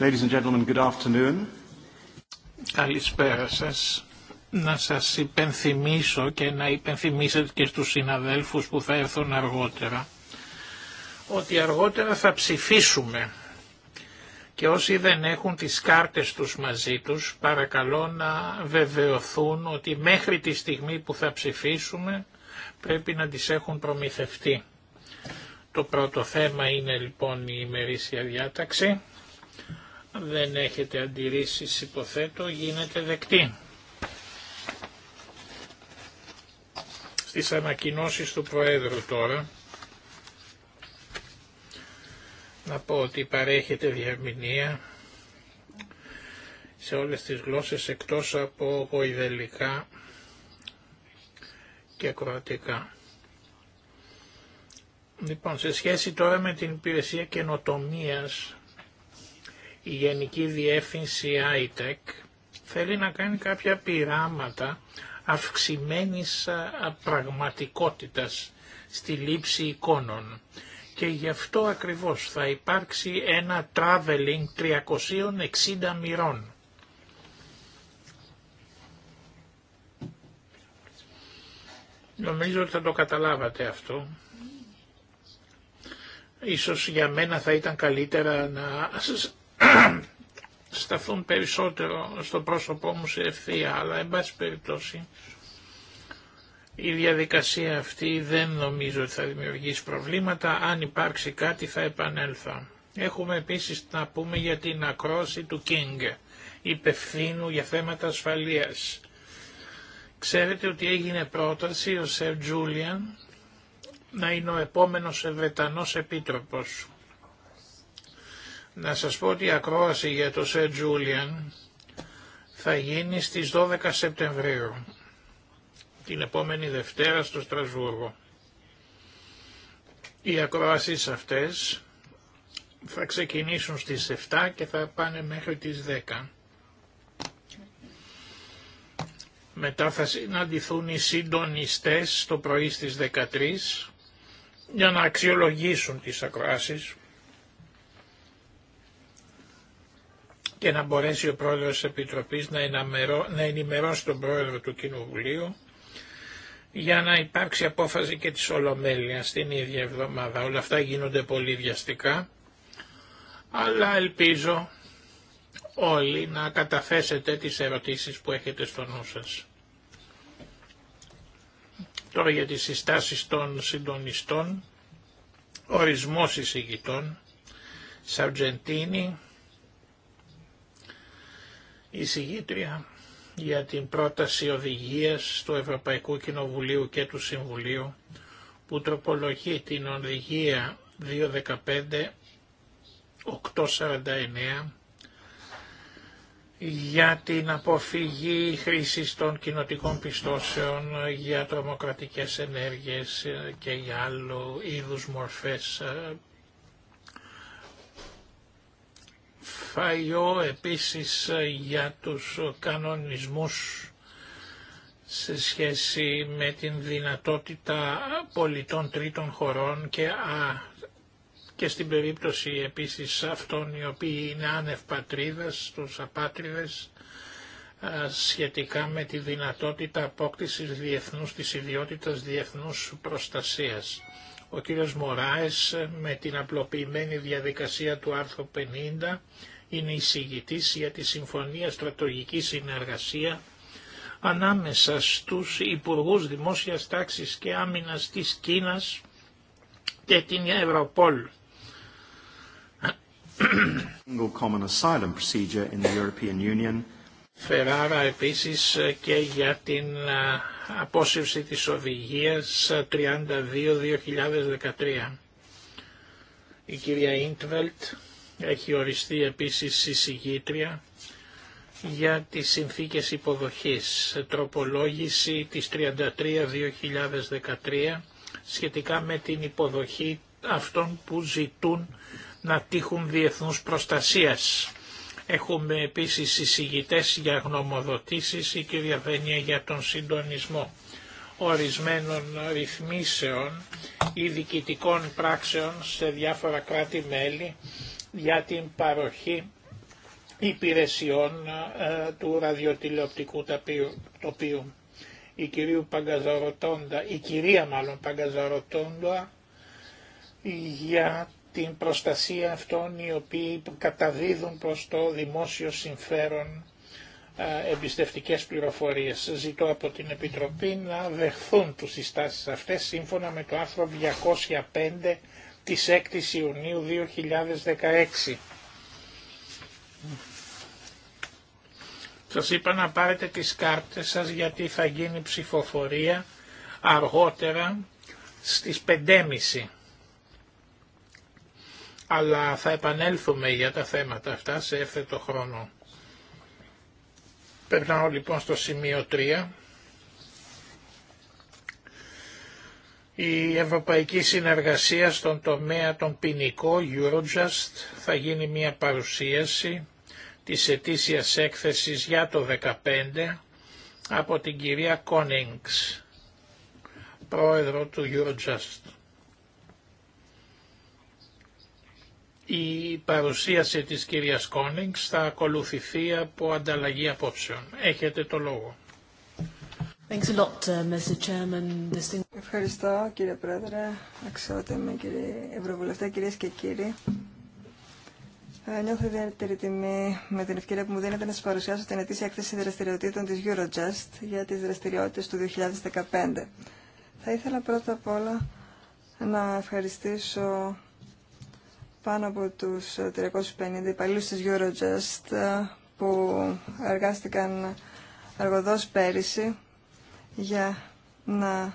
Ladies and Καλησπέρα σας. Να σας υπενθυμίσω και να υπενθυμίσετε και στους συναδέλφους που θα έρθουν αργότερα ότι αργότερα θα ψηφίσουμε και όσοι δεν έχουν τις κάρτες τους μαζί τους παρακαλώ να βεβαιωθούν ότι μέχρι τη στιγμή που θα ψηφίσουμε πρέπει να τις έχουν προμηθευτεί. Το πρώτο θέμα είναι λοιπόν η ημερήσια διάταξη δεν έχετε αντιρρήσει υποθέτω γίνεται δεκτή. Στις ανακοινώσεις του Προέδρου τώρα να πω ότι παρέχεται διαμηνία σε όλες τις γλώσσες εκτός από γοηδελικά και κροατικά. Λοιπόν, σε σχέση τώρα με την υπηρεσία καινοτομίας η Γενική Διεύθυνση ITEC θέλει να κάνει κάποια πειράματα αυξημένης πραγματικότητας στη λήψη εικόνων. Και γι' αυτό ακριβώς θα υπάρξει ένα traveling 360 μοιρών. Νομίζω ότι θα το καταλάβατε αυτό. Ίσως για μένα θα ήταν καλύτερα να σταθούν περισσότερο στο πρόσωπό μου σε ευθεία, αλλά εν πάση περιπτώσει η διαδικασία αυτή δεν νομίζω ότι θα δημιουργήσει προβλήματα, αν υπάρξει κάτι θα επανέλθω. Έχουμε επίσης να πούμε για την ακρόση του King, υπευθύνου για θέματα ασφαλείας. Ξέρετε ότι έγινε πρόταση ο Σερ Τζούλιαν να είναι ο επόμενος Βρετανός Επίτροπος. Να σας πω ότι η ακρόαση για το Σερ Τζούλιαν θα γίνει στις 12 Σεπτεμβρίου, την επόμενη Δευτέρα στο Στρασβούργο. Οι ακροάσεις αυτές θα ξεκινήσουν στις 7 και θα πάνε μέχρι τις 10. Μετά θα συναντηθούν οι συντονιστές το πρωί στις 13 για να αξιολογήσουν τις ακροάσεις και να μπορέσει ο πρόεδρος της Επιτροπής να ενημερώσει τον πρόεδρο του Κοινοβουλίου για να υπάρξει απόφαση και της Ολομέλειας την ίδια εβδομάδα. Όλα αυτά γίνονται πολύ βιαστικά, αλλά ελπίζω όλοι να καταθέσετε τις ερωτήσεις που έχετε στο νου σας. Τώρα για τις συστάσεις των συντονιστών, ορισμός εισηγητών, Σαρτζεντίνη, η για την πρόταση οδηγίας του Ευρωπαϊκού Κοινοβουλίου και του Συμβουλίου που τροπολογεί την οδηγία 215-849 για την αποφυγή χρήσης των κοινοτικών πιστώσεων για τρομοκρατικές ενέργειες και για άλλου είδους μορφές ε, κεφάλαιο επίσης για τους κανονισμούς σε σχέση με την δυνατότητα πολιτών τρίτων χωρών και, και στην περίπτωση επίσης αυτών οι οποίοι είναι άνευ τους απάτριδες, σχετικά με τη δυνατότητα απόκτησης διεθνούς, της ιδιότητας διεθνούς προστασίας. Ο κύριος Μωράες με την απλοποιημένη διαδικασία του άρθρου 50 είναι εισηγητής για τη Συμφωνία Στρατογική Συνεργασία ανάμεσα στους Υπουργούς Δημόσιας Τάξης και Άμυνας της Κίνας και την Ευρωπόλ. Φεράρα επίσης και για την απόσυρση της οδηγίας 32-2013. Η κυρία Ιντβελτ έχει οριστεί επίσης συσυγήτρια για τις συνθήκες υποδοχής, τροπολόγηση της 33-2013 σχετικά με την υποδοχή αυτών που ζητούν να τύχουν διεθνούς προστασίας. Έχουμε επίσης συσυγητές για γνωμοδοτήσεις, η κυρία για τον συντονισμό ορισμένων ρυθμίσεων ή διοικητικών πράξεων σε διάφορα κράτη-μέλη για την παροχή υπηρεσιών ε, του ραδιοτηλεοπτικού τοπίου. Η, κυρίου η κυρία μάλλον Παγκαζαρωτώντα για την προστασία αυτών οι οποίοι καταδίδουν προς το δημόσιο συμφέρον ε, εμπιστευτικές πληροφορίες. Ζητώ από την Επιτροπή να δεχθούν τους συστάσεις αυτές σύμφωνα με το άρθρο 205 της 6ης Ιουνίου 2016. Σας είπα να πάρετε τις κάρτες σας γιατί θα γίνει ψηφοφορία αργότερα στις 5.30. Αλλά θα επανέλθουμε για τα θέματα αυτά σε έφετο χρόνο. Περνάω λοιπόν στο σημείο 3. Η Ευρωπαϊκή Συνεργασία στον τομέα των ποινικών, Eurojust θα γίνει μια παρουσίαση της ετήσιας έκθεσης για το 2015 από την κυρία Κόνιγκς, πρόεδρο του Eurojust. Η παρουσίαση της κυρίας Κόνιγκς θα ακολουθηθεί από ανταλλαγή απόψεων. Έχετε το λόγο. Uh, Ευχαριστώ κύριε Πρόεδρε, αξιότιμοι κύριοι Ευρωβουλευτέ, κυρίες και κύριοι. Ε, νιώθω ιδιαίτερη τιμή με την ευκαιρία που μου δίνεται να σα παρουσιάσω την ετήσια έκθεση δραστηριοτήτων τη Eurojust για τι δραστηριότητε του 2015. Θα ήθελα πρώτα απ' όλα να ευχαριστήσω πάνω από του 350 υπαλλήλου τη Eurojust ε, που εργάστηκαν αργοδό πέρυσι για να,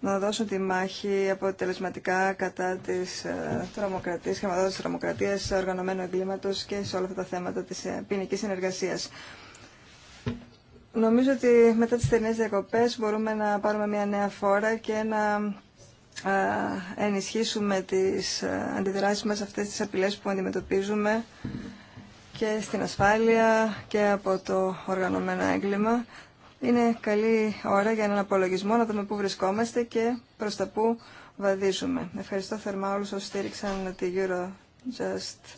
να δώσουν τη μάχη αποτελεσματικά κατά της ε, τρομοκρατίας, χρηματοδότησης τρομοκρατίας, οργανωμένου εγκλήματος και σε όλα αυτά τα θέματα της ε, ποινικής συνεργασίας. Νομίζω ότι μετά τις τερινές διακοπές μπορούμε να πάρουμε μια νέα φόρα και να ε, ενισχύσουμε τις ε, αντιδράσεις μας αυτές τις απειλές που αντιμετωπίζουμε και στην ασφάλεια και από το οργανωμένο έγκλημα. Είναι καλή ώρα για έναν απολογισμό, να δούμε πού βρισκόμαστε και προς τα πού βαδίζουμε. Ευχαριστώ θερμά όλους όσους στήριξαν τη Eurojust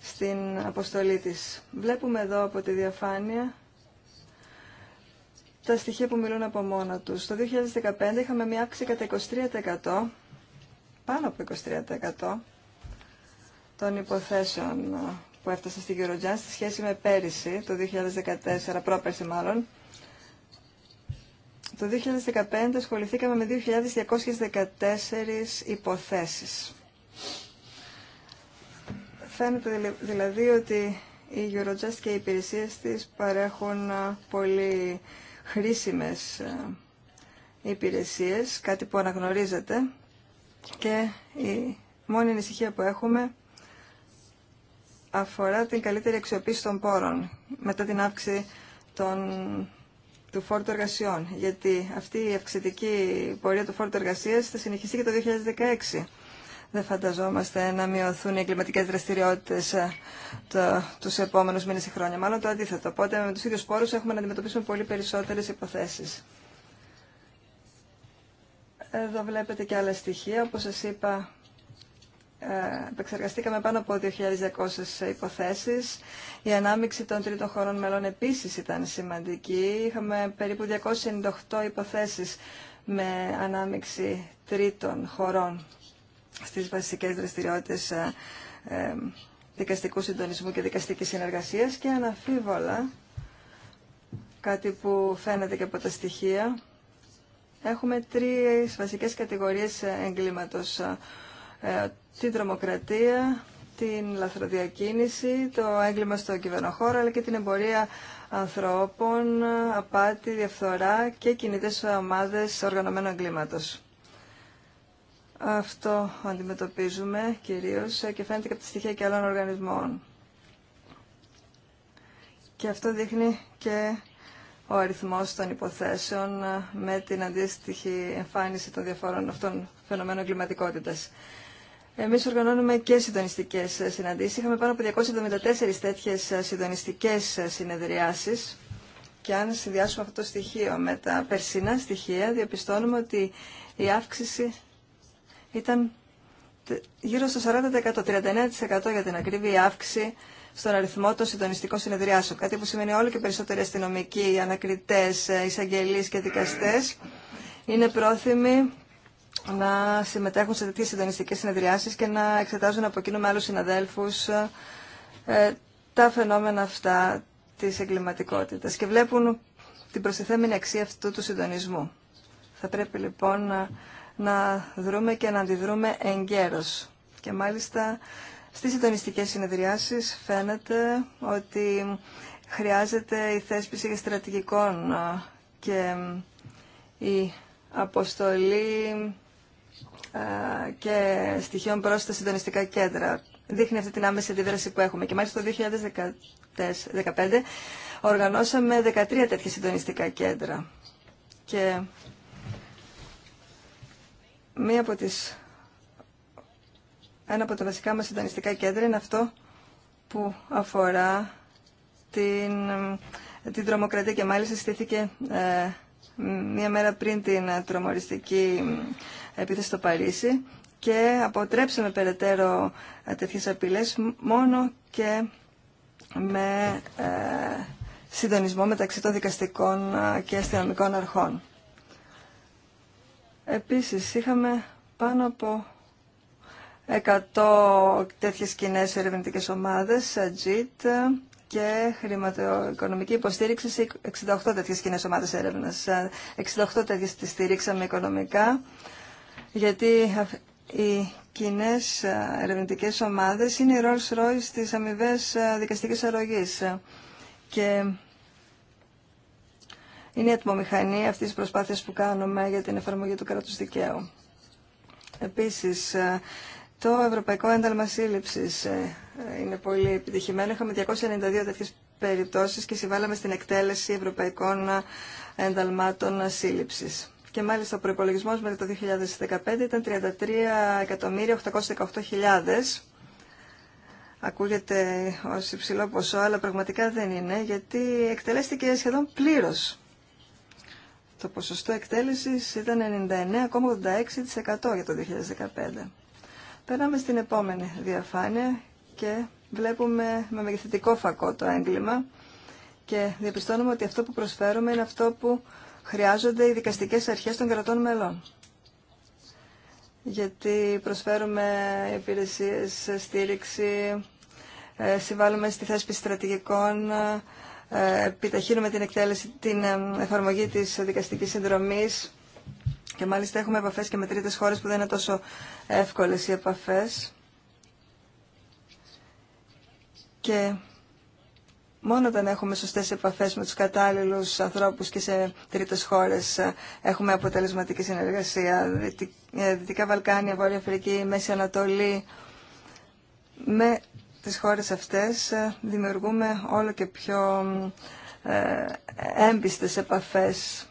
στην αποστολή της. Βλέπουμε εδώ από τη διαφάνεια τα στοιχεία που μιλούν από μόνα τους. Το 2015 είχαμε μια αύξηση κατά 23%, πάνω από 23% των υποθέσεων που έφτασαν στην Eurojust στη σχέση με πέρυσι, το 2014, πρόπερσι μάλλον. Το 2015 ασχοληθήκαμε με 2.214 υποθέσεις. Φαίνεται δηλαδή ότι η Eurojust και οι υπηρεσίες της παρέχουν πολύ χρήσιμες υπηρεσίες, κάτι που αναγνωρίζετε και η μόνη ανησυχία που έχουμε αφορά την καλύτερη αξιοποίηση των πόρων μετά την αύξηση των, του των εργασιών. Γιατί αυτή η αυξητική πορεία του των εργασίας θα συνεχιστεί και το 2016. Δεν φανταζόμαστε να μειωθούν οι εγκληματικέ δραστηριότητες ε, το, του επόμενου μήνε ή χρόνια. Μάλλον το αντίθετο. Οπότε με τους ίδιους πόρους έχουμε να αντιμετωπίσουμε πολύ περισσότερε υποθέσει. Εδώ βλέπετε και άλλα στοιχεία. Όπως σας είπα, ε, επεξεργαστήκαμε πάνω από 2.200 υποθέσεις. Η ανάμειξη των τρίτων χωρών μελών επίσης ήταν σημαντική. Είχαμε περίπου 298 υποθέσεις με ανάμειξη τρίτων χωρών στις βασικές δραστηριότητες ε, ε, δικαστικού συντονισμού και δικαστικής συνεργασίας και αναφίβολα, κάτι που φαίνεται και από τα στοιχεία, έχουμε τρεις βασικές κατηγορίες εγκλήματος ε, την τρομοκρατία, την λαθροδιακίνηση, το έγκλημα στο κυβερνοχώρο, αλλά και την εμπορία ανθρώπων, απάτη, διαφθορά και κινητές ομάδες οργανωμένου εγκλήματος. Αυτό αντιμετωπίζουμε κυρίως και φαίνεται και από τα στοιχεία και άλλων οργανισμών. Και αυτό δείχνει και ο αριθμός των υποθέσεων ε, με την αντίστοιχη εμφάνιση των διαφόρων αυτών φαινομένων κλιματικότητας. Εμείς οργανώνουμε και συντονιστικές ε, συναντήσεις. Είχαμε πάνω από 274 τέτοιες ε, συντονιστικές συνεδριάσεις και αν συνδυάσουμε αυτό το στοιχείο με τα περσινά στοιχεία, διαπιστώνουμε ότι η αύξηση ήταν γύρω στο 40%, 39% για την ακρίβεια αύξηση στον αριθμό των συντονιστικών συνεδριάσεων. Κάτι που σημαίνει όλο και περισσότεροι αστυνομικοί, ανακριτέ, ε, εισαγγελεί και δικαστέ είναι πρόθυμοι να συμμετέχουν σε τέτοιε συντονιστικέ συνεδριάσει και να εξετάζουν από κοινού με άλλου συναδέλφου ε, τα φαινόμενα αυτά τη εγκληματικότητα. και βλέπουν την προστιθέμενη αξία αυτού του συντονισμού. Θα πρέπει λοιπόν να, δρούμε και να αντιδρούμε εγκαίρω. Και μάλιστα στις συντονιστικές συνεδριάσεις φαίνεται ότι χρειάζεται η θέσπιση στρατηγικών και η αποστολή και στοιχείων προς τα συντονιστικά κέντρα. Δείχνει αυτή την άμεση αντίδραση που έχουμε. Και μάλιστα το 2015 οργανώσαμε 13 τέτοια συντονιστικά κέντρα. Και μία από τις ένα από τα βασικά μας συντονιστικά κέντρα είναι αυτό που αφορά την, την τρομοκρατία και μάλιστα στήθηκε ε, μία μέρα πριν την τρομοριστική επίθεση στο Παρίσι και αποτρέψαμε περαιτέρω ε, τέτοιες απειλές μόνο και με ε, συντονισμό μεταξύ των δικαστικών και αστυνομικών αρχών. Επίσης, είχαμε πάνω από 100 τέτοιες κοινέ ερευνητικές ομάδες, ΑΤΖΙΤ, και χρηματοοικονομική υποστήριξη σε 68 τέτοιες κοινέ ομάδες έρευνας. 68 τέτοιες τις στηρίξαμε οικονομικά, γιατί οι κοινέ ε, ερευνητικέ ομάδες είναι η Rolls Royce της αμοιβέ ε, δικαστικής αρρωγής. Και είναι η ατμομηχανή αυτή τη προσπάθεια που κάνουμε για την εφαρμογή του κράτους δικαίου. Επίσης, ε, το Ευρωπαϊκό Ένταλμα Σύλληψης ε, είναι πολύ επιτυχημένο. Είχαμε 292 τέτοιε περιπτώσεις και συμβάλαμε στην εκτέλεση ευρωπαϊκών ενταλμάτων σύλληψης. Και μάλιστα ο προπολογισμό μέχρι το 2015 ήταν 33.818.000. Ακούγεται ω υψηλό ποσό, αλλά πραγματικά δεν είναι, γιατί εκτελέστηκε σχεδόν πλήρω Το ποσοστό εκτέλεσης ήταν 99,86% για το 2015. Περνάμε στην επόμενη διαφάνεια και βλέπουμε με μεγεθυντικό φακό το έγκλημα και διαπιστώνουμε ότι αυτό που προσφέρουμε είναι αυτό που χρειάζονται οι δικαστικές αρχές των κρατών μελών. Γιατί προσφέρουμε υπηρεσίες, στήριξη, ε, συμβάλλουμε στη θέση στρατηγικών, ε, επιταχύνουμε την, εκτέλεση, την εφαρμογή της δικαστικής συνδρομής και μάλιστα έχουμε επαφές και με τρίτες χώρες που δεν είναι τόσο εύκολες οι επαφές. Και μόνο όταν έχουμε σωστέ επαφές με τους κατάλληλους ανθρώπους και σε τρίτες χώρες ε, έχουμε αποτελεσματική συνεργασία. Ε, Δυτικά Βαλκάνια, Βόρεια Αφρική, Μέση Ανατολή. Με τις χώρες αυτές ε, δημιουργούμε όλο και πιο έμπιστες επαφές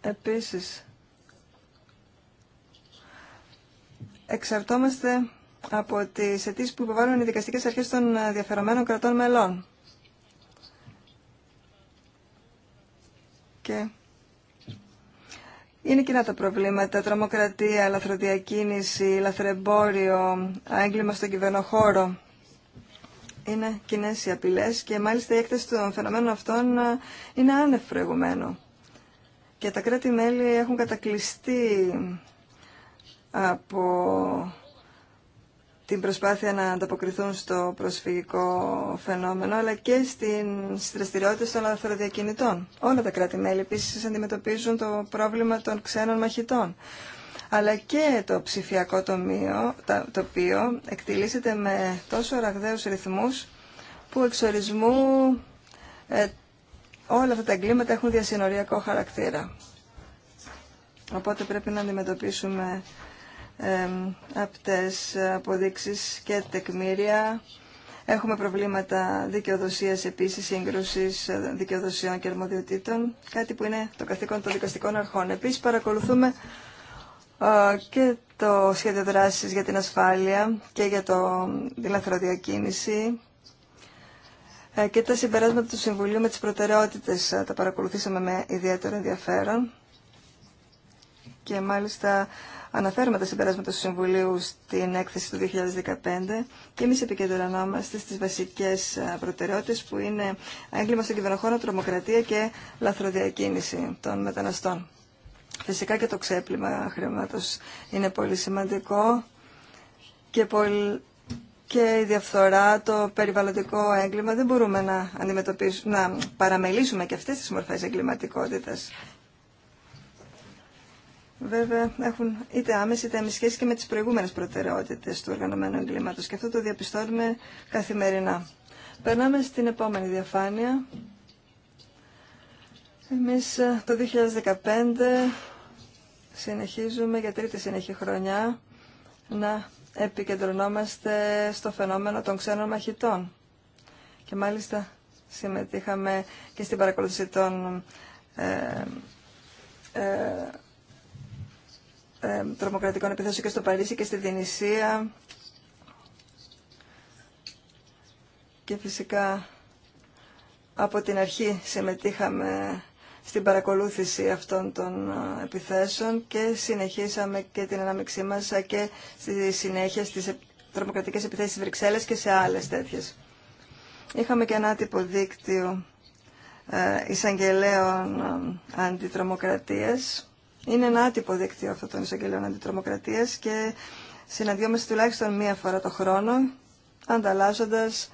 Επίσης, εξαρτώμαστε από τις αιτήσει που υποβάλλουν οι δικαστικές αρχές των διαφερομένων κρατών μελών. Και είναι κοινά τα προβλήματα, τρομοκρατία, λαθροδιακίνηση, λαθρεμπόριο, έγκλημα στον κυβερνοχώρο. Είναι κοινέ οι απειλέ και μάλιστα η έκταση των φαινομένων αυτών ε, είναι άνευ προηγουμένου και τα κράτη-μέλη έχουν κατακλειστεί από την προσπάθεια να ανταποκριθούν στο προσφυγικό φαινόμενο, αλλά και στην δραστηριότητε των αθροδιακινητών. Όλα τα κράτη-μέλη επίση αντιμετωπίζουν το πρόβλημα των ξένων μαχητών. Αλλά και το ψηφιακό τομείο, το οποίο εκτελήσεται με τόσο ραγδαίους ρυθμούς που εξορισμού ε, όλα αυτά τα εγκλήματα έχουν διασυνοριακό χαρακτήρα. Οπότε πρέπει να αντιμετωπίσουμε ε, αυτές αποδείξεις και τεκμήρια. Έχουμε προβλήματα δικαιοδοσίας επίσης, σύγκρουση δικαιοδοσιών και αρμοδιοτήτων, κάτι που είναι το καθήκον των δικαστικών αρχών. Επίσης παρακολουθούμε και το σχέδιο δράσης για την ασφάλεια και για το, τη ε, και τα συμπεράσματα του Συμβουλίου με τις προτεραιότητες ε, τα παρακολουθήσαμε με ιδιαίτερο ενδιαφέρον και μάλιστα αναφέρουμε τα συμπεράσματα του Συμβουλίου στην έκθεση του 2015 και εμείς επικεντρωνόμαστε στις βασικές ε, προτεραιότητες που είναι έγκλημα στον κυβερνοχώρο, τρομοκρατία και λαθροδιακίνηση των μεταναστών. Φυσικά και το ξέπλυμα χρήματος είναι πολύ σημαντικό και πολύ και η διαφθορά, το περιβαλλοντικό έγκλημα δεν μπορούμε να, αντιμετωπίσουμε, να παραμελήσουμε και αυτές τις μορφές εγκληματικότητας. Βέβαια έχουν είτε άμεση είτε άμεση σχέση και με τις προηγούμενες προτεραιότητες του οργανωμένου εγκλήματος και αυτό το διαπιστώνουμε καθημερινά. Περνάμε στην επόμενη διαφάνεια. Εμείς ε, το 2015 συνεχίζουμε για τρίτη συνεχή χρονιά να επικεντρωνόμαστε στο φαινόμενο των ξένων μαχητών. Και μάλιστα συμμετείχαμε και στην παρακολούθηση των ε, ε, ε τρομοκρατικών επιθέσεων και στο Παρίσι και στη Δινησία. Και φυσικά από την αρχή συμμετείχαμε στην παρακολούθηση αυτών των επιθέσεων και συνεχίσαμε και την ανάμειξή μας και στη συνέχεια στις τρομοκρατικές επιθέσεις στις Βρυξέλλες και σε άλλες τέτοιες. Είχαμε και ένα άτυπο δίκτυο ε, εισαγγελέων αντιτρομοκρατίας. Είναι ένα άτυπο δίκτυο αυτό των εισαγγελέων αντιτρομοκρατίας και συναντιόμαστε τουλάχιστον μία φορά το χρόνο ανταλλάσσοντας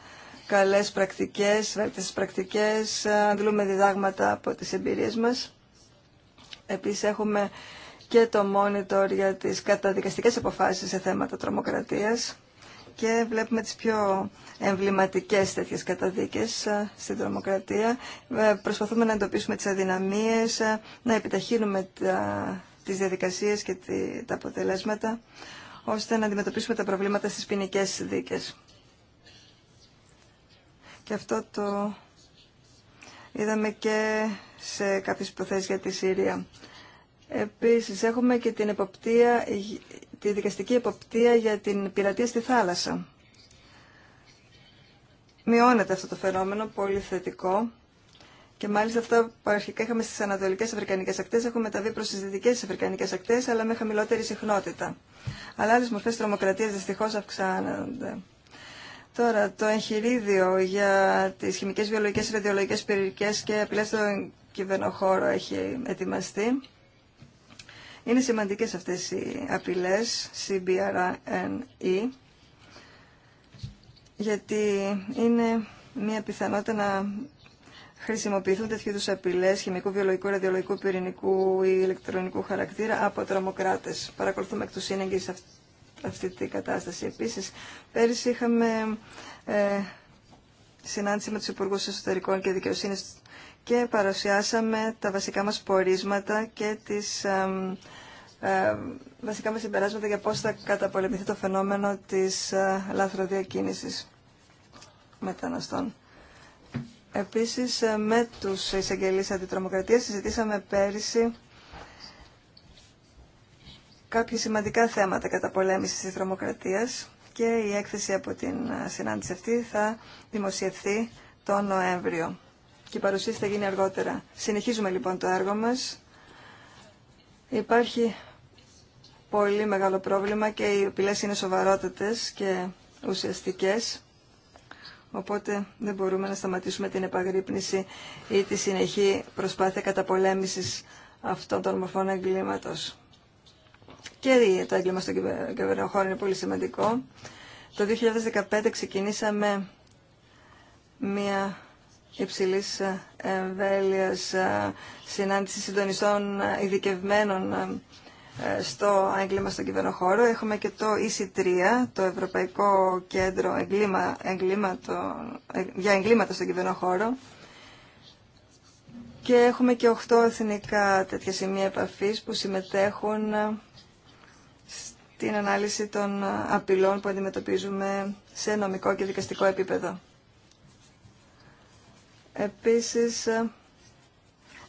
καλές πρακτικές, βέλτιστες πρακτικές, αντλούμε διδάγματα από τις εμπειρίες μας. Επίσης έχουμε και το monitor για τις καταδικαστικές αποφάσεις σε θέματα τρομοκρατίας και βλέπουμε τις πιο εμβληματικές τέτοιες καταδίκες ε, στην τρομοκρατία. Ε, προσπαθούμε να εντοπίσουμε τις αδυναμίες, ε, να επιταχύνουμε τα, τις διαδικασίες και τα αποτελέσματα, ώστε να αντιμετωπίσουμε τα προβλήματα στις ποινικέ δίκες. Και αυτό το είδαμε και σε κάποιες υποθέσεις για τη Συρία. Επίσης, έχουμε και την εποπτεία, τη δικαστική εποπτεία για την πειρατεία στη θάλασσα. Μειώνεται αυτό το φαινόμενο, πολύ θετικό. Και μάλιστα αυτά που αρχικά είχαμε στις ανατολικές αφρικανικές ακτές έχουμε μεταβεί προς τις δυτικές αφρικανικές ακτές, αλλά με χαμηλότερη συχνότητα. Αλλά άλλες μορφές τρομοκρατίας δυστυχώς αυξάνονται. Τώρα, το εγχειρίδιο για τις χημικές, βιολογικές, ραδιολογικέ πυρηνικέ και απειλές στον κυβερνοχώρο έχει ετοιμαστεί. Είναι σημαντικές αυτές οι απειλές, CBRNE, γιατί είναι μια πιθανότητα να χρησιμοποιηθούν τέτοιου είδου απειλέ χημικού, βιολογικού, ραδιολογικού, πυρηνικού ή ηλεκτρονικού χαρακτήρα από τρομοκράτε. Παρακολουθούμε εκ του σύνεγγυ αυτή την κατάσταση. Επίσης, πέρυσι είχαμε ε, συνάντηση με τους υπουργού Εσωτερικών και Δικαιοσύνης και παρουσιάσαμε τα βασικά μας πορίσματα και τις ε, βασικά μας συμπεράσματα για πώς θα καταπολεμηθεί το φαινόμενο της ε, λαθροδιακίνησης μεταναστών. Επίσης, ε, με τους εισαγγελείς αντιτρομοκρατίας συζητήσαμε πέρυσι κάποια σημαντικά θέματα κατά πολέμηση της και η έκθεση από την ε, συνάντηση αυτή θα δημοσιευθεί τον Νοέμβριο και η παρουσίαση θα γίνει αργότερα. Συνεχίζουμε λοιπόν το έργο μας. Υπάρχει πολύ μεγάλο πρόβλημα και οι πυλές είναι σοβαρότατες και ουσιαστικές. Οπότε δεν μπορούμε να σταματήσουμε την επαγρύπνηση ή τη συνεχή προσπάθεια καταπολέμησης αυτών των μορφών εγκλήματος και το έγκλημα στον κυβερνοχώρο είναι πολύ σημαντικό. Το 2015 ξεκινήσαμε μια υψηλή ε, εμβέλεια ε, συνάντηση συντονιστών ε, ειδικευμένων στο έγκλημα στον κυβερνοχώρο. Έχουμε και το EC3, το Ευρωπαϊκό Κέντρο Εγκλήμα, για Εγκλήματα στον Κυβερνοχώρο. Και έχουμε και 8 εθνικά τέτοια σημεία επαφής που συμμετέχουν την ανάλυση των απειλών που αντιμετωπίζουμε σε νομικό και δικαστικό επίπεδο. Επίσης,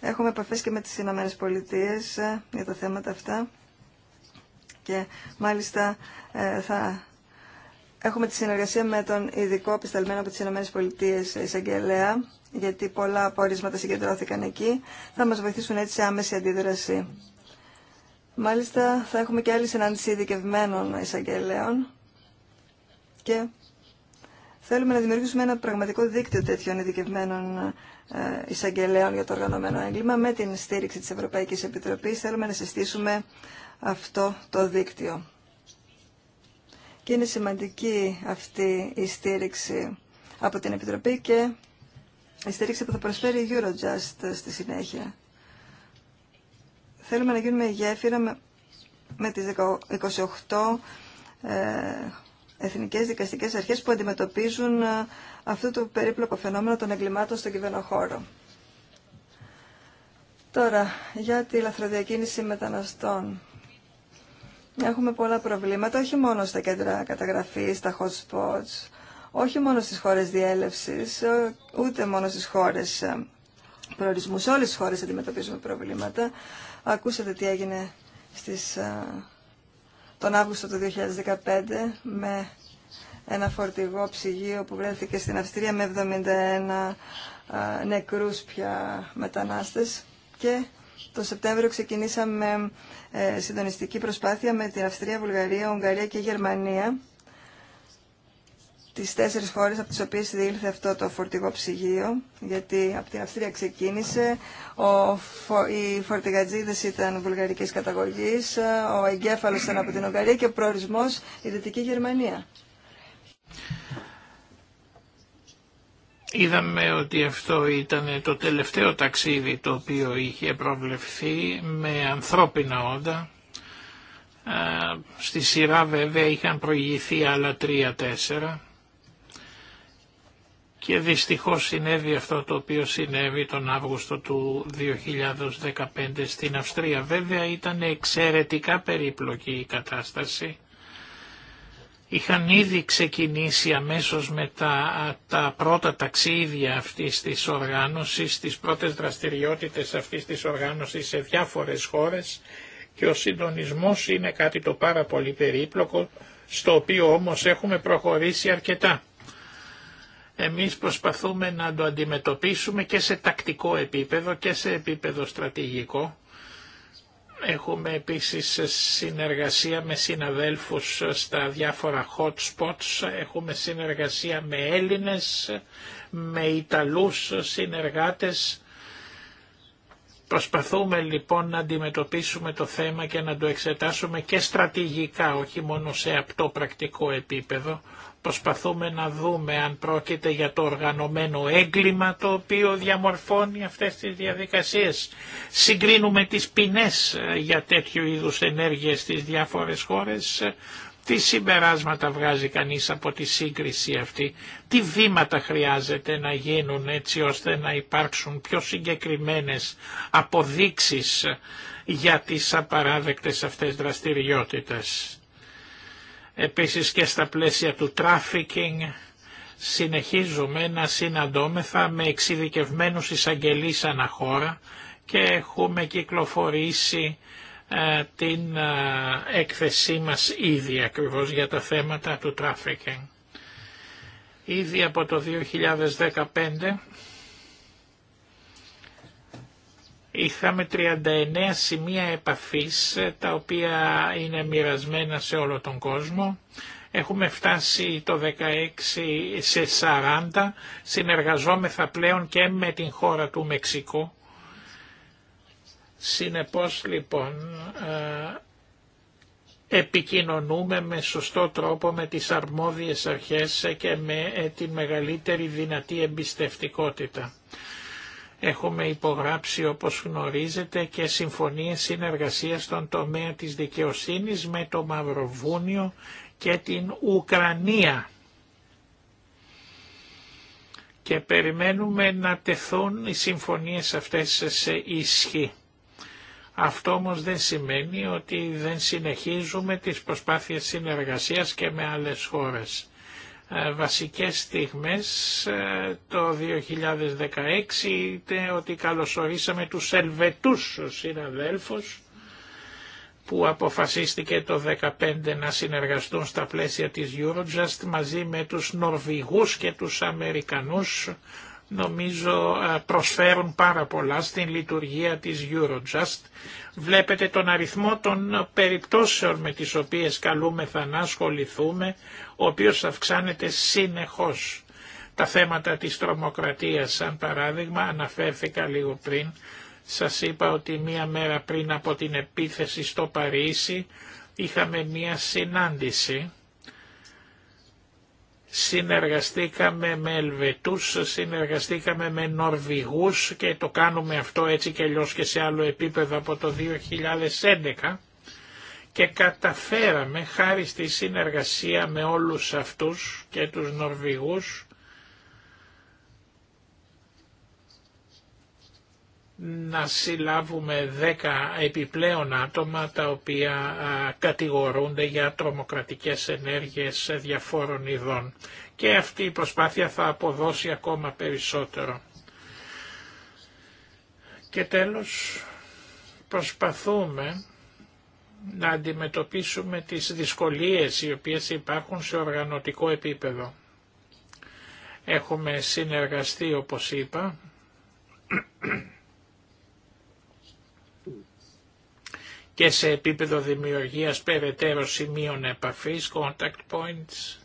έχουμε επαφές και με τις Ηνωμένε Πολιτείες ε, για τα θέματα αυτά και μάλιστα ε, θα έχουμε τη συνεργασία με τον ειδικό επισταλμένο από τις Ηνωμένε Πολιτείες ε, εισαγγελέα γιατί πολλά απορίσματα συγκεντρώθηκαν εκεί, θα μας βοηθήσουν έτσι σε άμεση αντίδραση Μάλιστα θα έχουμε και άλλη συνάντηση ειδικευμένων εισαγγελέων και θέλουμε να δημιουργήσουμε ένα πραγματικό δίκτυο τέτοιων ειδικευμένων ε, εισαγγελέων για το οργανωμένο έγκλημα με την στήριξη της Ευρωπαϊκής Επιτροπής. Θέλουμε να συστήσουμε αυτό το δίκτυο. Και είναι σημαντική αυτή η στήριξη από την Επιτροπή και η στήριξη που θα προσφέρει η Eurojust στη συνέχεια. Θέλουμε να γίνουμε γέφυρα με, με τις 28 ε, εθνικές δικαστικές αρχές που αντιμετωπίζουν ε, αυτό το περίπλοκο φαινόμενο των εγκλημάτων στον κυβερνοχώρο. Τώρα, για τη λαθροδιακίνηση μεταναστών. Έχουμε πολλά προβλήματα, όχι μόνο στα κέντρα καταγραφής, στα hot spots, όχι μόνο στις χώρες διέλευσης, ε, ούτε μόνο στις χώρες προορισμού. Σε όλες τις χώρες αντιμετωπίζουμε προβλήματα. Ακούσατε τι έγινε στις, τον Αύγουστο του 2015 με ένα φορτηγό ψυγείο που βρέθηκε στην Αυστρία με 71 νεκρούς πια μετανάστες και το Σεπτέμβριο ξεκινήσαμε ε, συντονιστική προσπάθεια με την Αυστρία, Βουλγαρία, Ουγγαρία και Γερμανία τις τέσσερις χώρες από τις οποίες διήλθε αυτό το φορτηγό ψυγείο, γιατί από την Αυστρία ξεκίνησε, ο, φο, οι φορτηγατζίδες ήταν βουλγαρικής καταγωγής, ο εγκέφαλος ήταν από την Ουγγαρία και ο προορισμός η Δυτική Γερμανία. Είδαμε ότι αυτό ήταν το τελευταίο ταξίδι το οποίο είχε προβλεφθεί με ανθρώπινα όντα. Στη σειρά βέβαια είχαν προηγηθεί άλλα τρία-τέσσερα. Και δυστυχώς συνέβη αυτό το οποίο συνέβη τον Αύγουστο του 2015 στην Αυστρία. Βέβαια ήταν εξαιρετικά περίπλοκη η κατάσταση. Είχαν ήδη ξεκινήσει αμέσως μετά τα πρώτα ταξίδια αυτής της οργάνωσης, τις πρώτες δραστηριότητες αυτής της οργάνωσης σε διάφορες χώρες και ο συντονισμός είναι κάτι το πάρα πολύ περίπλοκο, στο οποίο όμως έχουμε προχωρήσει αρκετά. Εμείς προσπαθούμε να το αντιμετωπίσουμε και σε τακτικό επίπεδο και σε επίπεδο στρατηγικό. Έχουμε επίσης συνεργασία με συναδέλφους στα διάφορα hot spots, έχουμε συνεργασία με Έλληνες, με Ιταλούς συνεργάτες. Προσπαθούμε λοιπόν να αντιμετωπίσουμε το θέμα και να το εξετάσουμε και στρατηγικά, όχι μόνο σε απτό πρακτικό επίπεδο, Προσπαθούμε να δούμε αν πρόκειται για το οργανωμένο έγκλημα το οποίο διαμορφώνει αυτές τις διαδικασίες. Συγκρίνουμε τις ποινές ε, για τέτοιου είδους ενέργειες στις διάφορες χώρες. Τι συμπεράσματα βγάζει κανείς από τη σύγκριση αυτή, τι βήματα χρειάζεται να γίνουν έτσι ώστε να υπάρξουν πιο συγκεκριμένες αποδείξεις ε, για τις απαράδεκτες αυτές δραστηριότητες. Επίσης και στα πλαίσια του trafficking συνεχίζουμε να συναντώμεθα με εξειδικευμένους εισαγγελείς αναχώρα και έχουμε κυκλοφορήσει ε, την ε, έκθεσή μας ήδη ακριβώς για τα θέματα του trafficking. Ήδη από το 2015 Είχαμε 39 σημεία επαφής τα οποία είναι μοιρασμένα σε όλο τον κόσμο. Έχουμε φτάσει το 16 σε 40, συνεργαζόμεθα πλέον και με την χώρα του Μεξικού. Συνεπώς λοιπόν ε, επικοινωνούμε με σωστό τρόπο με τις αρμόδιες αρχές και με ε, τη μεγαλύτερη δυνατή εμπιστευτικότητα. Έχουμε υπογράψει όπως γνωρίζετε και συμφωνίες συνεργασίας στον τομέα της δικαιοσύνης με το Μαυροβούνιο και την Ουκρανία. Και περιμένουμε να τεθούν οι συμφωνίες αυτές σε ισχύ. Αυτό όμως δεν σημαίνει ότι δεν συνεχίζουμε τις προσπάθειες συνεργασίας και με άλλες χώρες. Ε, βασικές στιγμές ε, το 2016 είτε ότι καλωσορίσαμε τους Ελβετούς συναδέλφους που αποφασίστηκε το 2015 να συνεργαστούν στα πλαίσια της Eurojust μαζί με τους Νορβηγούς και τους Αμερικανούς νομίζω προσφέρουν πάρα πολλά στην λειτουργία της Eurojust. Βλέπετε τον αριθμό των περιπτώσεων με τις οποίες καλούμεθα να ασχοληθούμε, ο οποίος αυξάνεται συνεχώς. Τα θέματα της τρομοκρατίας, σαν παράδειγμα, αναφέρθηκα λίγο πριν. Σας είπα ότι μία μέρα πριν από την επίθεση στο Παρίσι είχαμε μία συνάντηση συνεργαστήκαμε με Ελβετούς, συνεργαστήκαμε με Νορβηγούς και το κάνουμε αυτό έτσι και αλλιώς και σε άλλο επίπεδο από το 2011 και καταφέραμε χάρη στη συνεργασία με όλους αυτούς και τους Νορβηγούς να συλλάβουμε 10 επιπλέον άτομα τα οποία κατηγορούνται για τρομοκρατικές ενέργειες διαφόρων ειδών. Και αυτή η προσπάθεια θα αποδώσει ακόμα περισσότερο. Και τέλος προσπαθούμε να αντιμετωπίσουμε τις δυσκολίες οι οποίες υπάρχουν σε οργανωτικό επίπεδο. Έχουμε συνεργαστεί όπως είπα και σε επίπεδο δημιουργίας περαιτέρω σημείων επαφής, contact points.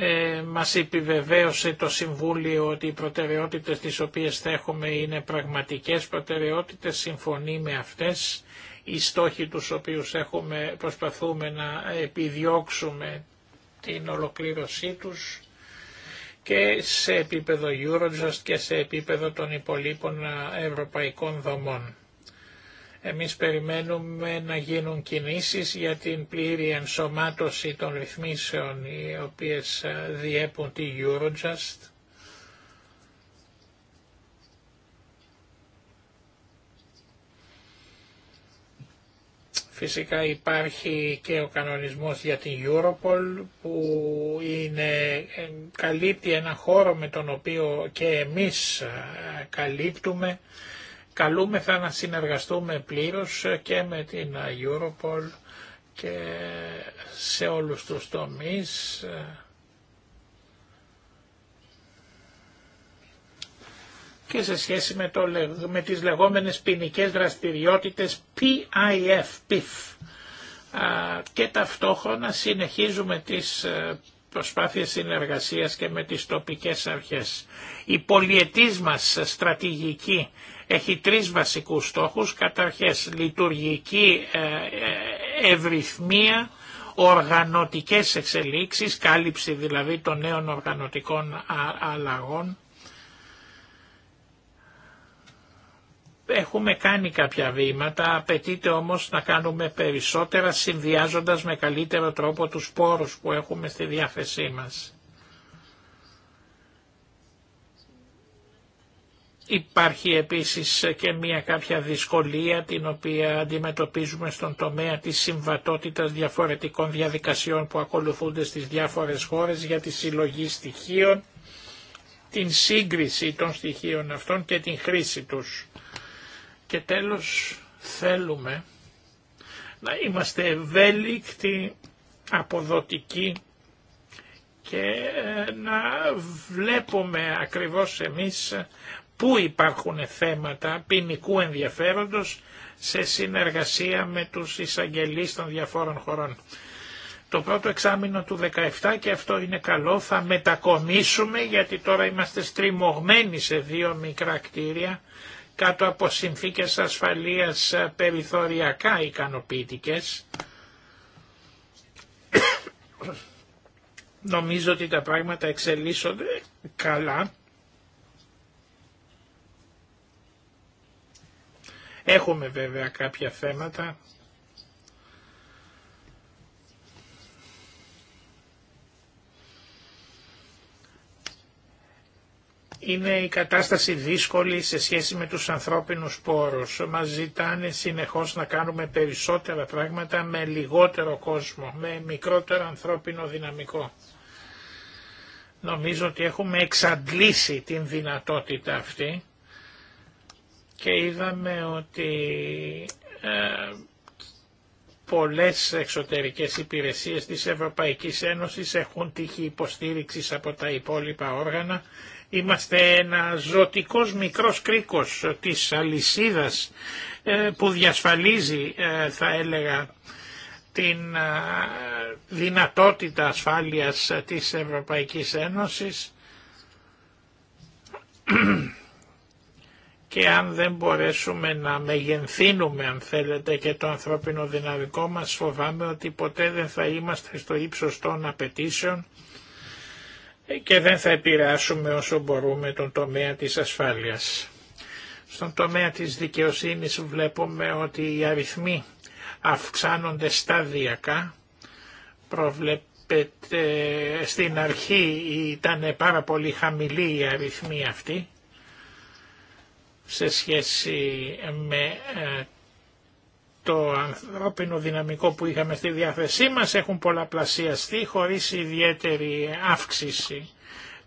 Ε, μας επιβεβαίωσε το Συμβούλιο ότι οι προτεραιότητες τις οποίες θα έχουμε είναι πραγματικές προτεραιότητες, συμφωνεί με αυτές. Οι στόχοι τους οποίους έχουμε, προσπαθούμε να επιδιώξουμε την ολοκλήρωσή τους και σε επίπεδο Eurojust και σε επίπεδο των υπολείπων ευρωπαϊκών δομών. Εμείς περιμένουμε να γίνουν κινήσεις για την πλήρη ενσωμάτωση των ρυθμίσεων οι οποίες διέπουν τη Eurojust Φυσικά υπάρχει και ο κανονισμός για την Europol που είναι, ε, καλύπτει ένα χώρο με τον οποίο και εμείς ε, καλύπτουμε. Καλούμεθα να συνεργαστούμε πλήρως ε, και με την Europol και σε όλους τους τομείς και σε σχέση με, το, με τις λεγόμενες ποινικέ δραστηριότητες PIF, PIF. Και ταυτόχρονα συνεχίζουμε τις ε, προσπάθειες συνεργασίας και με τις τοπικές αρχές. Η πολιετής μας στρατηγική έχει τρεις βασικούς στόχους. Καταρχές λειτουργική ε, ε, ευρυθμία, οργανωτικές εξελίξεις, κάλυψη δηλαδή των νέων οργανωτικών αλλαγών Έχουμε κάνει κάποια βήματα, απαιτείται όμως να κάνουμε περισσότερα συνδυάζοντας με καλύτερο τρόπο τους πόρους που έχουμε στη διάθεσή μας. Υπάρχει επίσης και μια κάποια δυσκολία την οποία αντιμετωπίζουμε στον τομέα της συμβατότητας διαφορετικών διαδικασιών που ακολουθούνται στις διάφορες χώρες για τη συλλογή στοιχείων, την σύγκριση των στοιχείων αυτών και την χρήση τους. Και τέλος θέλουμε να είμαστε ευέλικτοι, αποδοτικοί και ε, να βλέπουμε ακριβώς εμείς πού υπάρχουν θέματα ποινικού ενδιαφέροντος σε συνεργασία με τους εισαγγελείς των διαφόρων χωρών. Το πρώτο εξάμεινο του 17 και αυτό είναι καλό, θα μετακομίσουμε γιατί τώρα είμαστε στριμωγμένοι σε δύο μικρά κτίρια κάτω από συνθήκες ασφαλείας περιθωριακά ικανοποιητικές. Νομίζω ότι τα πράγματα εξελίσσονται καλά. Έχουμε βέβαια κάποια θέματα είναι η κατάσταση δύσκολη σε σχέση με τους ανθρώπινους πόρους. Μας ζητάνε συνεχώς να κάνουμε περισσότερα πράγματα με λιγότερο κόσμο, με μικρότερο ανθρώπινο δυναμικό. Νομίζω ότι έχουμε εξαντλήσει την δυνατότητα αυτή και είδαμε ότι ε, πολλές εξωτερικές υπηρεσίες της Ευρωπαϊκής Ένωσης έχουν τύχει υποστήριξης από τα υπόλοιπα όργανα Είμαστε ένα ζωτικός μικρός κρίκος της αλυσίδας ε, που διασφαλίζει ε, θα έλεγα την ε, δυνατότητα ασφάλειας της Ευρωπαϊκής Ένωσης και αν δεν μπορέσουμε να μεγενθύνουμε αν θέλετε και το ανθρώπινο δυναμικό μας φοβάμαι ότι ποτέ δεν θα είμαστε στο ύψος των απαιτήσεων και δεν θα επηρεάσουμε όσο μπορούμε τον τομέα της ασφάλειας. Στον τομέα της δικαιοσύνης βλέπουμε ότι οι αριθμοί αυξάνονται σταδιακά. Προβλέπετε, στην αρχή ήταν πάρα πολύ χαμηλή η αριθμή αυτή σε σχέση με ε, το ανθρώπινο δυναμικό που είχαμε στη διάθεσή μας έχουν πολλαπλασιαστεί χωρίς ιδιαίτερη αύξηση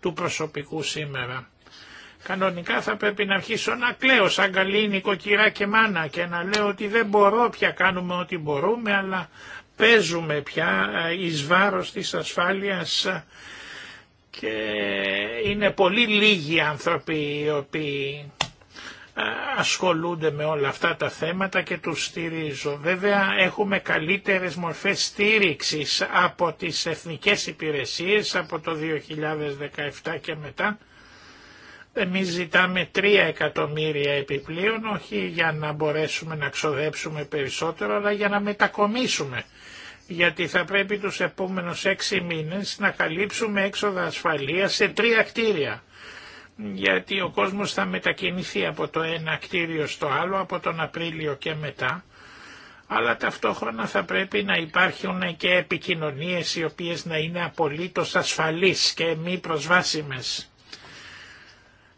του προσωπικού σήμερα. Κανονικά θα πρέπει να αρχίσω να κλαίω σαν καλή νοικοκυρά και μάνα και να λέω ότι δεν μπορώ πια κάνουμε ό,τι μπορούμε αλλά παίζουμε πια ε, εις βάρος της ασφάλειας και είναι πολύ λίγοι άνθρωποι οι οποίοι ασχολούνται με όλα αυτά τα θέματα και τους στηρίζω. Βέβαια έχουμε καλύτερες μορφές στήριξης από τις εθνικές υπηρεσίες από το 2017 και μετά. Εμείς ζητάμε 3 εκατομμύρια επιπλέον, όχι για να μπορέσουμε να ξοδέψουμε περισσότερο, αλλά για να μετακομίσουμε. Γιατί θα πρέπει τους επόμενους 6 μήνες να καλύψουμε έξοδα ασφαλείας σε τρία κτίρια γιατί ο κόσμος θα μετακινηθεί από το ένα κτίριο στο άλλο από τον Απρίλιο και μετά, αλλά ταυτόχρονα θα πρέπει να υπάρχουν και επικοινωνίες οι οποίες να είναι απολύτως ασφαλείς και μη προσβάσιμες.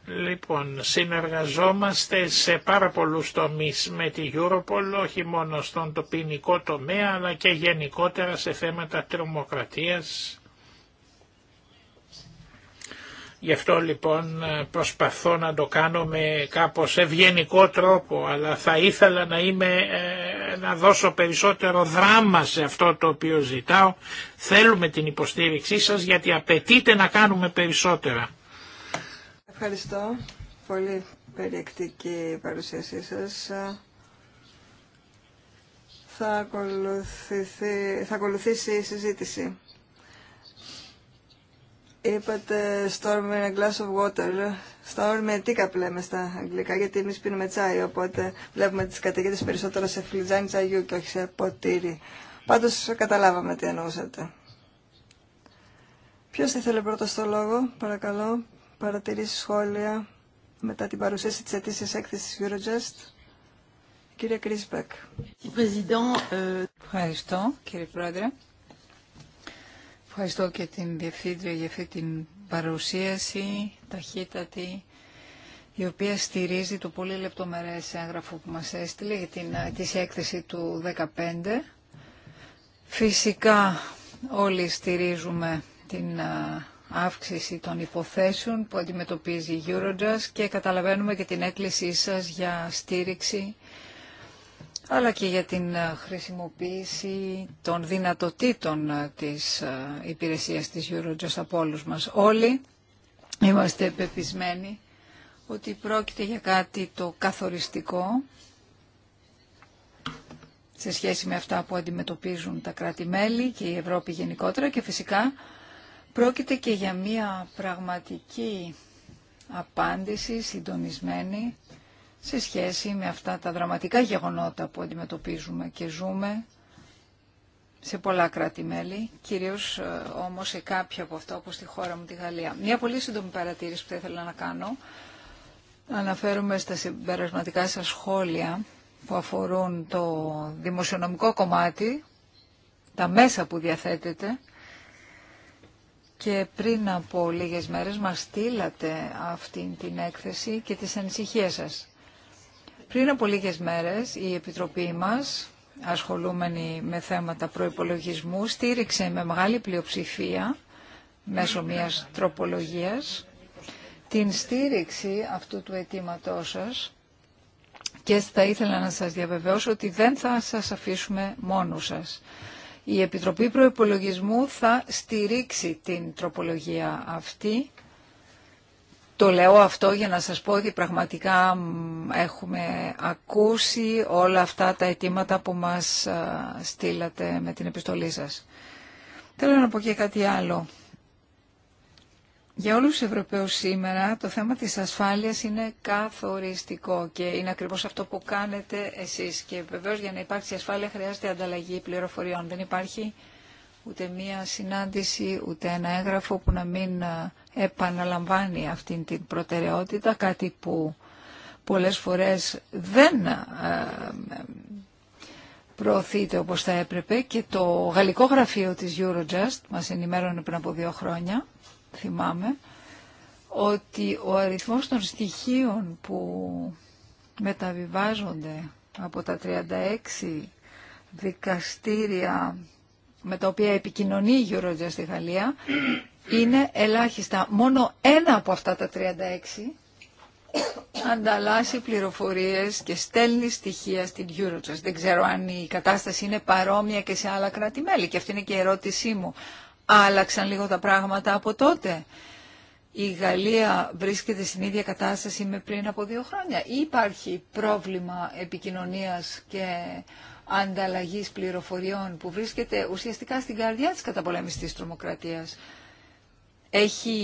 Λοιπόν, συνεργαζόμαστε σε πάρα πολλούς τομείς με τη Europol, όχι μόνο στον τοπινικό τομέα, αλλά και γενικότερα σε θέματα τρομοκρατίας, Γι' αυτό λοιπόν προσπαθώ να το κάνω με κάπως ευγενικό τρόπο, αλλά θα ήθελα να, είμαι, ε, να δώσω περισσότερο δράμα σε αυτό το οποίο ζητάω. Θέλουμε την υποστήριξή σας γιατί απαιτείται να κάνουμε περισσότερα. Ευχαριστώ. Πολύ περιεκτική παρουσίασή σας. Θα, θα ακολουθήσει η συζήτηση. Είπατε storm in a glass of water. Storm με τι λέμε στα αγγλικά, γιατί εμεί πίνουμε τσάι, οπότε βλέπουμε τι καταιγίδε περισσότερο σε φλιτζάνι τσαγιού και όχι σε ποτήρι. Πάντω καταλάβαμε τι εννοούσατε. Ποιο θα ήθελε πρώτα στο λόγο, παρακαλώ, παρατηρήσει σχόλια μετά την παρουσίαση τη αιτήσια έκθεση Eurojust. Κύριε Κρίσπεκ. Ε, Ευχαριστώ, κύριε Πρόεδρε. Ευχαριστώ και την Διευθύντρια για αυτή την παρουσίαση ταχύτατη η οποία στηρίζει το πολύ λεπτομερές έγγραφο που μας έστειλε για την της ε, έκθεση του 2015. Φυσικά όλοι στηρίζουμε την ε, αύξηση των υποθέσεων που αντιμετωπίζει η Eurojust και καταλαβαίνουμε και την έκκλησή σας για στήριξη αλλά και για την ε, χρησιμοποίηση των δυνατοτήτων ε, της ε, υπηρεσίας της Eurojust από όλους μας. Όλοι είμαστε πεπισμένοι ότι πρόκειται για κάτι το καθοριστικό σε σχέση με αυτά που αντιμετωπίζουν τα κράτη-μέλη και η Ευρώπη γενικότερα και φυσικά πρόκειται και για μια πραγματική απάντηση συντονισμένη σε σχέση με αυτά τα δραματικά γεγονότα που αντιμετωπίζουμε και ζούμε σε πολλά κράτη-μέλη, κυρίως ε, όμως σε κάποια από αυτά όπως στη χώρα μου, τη Γαλλία. Μια πολύ σύντομη παρατήρηση που θα ήθελα να κάνω. Αναφέρομαι στα συμπερασματικά σας σχόλια που αφορούν το δημοσιονομικό κομμάτι, τα μέσα που διαθέτεται και πριν από λίγες μέρες μας στείλατε αυτή την έκθεση και τις ανησυχίες σας. Πριν από λίγες μέρες η Επιτροπή μας, ασχολούμενη με θέματα προϋπολογισμού, στήριξε με μεγάλη πλειοψηφία, μέσω μιας τροπολογίας, την στήριξη αυτού του αιτήματό σας και θα ήθελα να σας διαβεβαιώσω ότι δεν θα σας αφήσουμε μόνους σας. Η Επιτροπή Προϋπολογισμού θα στηρίξει την τροπολογία αυτή το λέω αυτό για να σας πω ότι πραγματικά έχουμε ακούσει όλα αυτά τα αιτήματα που μας στείλατε με την επιστολή σας. Θέλω να πω και κάτι άλλο. Για όλους τους Ευρωπαίους σήμερα το θέμα της ασφάλειας είναι καθοριστικό και είναι ακριβώς αυτό που κάνετε εσείς. Και βεβαίως για να υπάρξει ασφάλεια χρειάζεται ανταλλαγή πληροφοριών. Δεν υπάρχει ούτε μία συνάντηση, ούτε ένα έγγραφο που να μην επαναλαμβάνει αυτή την προτεραιότητα, κάτι που πολλές φορές δεν ε, προωθείται όπως θα έπρεπε και το γαλλικό γραφείο της Eurojust μας ενημέρωνε πριν από δύο χρόνια, θυμάμαι, ότι ο αριθμός των στοιχείων που μεταβιβάζονται από τα 36 δικαστήρια με τα οποία επικοινωνεί η Eurojust στη Γαλλία είναι ελάχιστα. Μόνο ένα από αυτά τα 36 ανταλλάσσει πληροφορίες και στέλνει στοιχεία στην Eurojust. Δεν ξέρω αν η κατάσταση είναι παρόμοια και σε άλλα κράτη-μέλη και αυτή είναι και η ερώτησή μου. Άλλαξαν λίγο τα πράγματα από τότε. Η Γαλλία βρίσκεται στην ίδια κατάσταση με πριν από δύο χρόνια υπάρχει πρόβλημα επικοινωνίας και ανταλλαγής πληροφοριών που βρίσκεται ουσιαστικά στην καρδιά της καταπολέμησης της τρομοκρατίας. Έχει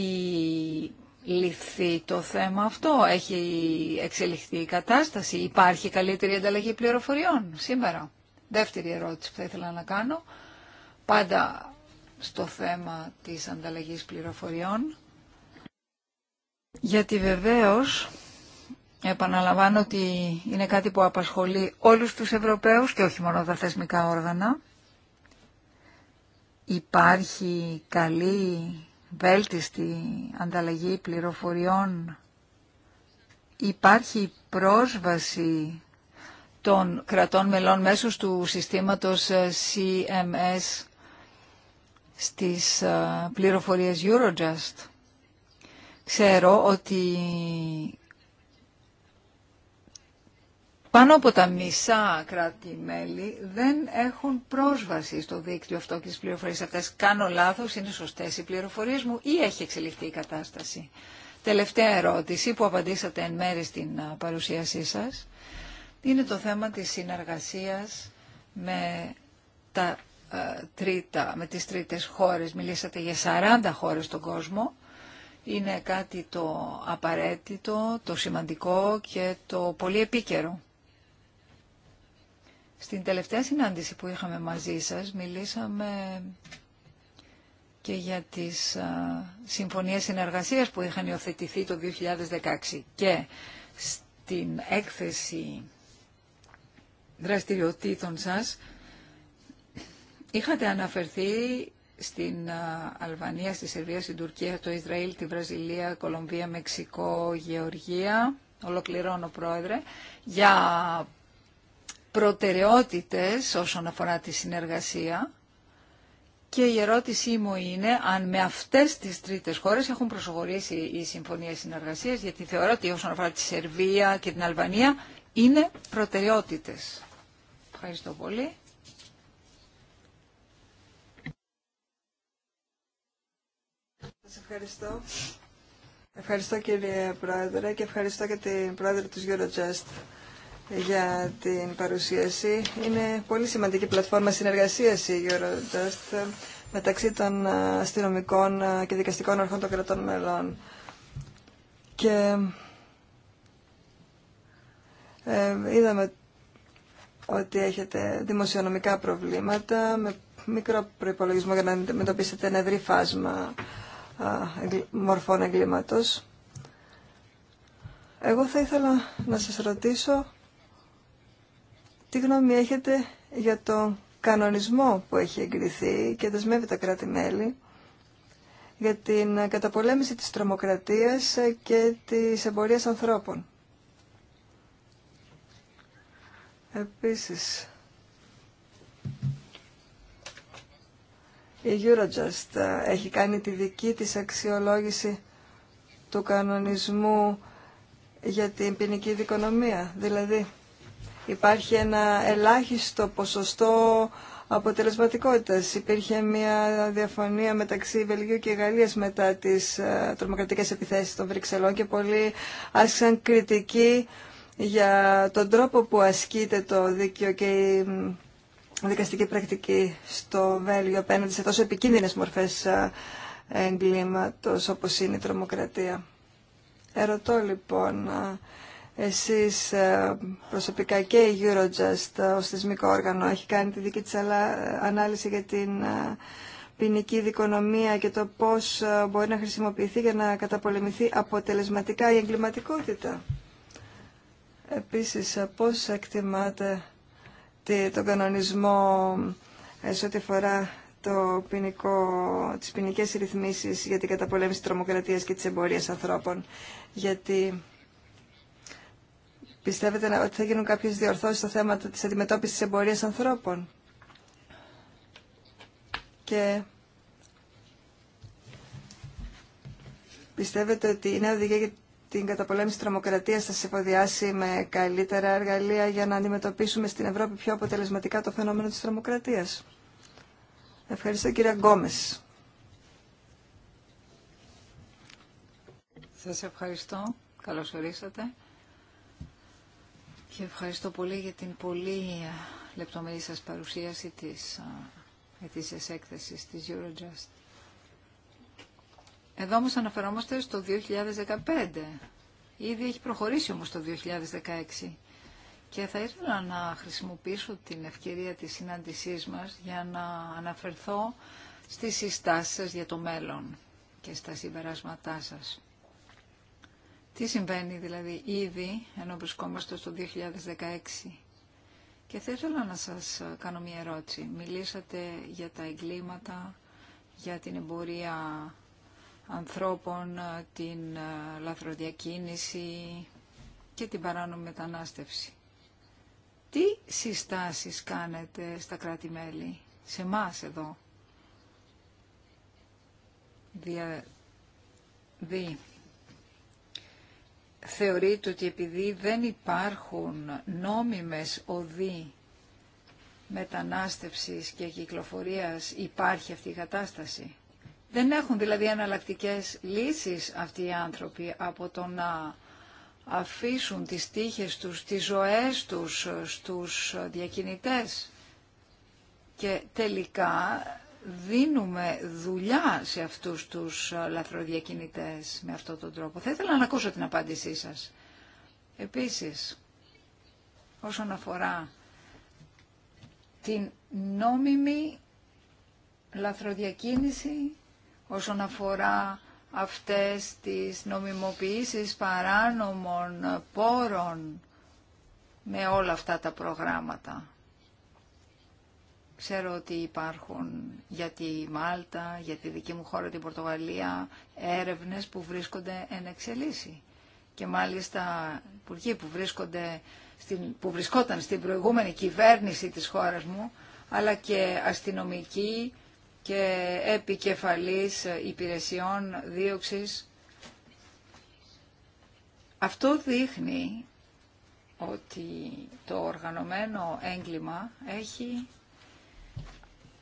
λυθεί το θέμα αυτό, έχει εξελιχθεί η κατάσταση, υπάρχει καλύτερη ανταλλαγή πληροφοριών σήμερα. Δεύτερη ερώτηση που θα ήθελα να κάνω, πάντα στο θέμα της ανταλλαγής πληροφοριών, γιατί βεβαίως επαναλαμβάνω ότι είναι κάτι που απασχολεί όλους τους Ευρωπαίους και όχι μόνο τα θεσμικά όργανα. Υπάρχει καλή βέλτιστη ανταλλαγή πληροφοριών. Υπάρχει πρόσβαση των κρατών μελών μέσω του συστήματος ε, CMS στις ε, πληροφορίες Eurojust. Ξέρω ότι πάνω από τα μισά κράτη-μέλη δεν έχουν πρόσβαση στο δίκτυο αυτό και τις πληροφορίες αυτές. Κάνω λάθος, είναι σωστές οι πληροφορίες μου ή έχει εξελιχθεί η κατάσταση. Τελευταία ερώτηση που απαντήσατε εν μέρη στην παρουσίασή σας είναι το θέμα της συνεργασίας με τα τρίτα, με τις τρίτες χώρες. Μιλήσατε για 40 χώρες στον κόσμο. Είναι κάτι το απαραίτητο, το σημαντικό και το πολύ επίκαιρο. Στην τελευταία συνάντηση που είχαμε μαζί σας μιλήσαμε και για τις συμφωνίες συνεργασίας που είχαν υιοθετηθεί το 2016 και στην έκθεση δραστηριοτήτων σας είχατε αναφερθεί στην Αλβανία, στη Σερβία, στην Τουρκία, το Ισραήλ, τη Βραζιλία, Κολομβία, Μεξικό, Γεωργία, ολοκληρώνω πρόεδρε, για προτεραιότητες όσον αφορά τη συνεργασία και η ερώτησή μου είναι αν με αυτές τις τρίτες χώρες έχουν προσχωρήσει οι συμφωνίες συνεργασίας γιατί θεωρώ ότι όσον αφορά τη Σερβία και την Αλβανία είναι προτεραιότητες. Ευχαριστώ πολύ. Σας ευχαριστώ. Ευχαριστώ κύριε Πρόεδρε και ευχαριστώ και την Πρόεδρε του Eurojust για την παρουσίαση. Είναι πολύ σημαντική πλατφόρμα συνεργασίας η Eurodust μεταξύ των ε, αστυνομικών ε, και δικαστικών αρχών των κρατών μελών. Και ε, είδαμε ότι έχετε δημοσιονομικά προβλήματα με μικρό προϋπολογισμό για να αντιμετωπίσετε ένα ευρύ φάσμα μορφών εγκλήματος. Εγώ θα ήθελα να σας ρωτήσω τι γνώμη έχετε για τον κανονισμό που έχει εγκριθεί και δεσμεύει τα κράτη-μέλη για την καταπολέμηση της τρομοκρατίας και της εμπορίας ανθρώπων. Επίσης, η Eurojust έχει κάνει τη δική της αξιολόγηση του κανονισμού για την ποινική δικονομία. Δηλαδή, υπάρχει ένα ελάχιστο ποσοστό αποτελεσματικότητας. Υπήρχε μια διαφωνία μεταξύ Βελγίου και Γαλλίας μετά τις ε, τρομοκρατικές επιθέσεις των Βρυξελών και πολλοί άσκησαν κριτική για τον τρόπο που ασκείται το δίκαιο και η δικαστική πρακτική στο Βέλγιο απέναντι σε τόσο επικίνδυνες μορφές ε, εγκλήματος όπως είναι η τρομοκρατία. Ερωτώ λοιπόν εσείς ε, προσωπικά και η Eurojust ως θεσμικό όργανο έχει κάνει τη δική της ανάλυση για την ε, ποινική δικονομία και το πώς ε, μπορεί να χρησιμοποιηθεί για να καταπολεμηθεί αποτελεσματικά η εγκληματικότητα. Επίσης, πώς εκτιμάτε τον κανονισμό σε ό,τι αφορά το ποινικό, τις ποινικές ρυθμίσεις για την καταπολέμηση της τρομοκρατίας και της εμπορίας ανθρώπων. Γιατί Πιστεύετε ότι θα γίνουν κάποιες διορθώσεις στο θέμα της αντιμετώπισης της εμπορίας ανθρώπων. Και πιστεύετε ότι η νέα οδηγία για την καταπολέμηση της τρομοκρατίας θα υποδιάσει με καλύτερα εργαλεία για να αντιμετωπίσουμε στην Ευρώπη πιο αποτελεσματικά το φαινόμενο της τρομοκρατίας. Ευχαριστώ κύριε Γκόμες. Σας ευχαριστώ. Καλώς ορίσατε και ευχαριστώ πολύ για την πολύ ε, λεπτομερή σας παρουσίαση της ε, ετήσιας έκθεσης της Eurojust. Εδώ όμως αναφερόμαστε στο 2015. Ήδη έχει προχωρήσει όμως το 2016. Και θα ήθελα να χρησιμοποιήσω την ευκαιρία της συνάντησής μας για να αναφερθώ στις συστάσεις για το μέλλον και στα συμπεράσματά σας. Τι συμβαίνει δηλαδή ήδη ενώ βρισκόμαστε στο 2016. Και θα ήθελα να σας ε, κάνω μια ερώτηση. Μιλήσατε για τα εγκλήματα, για την εμπορία ανθρώπων, ε, την ε, λαθροδιακίνηση και την παράνομη μετανάστευση. Τι συστάσεις κάνετε στα κράτη-μέλη, σε εμά εδώ, δια... δι θεωρείται ότι επειδή δεν υπάρχουν νόμιμες οδοί μετανάστευσης και κυκλοφορίας υπάρχει αυτή η κατάσταση. Δεν έχουν δηλαδή εναλλακτικέ λύσεις αυτοί οι άνθρωποι από το να αφήσουν τις τύχες τους, τις ζωές τους στους διακινητές. Και τελικά δίνουμε δουλειά σε αυτούς τους ε, λαθροδιακινητές με αυτόν τον τρόπο. Θα ήθελα να ακούσω την απάντησή σας. Επίσης, όσον αφορά την νόμιμη λαθροδιακίνηση, όσον αφορά αυτές τις νομιμοποιήσεις παράνομων ε, πόρων με όλα αυτά τα προγράμματα. Ξέρω ότι υπάρχουν για τη Μάλτα, για τη δική μου χώρα την Πορτογαλία έρευνες που βρίσκονται εν εξελίσσει. Και μάλιστα υπουργοί που, βρίσκονται στην, που βρισκόταν στην προηγούμενη κυβέρνηση της χώρας μου, αλλά και αστυνομικοί και επικεφαλής υπηρεσιών δίωξης. Αυτό δείχνει ότι το οργανωμένο έγκλημα έχει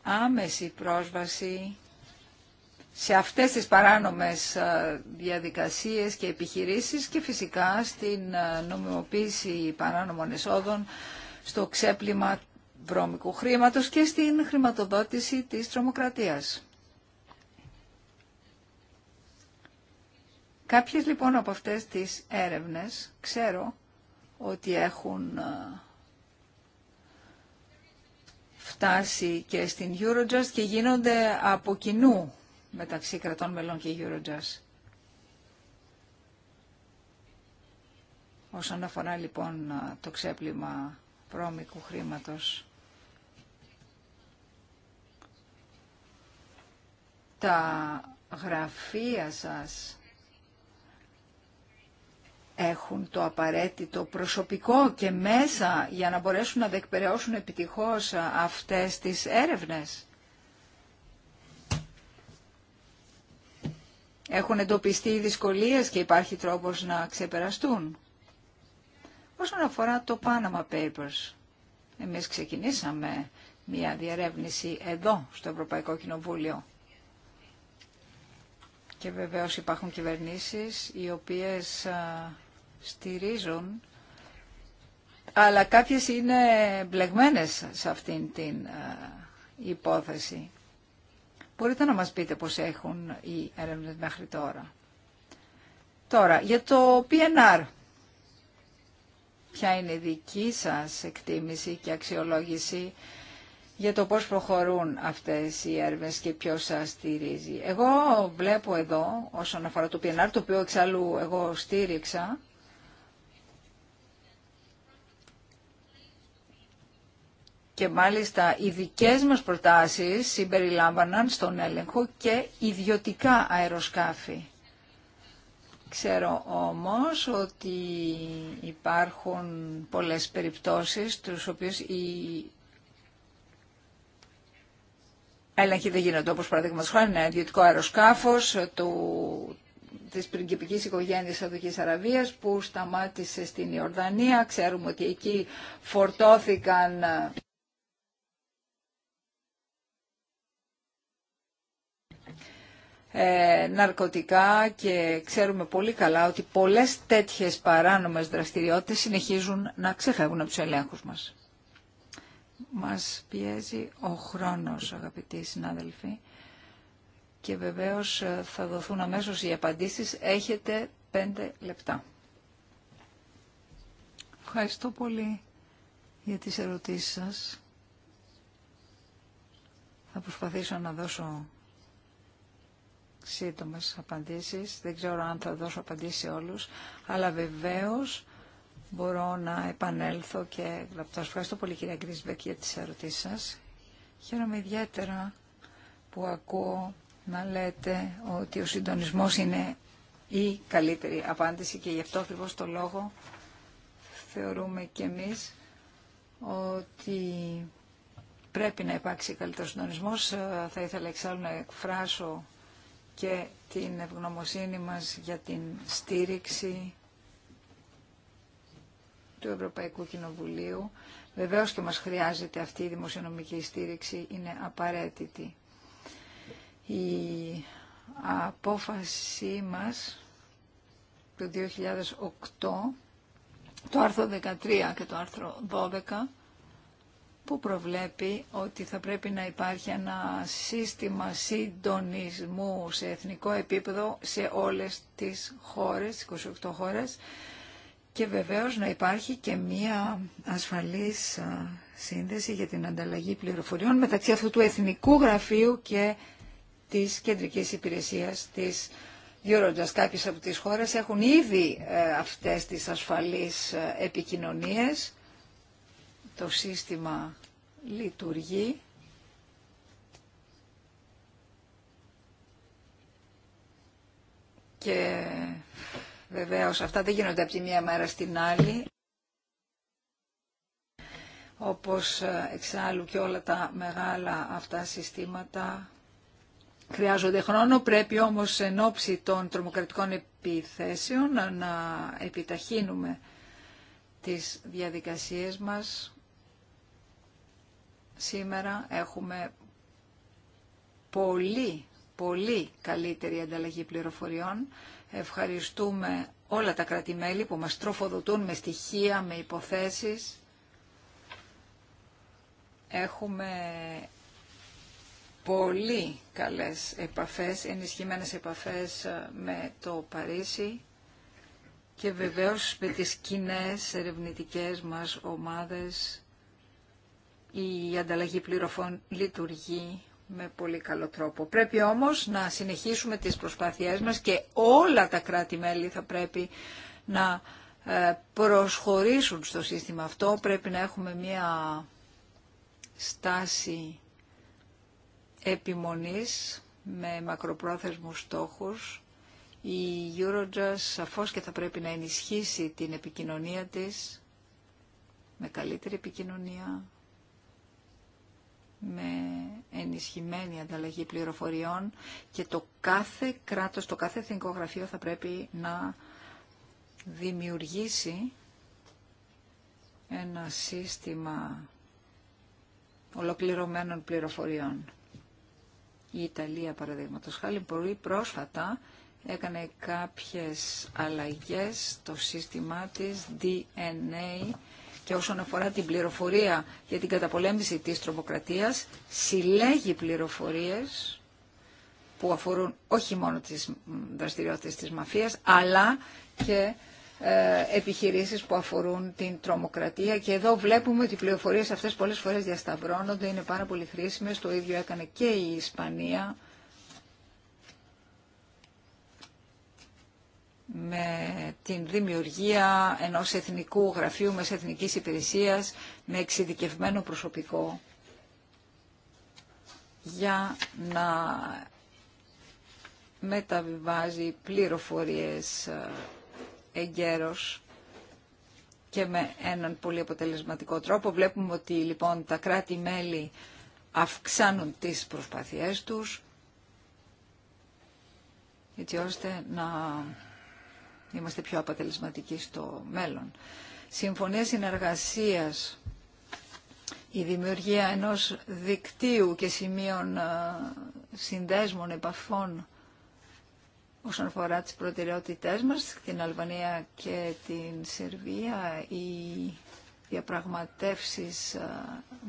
άμεση πρόσβαση σε αυτές τις παράνομες ε, διαδικασίες και επιχειρήσεις και φυσικά στην ε, νομιμοποίηση παράνομων εσόδων, στο ξέπλυμα βρώμικου χρήματος και στην χρηματοδότηση της τρομοκρατίας. Κάποιες λοιπόν από αυτές τις έρευνες ξέρω ότι έχουν ε, φτάσει και στην Eurojust και γίνονται από κοινού μεταξύ κρατών μελών και Eurojust. Όσον αφορά λοιπόν το ξέπλυμα πρόμικου χρήματος, τα γραφεία σας έχουν το απαραίτητο προσωπικό και μέσα για να μπορέσουν να δεκπεραιώσουν επιτυχώς αυτές τις έρευνες. Έχουν εντοπιστεί οι δυσκολίες και υπάρχει τρόπος να ξεπεραστούν. Όσον αφορά το Panama Papers, εμείς ξεκινήσαμε μια διερεύνηση εδώ στο Ευρωπαϊκό Κοινοβούλιο. Και βεβαίως υπάρχουν κυβερνήσεις οι οποίες στηρίζουν, αλλά κάποιες είναι μπλεγμένες σε αυτήν την ε, υπόθεση. Μπορείτε να μας πείτε πώς έχουν οι έρευνες μέχρι τώρα. Τώρα, για το PNR. Ποια είναι η δική σας εκτίμηση και αξιολόγηση για το πώς προχωρούν αυτές οι έρευνες και ποιος σας στηρίζει. Εγώ βλέπω εδώ, όσον αφορά το PNR, το οποίο εξάλλου εγώ στήριξα, Και μάλιστα οι δικές μας προτάσεις συμπεριλάμβαναν στον έλεγχο και ιδιωτικά αεροσκάφη. Ξέρω όμως ότι υπάρχουν πολλές περιπτώσεις τους οποίους οι έλεγχοι δεν γίνονται όπως παραδείγματο χάρη ένα ιδιωτικό αεροσκάφος του, της πριγκιπικής οικογένειας Σαουδικής Αραβίας που σταμάτησε στην Ιορδανία. Ξέρουμε ότι εκεί φορτώθηκαν Ε, ναρκωτικά και ξέρουμε πολύ καλά ότι πολλές τέτοιες παράνομες δραστηριότητες συνεχίζουν να ξεφεύγουν από τους ελέγχους μας. Μας πιέζει ο χρόνος αγαπητοί συνάδελφοι και βεβαίως ε, θα δοθούν αμέσως οι απαντήσεις. Έχετε πέντε λεπτά. Ευχαριστώ πολύ για τις ερωτήσεις σας. Θα προσπαθήσω να δώσω σύντομες απαντήσεις. Δεν ξέρω αν θα δώσω απαντήσεις σε όλους, αλλά βεβαίως μπορώ να επανέλθω και σας Ευχαριστώ πολύ κυρία Γκρίσμπεκ για τις ερωτήσεις σας. Χαίρομαι ιδιαίτερα που ακούω να λέτε ότι ο συντονισμός είναι η καλύτερη απάντηση και γι' αυτό ακριβώ το λόγο θεωρούμε και εμείς ότι πρέπει να υπάρξει καλύτερο συντονισμός. Θα ήθελα εξάλλου να εκφράσω και την ευγνωμοσύνη μας για την στήριξη του Ευρωπαϊκού Κοινοβουλίου. Βεβαίως και μας χρειάζεται αυτή η δημοσιονομική στήριξη, είναι απαραίτητη. Η απόφασή μας του 2008, το άρθρο 13 και το άρθρο 12, που προβλέπει ότι θα πρέπει να υπάρχει ένα σύστημα συντονισμού σε εθνικό επίπεδο σε όλες τις χώρες, 28 χώρες, και βεβαίως να υπάρχει και μία ασφαλής σύνδεση για την ανταλλαγή πληροφοριών μεταξύ αυτού του Εθνικού Γραφείου και της Κεντρικής Υπηρεσίας της Eurojust. Κάποιες από τις χώρες έχουν ήδη ε, αυτές τις ασφαλείς ε, επικοινωνίες το σύστημα λειτουργεί. Και βεβαίως αυτά δεν γίνονται από τη μία μέρα στην άλλη, όπως ε, εξάλλου και όλα τα μεγάλα αυτά συστήματα χρειάζονται χρόνο. Πρέπει όμως εν ώψη των τρομοκρατικών επιθέσεων να επιταχύνουμε τις διαδικασίες μας Σήμερα έχουμε πολύ, πολύ καλύτερη ανταλλαγή πληροφοριών. Ευχαριστούμε όλα τα κρατημέλη που μας τροφοδοτούν με στοιχεία, με υποθέσεις. Έχουμε πολύ καλές επαφές, ενισχυμένες επαφές ε, με το Παρίσι και βεβαίως με τις κοινέ ερευνητικές μας ομάδες η ανταλλαγή πληροφών λειτουργεί με πολύ καλό τρόπο. Πρέπει όμως να συνεχίσουμε τις προσπάθειές μας και όλα τα κράτη-μέλη θα πρέπει να ε, προσχωρήσουν στο σύστημα αυτό. Πρέπει να έχουμε μια στάση επιμονής με μακροπρόθεσμους στόχους. Η Eurojust σαφώς και θα πρέπει να ενισχύσει την επικοινωνία της με καλύτερη επικοινωνία με ενισχυμένη ανταλλαγή πληροφοριών και το κάθε κράτος, το κάθε εθνικό γραφείο θα πρέπει να δημιουργήσει ένα σύστημα ολοκληρωμένων πληροφοριών. Η Ιταλία, παραδείγματο χάρη, πολύ πρόσφατα έκανε κάποιες αλλαγές στο σύστημά της DNA και όσον αφορά την πληροφορία για την καταπολέμηση της τρομοκρατίας, συλλέγει πληροφορίες που αφορούν όχι μόνο τις δραστηριότητες της μαφίας, αλλά και ε, επιχειρήσεις που αφορούν την τρομοκρατία. Και εδώ βλέπουμε ότι οι πληροφορίες αυτές πολλές φορές διασταυρώνονται, είναι πάρα πολύ χρήσιμες. Το ίδιο έκανε και η Ισπανία με την δημιουργία ενός εθνικού γραφείου μες εθνικής υπηρεσίας με εξειδικευμένο προσωπικό για να μεταβιβάζει πληροφορίες ε, εγκαίρως και με έναν πολύ αποτελεσματικό τρόπο. Βλέπουμε ότι λοιπόν τα κράτη-μέλη αυξάνουν τις προσπάθειές τους έτσι ώστε να είμαστε πιο αποτελεσματικοί στο μέλλον. Συμφωνία συνεργασίας, η δημιουργία ενός δικτύου και σημείων ε, συνδέσμων, επαφών όσον αφορά τις προτεραιότητές μας, την Αλβανία και την Σερβία, οι διαπραγματεύσεις ε,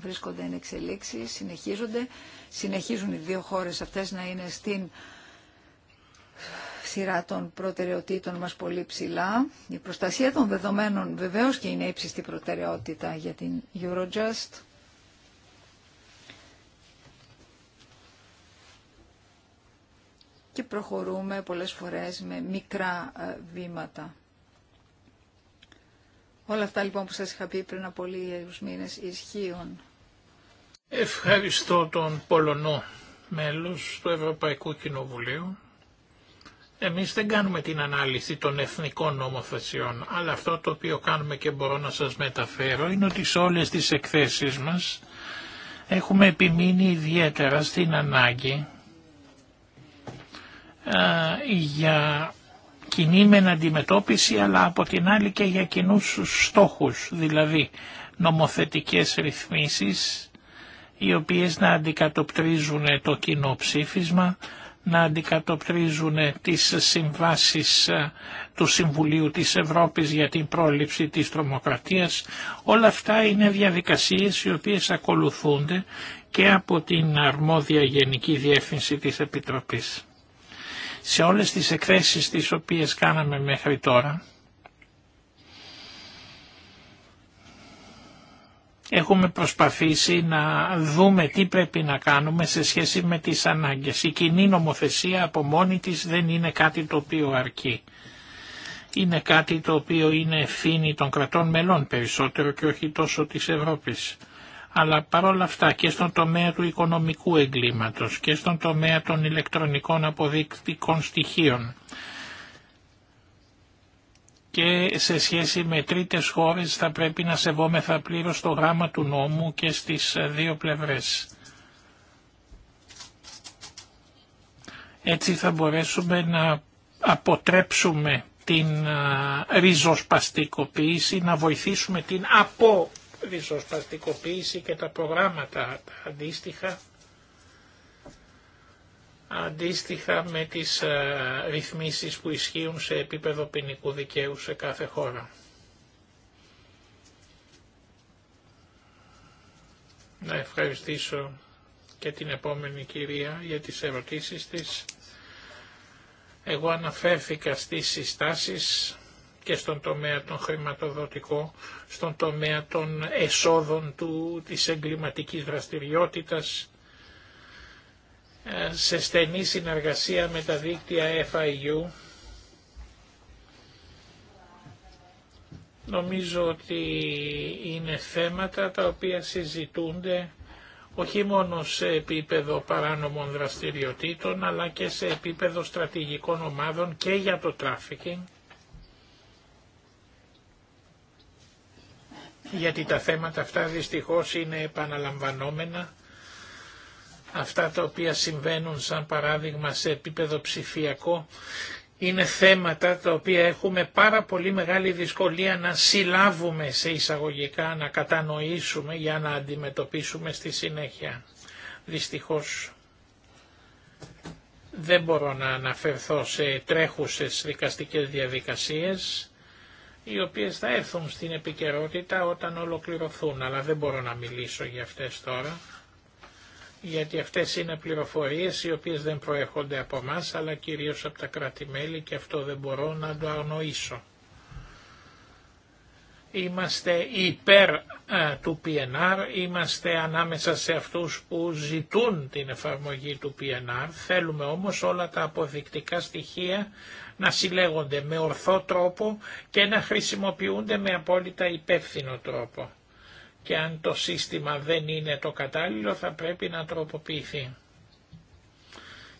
βρίσκονται εν εξελίξει, συνεχίζονται, συνεχίζουν οι δύο χώρες αυτές να είναι στην σειρά των προτεραιοτήτων μας πολύ ψηλά. Η προστασία των δεδομένων βεβαίως και είναι ύψιστη προτεραιότητα για την Eurojust. Και προχωρούμε πολλές φορές με μικρά ε, βήματα. Όλα αυτά λοιπόν που σας είχα πει πριν από λίγους μήνες ισχύουν. Ευχαριστώ τον Πολωνό μέλος του Ευρωπαϊκού Κοινοβουλίου. Εμείς δεν κάνουμε την ανάλυση των εθνικών νομοθεσιών, αλλά αυτό το οποίο κάνουμε και μπορώ να σας μεταφέρω είναι ότι σε όλες τις εκθέσεις μας έχουμε επιμείνει ιδιαίτερα στην ανάγκη για κοινή μεν αντιμετώπιση αλλά από την άλλη και για κοινού στόχους, δηλαδή νομοθετικές ρυθμίσεις οι οποίες να αντικατοπτρίζουν το κοινό ψήφισμα να αντικατοπτρίζουν τις συμβάσεις ε, του Συμβουλίου της Ευρώπης για την πρόληψη της τρομοκρατίας. Όλα αυτά είναι διαδικασίες οι οποίες ακολουθούνται και από την αρμόδια Γενική Διεύθυνση της Επιτροπής. Σε όλες τις εκθέσεις τις οποίες κάναμε μέχρι τώρα, έχουμε προσπαθήσει να δούμε τι πρέπει να κάνουμε σε σχέση με τις ανάγκες. Η κοινή νομοθεσία από μόνη της δεν είναι κάτι το οποίο αρκεί. Είναι κάτι το οποίο είναι ευθύνη των κρατών μελών περισσότερο και όχι τόσο της Ευρώπης. Αλλά παρόλα αυτά και στον τομέα του οικονομικού εγκλήματος και στον τομέα των ηλεκτρονικών αποδεικτικών στοιχείων και σε σχέση με τρίτες χώρες θα πρέπει να σεβόμεθα πλήρως το γράμμα του νόμου και στις δύο πλευρές. Έτσι θα μπορέσουμε να αποτρέψουμε την ριζοσπαστικοποίηση, να βοηθήσουμε την από ριζοσπαστικοποίηση και τα προγράμματα τα αντίστοιχα αντίστοιχα με τις ε, ρυθμίσεις που ισχύουν σε επίπεδο ποινικού δικαίου σε κάθε χώρα. Να ευχαριστήσω και την επόμενη κυρία για τις ερωτήσεις της. Εγώ αναφέρθηκα στις συστάσεις και στον τομέα των χρηματοδοτικών, στον τομέα των εσόδων του, της εγκληματικής δραστηριότητας, σε στενή συνεργασία με τα δίκτυα FIU. Νομίζω ότι είναι θέματα τα οποία συζητούνται όχι μόνο σε επίπεδο παράνομων δραστηριοτήτων αλλά και σε επίπεδο στρατηγικών ομάδων και για το τράφικινγκ. Γιατί τα θέματα αυτά δυστυχώς είναι επαναλαμβανόμενα αυτά τα οποία συμβαίνουν σαν παράδειγμα σε επίπεδο ψηφιακό είναι θέματα τα οποία έχουμε πάρα πολύ μεγάλη δυσκολία να συλλάβουμε σε εισαγωγικά, να κατανοήσουμε για να αντιμετωπίσουμε στη συνέχεια. Δυστυχώς δεν μπορώ να αναφερθώ σε τρέχουσες δικαστικές διαδικασίες οι οποίες θα έρθουν στην επικαιρότητα όταν ολοκληρωθούν, αλλά δεν μπορώ να μιλήσω για αυτές τώρα γιατί αυτές είναι πληροφορίες οι οποίες δεν προέρχονται από εμά, αλλά κυρίως από τα κρατη και αυτό δεν μπορώ να το αγνοήσω. Είμαστε υπέρ ε, του PNR, είμαστε ανάμεσα σε αυτούς που ζητούν την εφαρμογή του PNR, θέλουμε όμως όλα τα αποδεικτικά στοιχεία να συλλέγονται με ορθό τρόπο και να χρησιμοποιούνται με απόλυτα υπεύθυνο τρόπο και αν το σύστημα δεν είναι το κατάλληλο θα πρέπει να τροποποιηθεί.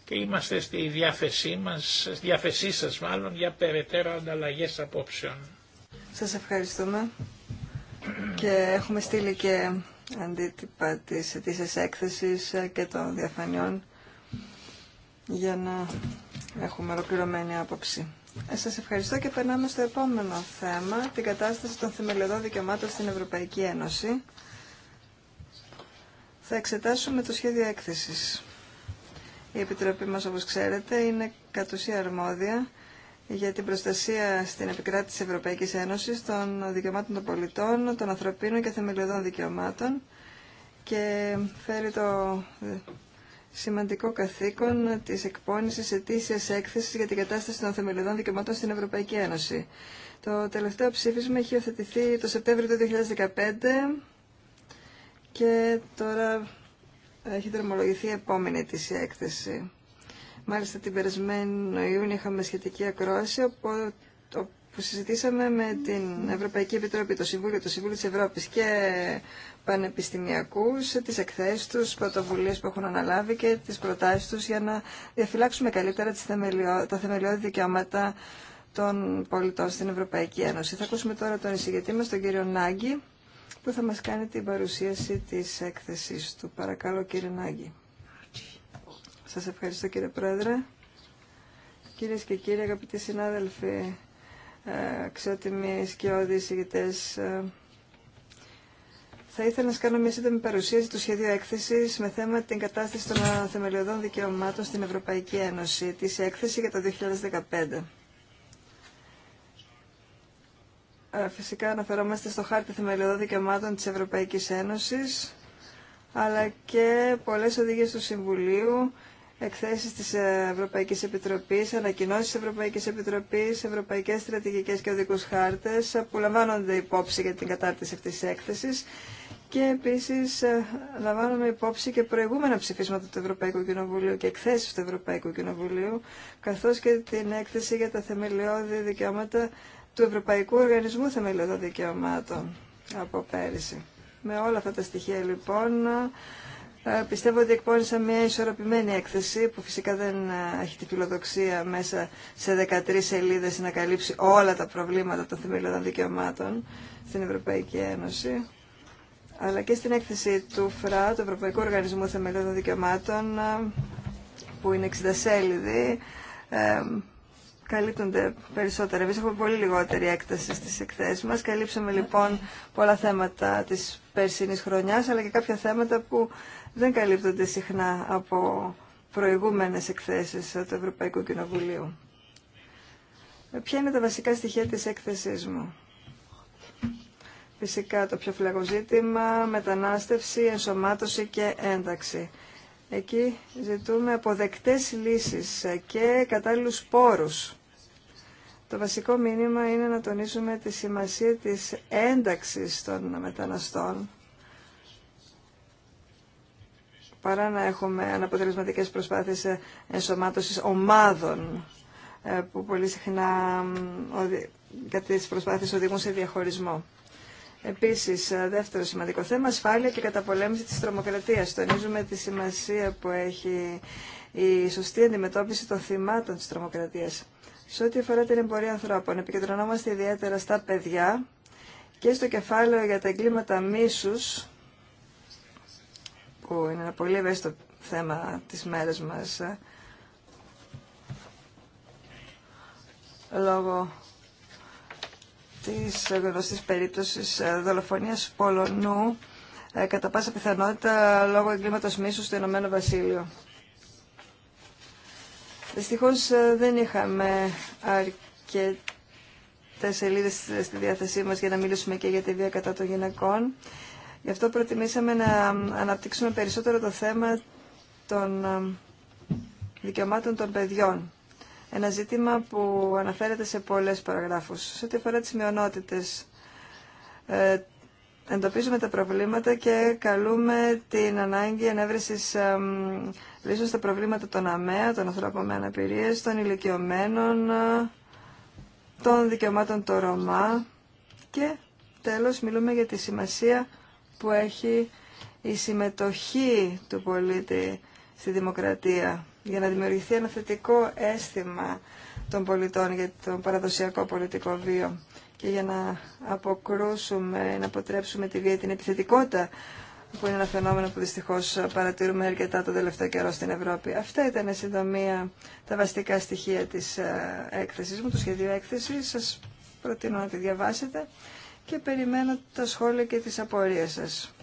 Και είμαστε στη διάθεσή, μας, στη διάθεσή σας μάλλον για περαιτέρω ανταλλαγές απόψεων. Σας ευχαριστούμε και έχουμε στείλει και αντίτυπα της αιτήσεις έκθεσης και των διαφανειών για να έχουμε ολοκληρωμένη άποψη. Ε, σας ευχαριστώ και περνάμε στο επόμενο θέμα, την κατάσταση των θεμελιωδών δικαιωμάτων στην Ευρωπαϊκή Ένωση. Θα εξετάσουμε το σχέδιο έκθεσης. Η Επιτροπή μας, όπως ξέρετε, είναι κατ' ουσία αρμόδια για την προστασία στην επικράτηση της Ευρωπαϊκής Ένωσης των δικαιωμάτων των πολιτών, των ανθρωπίνων και θεμελιωδών δικαιωμάτων και φέρει το σημαντικό καθήκον τη εκπώνηση ετήσια έκθεση για την κατάσταση των θεμελιωδών δικαιωμάτων στην Ευρωπαϊκή Ένωση. Το τελευταίο ψήφισμα έχει υιοθετηθεί το Σεπτέμβριο του 2015 και τώρα έχει δρομολογηθεί η επόμενη ετήσια έκθεση. Μάλιστα την περασμένη Ιούνιο είχαμε σχετική ακρόαση, οπότε που συζητήσαμε με την Ευρωπαϊκή Επιτροπή, το Συμβούλιο, το Συμβούλιο της Ευρώπης και πανεπιστημιακούς, τις εκθέσεις τους, πρωτοβουλίες που έχουν αναλάβει και τις προτάσεις τους για να διαφυλάξουμε καλύτερα τις τα θεμελιώδη δικαιώματα των πολιτών στην Ευρωπαϊκή Ένωση. Θα ακούσουμε τώρα τον εισηγητή μας, τον κύριο Νάγκη, που θα μας κάνει την παρουσίαση της έκθεσης του. Παρακαλώ κύριε Νάγκη. Σας ευχαριστώ κύριε Πρόεδρε. κύριε και κύριοι αγαπητοί συνάδελφοι, ε, αξιότιμοι σκιώδη ηγητές. Ε, θα ήθελα να σας κάνω μια σύντομη παρουσίαση του σχεδίου έκθεσης με θέμα την κατάσταση των θεμελιωδών δικαιωμάτων στην Ευρωπαϊκή Ένωση, της έκθεση για το 2015. Ε, φυσικά αναφερόμαστε στο χάρτη θεμελιωδών δικαιωμάτων της Ευρωπαϊκής Ένωσης, αλλά και πολλές οδηγίες του Συμβουλίου εκθέσεις της Ευρωπαϊκής Επιτροπής, ανακοινώσεις της Ευρωπαϊκής Επιτροπής, ευρωπαϊκές στρατηγικές και οδικούς χάρτες που λαμβάνονται υπόψη για την κατάρτιση αυτής της έκθεσης και επίσης ε, λαμβάνουμε υπόψη και προηγούμενα ψηφίσματα του Ευρωπαϊκού Κοινοβουλίου και εκθέσεις του Ευρωπαϊκού Κοινοβουλίου καθώς και την έκθεση για τα θεμελιώδη δικαιώματα του Ευρωπαϊκού Οργανισμού Θεμελιωδών Δικαιωμάτων από πέρυσι. Με όλα αυτά τα στοιχεία λοιπόν ε, πιστεύω ότι εκπώνησα μια ισορροπημένη έκθεση που φυσικά δεν ε, έχει τη φιλοδοξία μέσα σε 13 σελίδες να καλύψει όλα τα προβλήματα των θεμελιωδών δικαιωμάτων στην Ευρωπαϊκή Ένωση. Αλλά και στην έκθεση του ΦΡΑ, του Ευρωπαϊκού Οργανισμού Θεμελιωδών Δικαιωμάτων, ε, που είναι 60 σέλιδη, καλύπτονται περισσότερα. Εμεί έχουμε πολύ λιγότερη έκταση στι εκθέσει μα. Καλύψαμε λοιπόν πολλά θέματα τη περσινή χρονιά, αλλά και κάποια θέματα που δεν καλύπτονται συχνά από προηγούμενε εκθέσει του Ευρωπαϊκού Κοινοβουλίου. Ποια είναι τα βασικά στοιχεία της έκθεσής μου. Φυσικά το πιο ζήτημα, μετανάστευση, ενσωμάτωση και ένταξη. Εκεί ζητούμε αποδεκτές λύσεις και κατάλληλους πόρους. Το βασικό μήνυμα είναι να τονίσουμε τη σημασία της ένταξης των μεταναστών παρά να έχουμε αναποτελεσματικές προσπάθειες ενσωμάτωσης ομάδων ε, που πολύ συχνά για τις προσπάθειες οδηγούν σε διαχωρισμό. Επίσης, ε, δεύτερο σημαντικό θέμα, ασφάλεια και καταπολέμηση της τρομοκρατίας. Τονίζουμε τη σημασία που έχει η σωστή αντιμετώπιση των θυμάτων της τρομοκρατίας. Σε ό,τι αφορά την εμπορία ανθρώπων, επικεντρωνόμαστε ιδιαίτερα στα παιδιά και στο κεφάλαιο για τα εγκλήματα μίσου, που είναι ένα πολύ ευαίσθητο θέμα της μέρα μας, ε, λόγω της γνωστής ε, περίπτωσης ε, δολοφονίας Πολωνού ε, κατά πάσα πιθανότητα λόγω εγκλήματος μίσου στο Ηνωμένο Βασίλειο. Δυστυχώς δεν είχαμε αρκετές σελίδες στη διάθεσή μας για να μιλήσουμε και για τη βία κατά των γυναικών. Γι' αυτό προτιμήσαμε να αναπτύξουμε περισσότερο το θέμα των δικαιωμάτων των παιδιών ένα ζήτημα που αναφέρεται σε πολλές παραγράφους. Σε ό,τι αφορά τις μειονότητες, ε, εντοπίζουμε τα προβλήματα και καλούμε την ανάγκη ενέβρεσης ε, λύσεων στα προβλήματα των ΑΜΕΑ, των ανθρώπων με αναπηρίες, των ηλικιωμένων, των δικαιωμάτων των Ρωμά και τέλος μιλούμε για τη σημασία που έχει η συμμετοχή του πολίτη στη δημοκρατία για να δημιουργηθεί ένα θετικό αίσθημα των πολιτών για το παραδοσιακό πολιτικό βίο και για να αποκρούσουμε, να αποτρέψουμε τη βία την επιθετικότητα που είναι ένα φαινόμενο που δυστυχώς παρατηρούμε αρκετά το τελευταίο καιρό στην Ευρώπη. Αυτά ήταν συντομία τα βασικά στοιχεία της ε, έκθεσης μου, του σχεδίου έκθεσης. Σας προτείνω να τη διαβάσετε και περιμένω τα σχόλια και τις απορίες σας.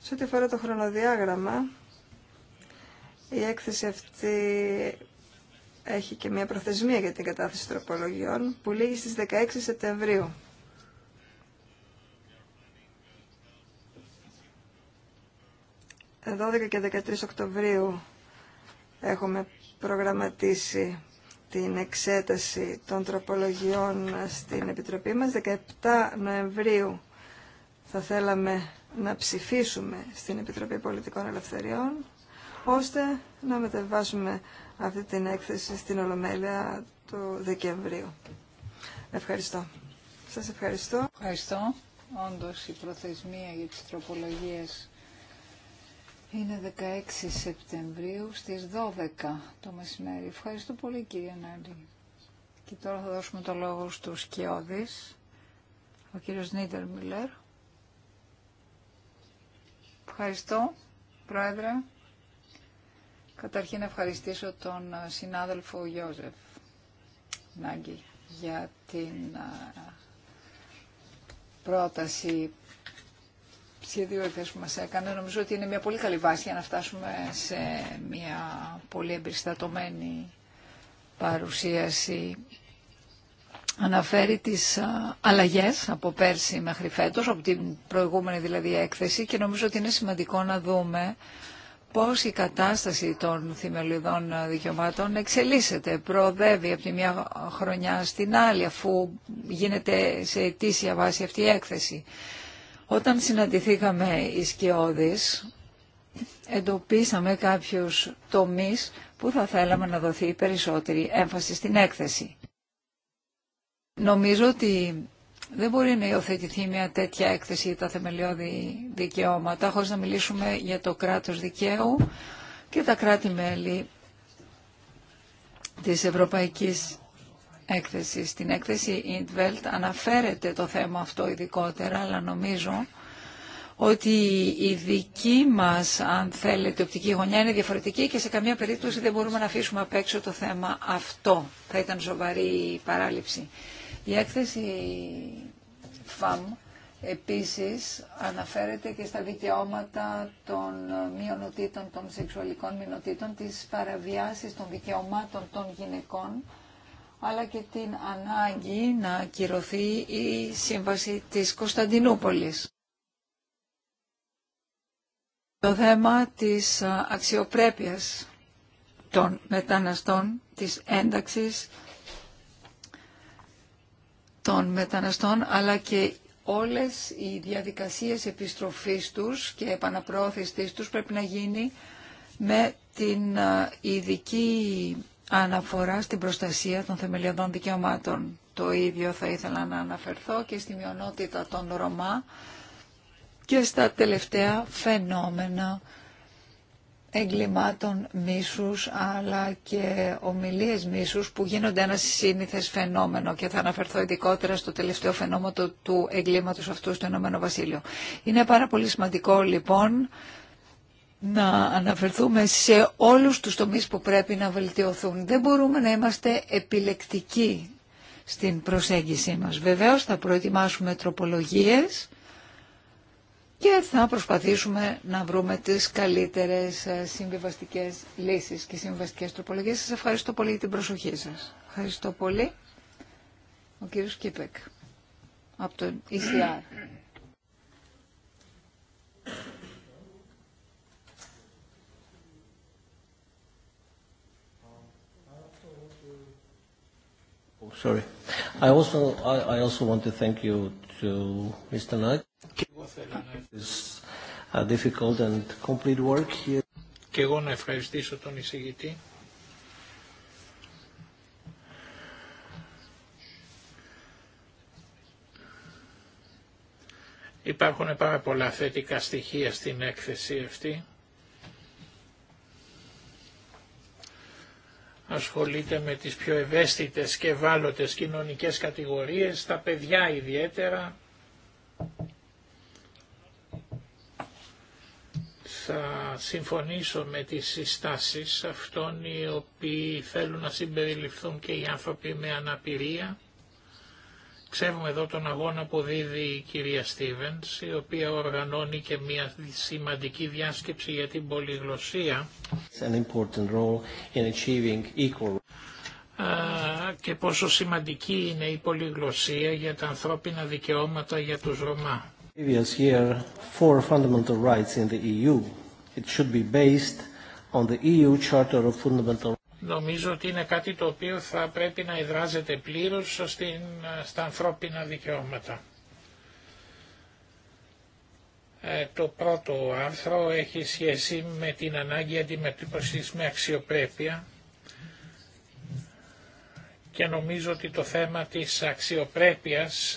Σε ό,τι αφορά το χρονοδιάγραμμα, η έκθεση αυτή έχει και μια προθεσμία για την κατάθεση τροπολογιών που λήγει στις 16 Σεπτεμβρίου. Εδώ 12 και 13 Οκτωβρίου έχουμε προγραμματίσει την εξέταση των τροπολογιών στην Επιτροπή μας. 17 Νοεμβρίου θα θέλαμε να ψηφίσουμε στην Επιτροπή Πολιτικών Ελευθεριών ώστε να μεταβάσουμε αυτή την έκθεση στην Ολομέλεια του Δεκεμβρίου. Ευχαριστώ. Σας ευχαριστώ. Ευχαριστώ. Όντως η προθεσμία για τις τροπολογίες είναι 16 Σεπτεμβρίου στις 12 το μεσημέρι. Ευχαριστώ πολύ κύριε Νάντι. Και τώρα θα δώσουμε το λόγο στους Σκιώδης, ο κύριος Νίτερ Μιλέρ. Ευχαριστώ, Πρόεδρε. Καταρχήν να ευχαριστήσω τον ε, συνάδελφο Γιώζεφ Νάγκη για την ε, πρόταση σχεδίου που μας έκανε. Νομίζω ότι είναι μια πολύ καλή βάση για να φτάσουμε σε μια πολύ εμπεριστατωμένη παρουσίαση. Αναφέρει τις ε, αλλαγές από πέρσι μέχρι φέτος, από την προηγούμενη δηλαδή έκθεση και νομίζω ότι είναι σημαντικό να δούμε πώς η κατάσταση των θημελιδών δικαιωμάτων εξελίσσεται, προοδεύει από τη μια χρονιά στην άλλη, αφού γίνεται σε αιτήσια βάση αυτή η έκθεση. Όταν συναντηθήκαμε οι σκιώδεις, εντοπίσαμε κάποιους τομείς που θα θέλαμε να δοθεί περισσότερη έμφαση στην έκθεση. Νομίζω ότι δεν μπορεί να υιοθετηθεί μια τέτοια έκθεση για τα θεμελιώδη δικαιώματα χωρίς να μιλήσουμε για το κράτος δικαίου και τα κράτη-μέλη της Ευρωπαϊκής Έκθεσης. Στην έκθεση Ιντβέλτ αναφέρεται το θέμα αυτό ειδικότερα, αλλά νομίζω ότι η δική μας, αν θέλετε, οπτική γωνιά είναι διαφορετική και σε καμία περίπτωση δεν μπορούμε να αφήσουμε απ' έξω το θέμα αυτό. Θα ήταν σοβαρή παράληψη. Η έκθεση ΦΑΜ επίσης αναφέρεται και στα δικαιώματα των μειονοτήτων, των σεξουαλικών μειονοτήτων, της παραβιάσης των δικαιωμάτων των γυναικών, αλλά και την ανάγκη να ακυρωθεί η σύμβαση της Κωνσταντινούπολης. Το θέμα της αξιοπρέπειας των μεταναστών, της ένταξης των μεταναστών, αλλά και όλες οι διαδικασίες επιστροφής τους και επαναπρόθεσης τους πρέπει να γίνει με την ειδική αναφορά στην προστασία των θεμελιωδών δικαιωμάτων. Το ίδιο θα ήθελα να αναφερθώ και στη μειονότητα των Ρωμά, και στα τελευταία φαινόμενα εγκλημάτων μίσους αλλά και ομιλίες μίσους που γίνονται ένα σύνηθε φαινόμενο και θα αναφερθώ ειδικότερα στο τελευταίο φαινόμενο του εγκλήματος αυτού στο Ηνωμένο Βασίλειο. Είναι πάρα πολύ σημαντικό λοιπόν να αναφερθούμε σε όλους τους τομείς που πρέπει να βελτιωθούν. Δεν μπορούμε να είμαστε επιλεκτικοί στην προσέγγιση μας. Βεβαίως θα προετοιμάσουμε τροπολογίες και θα προσπαθήσουμε να βρούμε τις καλύτερες ε, συμβιβαστικές λύσεις και συμβιβαστικές τροπολογίες. Σας ευχαριστώ πολύ για την προσοχή σας. Ευχαριστώ πολύ. Ο κύριος Κίπεκ από το ECR. Oh, sorry. I also, I, I also want to thank you to Mr. Και εγώ να ευχαριστήσω τον εισηγητή. Υπάρχουν πάρα πολλά θετικά στοιχεία στην έκθεση αυτή. ασχολείται με τις πιο ευαίσθητες και ευάλωτες κοινωνικές κατηγορίες, τα παιδιά ιδιαίτερα. θα συμφωνήσω με τις συστάσεις αυτών οι οποίοι θέλουν να συμπεριληφθούν και οι άνθρωποι με αναπηρία. Ξέρουμε εδώ τον αγώνα που δίδει η κυρία Στίβενς, η οποία οργανώνει και μια σημαντική διάσκεψη για την πολυγλωσσία και πόσο σημαντική είναι η πολυγλωσσία για τα ανθρώπινα δικαιώματα για τους Ρωμά. in the EU Νομίζω ότι είναι κάτι το οποίο θα πρέπει να εδράζεται πλήρως στα ανθρώπινα δικαιώματα. Ε, το πρώτο άρθρο έχει σχέση με την ανάγκη αντιμετώπισης με αξιοπρέπεια και νομίζω ότι το θέμα της αξιοπρέπειας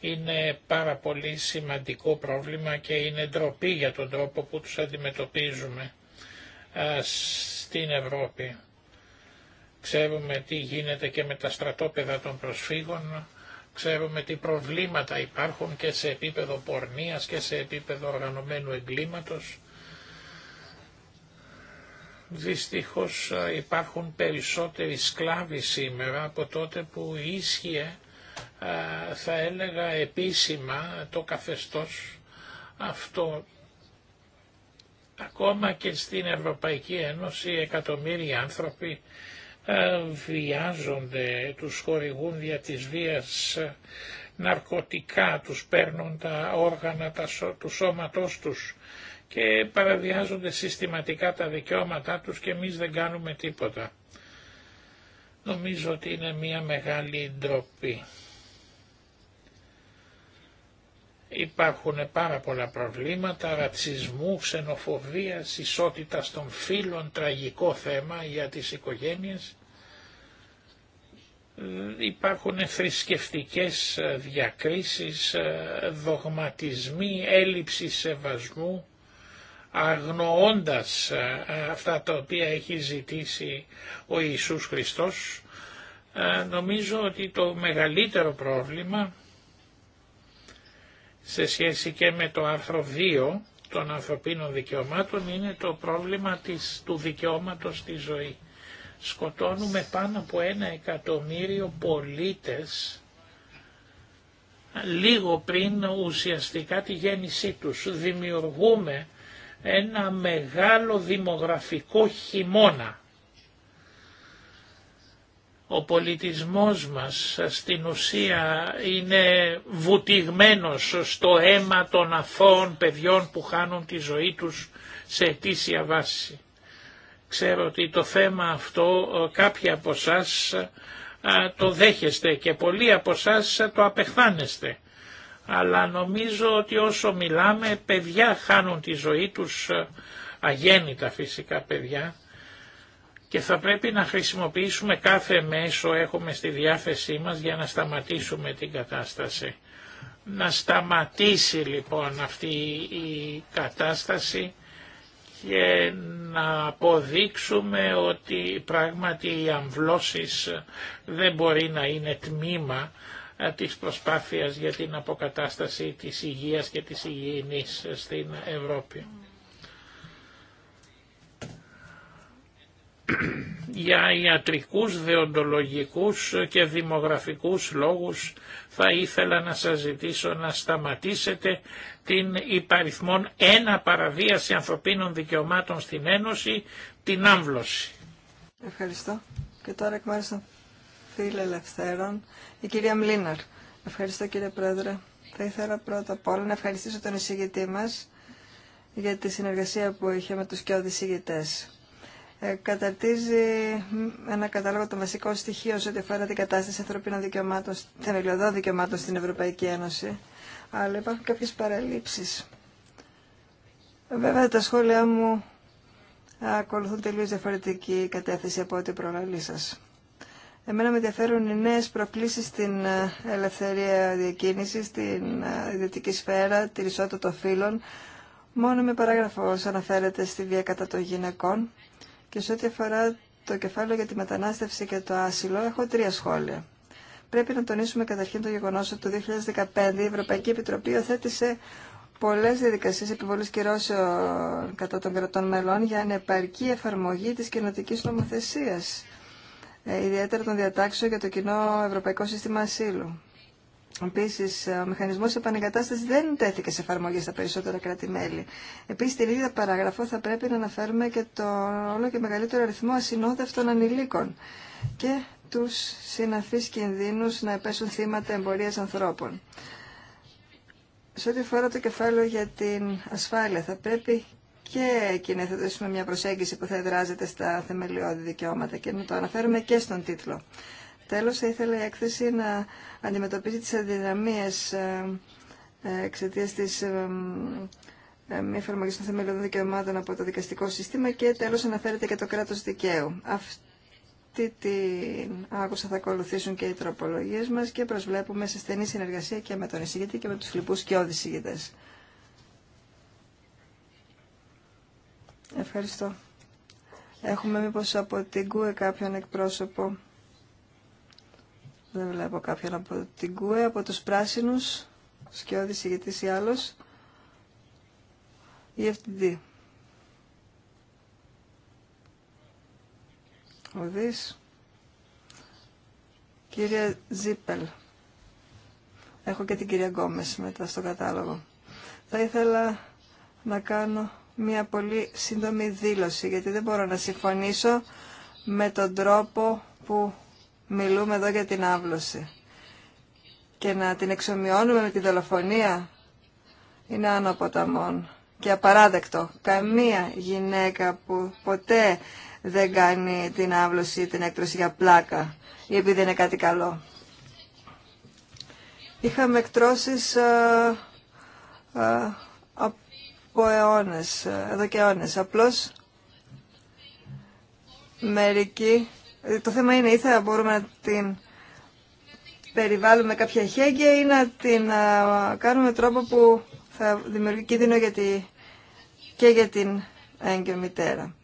είναι πάρα πολύ σημαντικό πρόβλημα και είναι ντροπή για τον τρόπο που τους αντιμετωπίζουμε στην Ευρώπη. Ξέρουμε τι γίνεται και με τα στρατόπεδα των προσφύγων, ξέρουμε τι προβλήματα υπάρχουν και σε επίπεδο πορνείας και σε επίπεδο οργανωμένου εγκλήματος. Δυστυχώς υπάρχουν περισσότεροι σκλάβοι σήμερα από τότε που ίσχυε ε, θα έλεγα επίσημα το καθεστώς αυτό. Ακόμα και στην Ευρωπαϊκή Ένωση εκατομμύρια άνθρωποι ε, βιάζονται, τους χορηγούν δια της βίας ε, ναρκωτικά, τους παίρνουν τα όργανα τα, του σώματός τους και παραβιάζονται συστηματικά τα δικαιώματά τους και εμείς δεν κάνουμε τίποτα. Νομίζω ότι είναι μια μεγάλη ντροπή. Υπάρχουν πάρα πολλά προβλήματα ρατσισμού, ξενοφοβίας, ισότητας των φύλων, τραγικό θέμα για τις οικογένειες. Ε, υπάρχουν θρησκευτικές ε, διακρίσεις, ε, δογματισμοί, έλλειψη σεβασμού, αγνοώντας αυτά τα οποία έχει ζητήσει ο Ιησούς Χριστός. Νομίζω ότι το μεγαλύτερο πρόβλημα σε σχέση και με το άρθρο 2 των ανθρωπίνων δικαιωμάτων είναι το πρόβλημα της, του δικαιώματος στη ζωή. Σκοτώνουμε πάνω από ένα εκατομμύριο πολίτες λίγο πριν ουσιαστικά τη γέννησή τους. Δημιουργούμε ένα μεγάλο δημογραφικό χειμώνα ο πολιτισμός μας στην ουσία είναι βουτυγμένος στο αίμα των αθώων παιδιών που χάνουν τη ζωή τους σε αιτήσια βάση. Ξέρω ότι το θέμα αυτό ε, κάποιοι από εσά το δέχεστε και πολλοί από εσά το απεχθάνεστε. Αλλά νομίζω ότι όσο μιλάμε παιδιά χάνουν τη ζωή τους, ε, αγέννητα φυσικά παιδιά, και θα πρέπει να χρησιμοποιήσουμε κάθε μέσο έχουμε στη διάθεσή μας για να σταματήσουμε την κατάσταση. Να σταματήσει λοιπόν αυτή η κατάσταση και να αποδείξουμε ότι πράγματι οι αμβλώσεις δεν μπορεί να είναι τμήμα ε, της προσπάθειας για την αποκατάσταση της υγείας και της υγιεινής στην Ευρώπη. για ιατρικούς, δεοντολογικούς και δημογραφικούς λόγους θα ήθελα να σας ζητήσω να σταματήσετε την υπαριθμόν ένα παραβίαση ανθρωπίνων δικαιωμάτων στην Ένωση, την άμβλωση. Ευχαριστώ. Και τώρα εκ μέρους των ελευθέρων η κυρία Μλίναρ. Ευχαριστώ κύριε Πρόεδρε. Θα ήθελα πρώτα απ' όλα να ευχαριστήσω τον εισηγητή μας για τη συνεργασία που είχε με τους και οδησηγητές ε, καταρτίζει ένα κατάλογο των βασικών στοιχείων σε ό,τι αφορά την κατάσταση ανθρωπίνων δικαιωμάτων, θεμελιωδών δικαιωμάτων στην Ευρωπαϊκή Ένωση. Αλλά υπάρχουν κάποιε παραλήψεις. Βέβαια τα σχόλιά μου ακολουθούν τελείω διαφορετική κατεύθυνση από ό,τι προλαλή σα. Εμένα με ενδιαφέρουν οι νέε προκλήσει στην ε, ελευθερία διακίνηση, στην ε, ιδιωτική σφαίρα, τη ισότητα των φύλων. Μόνο με παράγραφο αναφέρεται στη βία κατά των γυναικών και σε ό,τι αφορά το κεφάλαιο για τη μετανάστευση και το άσυλο, έχω τρία σχόλια. Πρέπει να τονίσουμε καταρχήν το γεγονό ότι το 2015 η Ευρωπαϊκή Επιτροπή οθέτησε πολλέ διαδικασίε επιβολή κυρώσεων κατά των κρατών μελών για ανεπαρκή εφαρμογή τη κοινοτική νομοθεσία, ε, ιδιαίτερα των διατάξεων για το κοινό Ευρωπαϊκό Σύστημα Ασύλου. Επίση, ε, ο μηχανισμό επανεγκατάσταση δεν τέθηκε σε εφαρμογή στα περισσότερα κράτη-μέλη. Επίση, στην ίδια παραγραφό θα πρέπει να αναφέρουμε και το όλο και μεγαλύτερο αριθμό ασυνόδευτων ανηλίκων και του συναφεί κινδύνου να επέσουν θύματα εμπορία ανθρώπων. Σε ό,τι αφορά το κεφάλαιο για την ασφάλεια, θα πρέπει και εκεί να θετήσουμε μια προσέγγιση που θα εδράζεται στα θεμελιώδη δικαιώματα και να το αναφέρουμε και στον τίτλο. Τέλος, θα ήθελα η έκθεση να αντιμετωπίζει τις αδυναμίες ε, ε, εξαιτία της ε, μη εφαρμογή των θεμελιωδών δικαιωμάτων από το δικαστικό σύστημα και τέλος αναφέρεται και το κράτος δικαίου. Αυτή την άκουσα θα ακολουθήσουν και οι τροπολογίες μας και προσβλέπουμε σε στενή συνεργασία και με τον εισηγητή και με τους λοιπούς και εισηγητές. Ευχαριστώ. Έχουμε μήπως από την ΚΟΕ κάποιον εκπρόσωπο δεν βλέπω κάποιον από την ΚΟΕ, από τους πράσινους, σκιώδης ηγετής ή άλλος. Η FTD. Κυρία Ζίπελ. Έχω και την κυρία Γκόμες μετά στο κατάλογο. Θα ήθελα να κάνω μια πολύ σύντομη δήλωση, γιατί δεν μπορώ να συμφωνήσω με τον τρόπο που μιλούμε εδώ για την άβλωση και να την εξομοιώνουμε με τη δολοφονία είναι άνω ποταμών και απαράδεκτο. Καμία γυναίκα που ποτέ δεν κάνει την άβλωση ή την έκτρωση για πλάκα ή επειδή είναι κάτι καλό. Είχαμε εκτρώσεις α, ε, α, ε, από αιώνες, ε, εδώ και αιώνες. Απλώς μερικοί ε, το θέμα είναι ή θα μπορούμε να την περιβάλλουμε κάποια χέγγια ή να την κάνουμε τρόπο που θα δημιουργεί κίνδυνο και για την έγκυο μητέρα.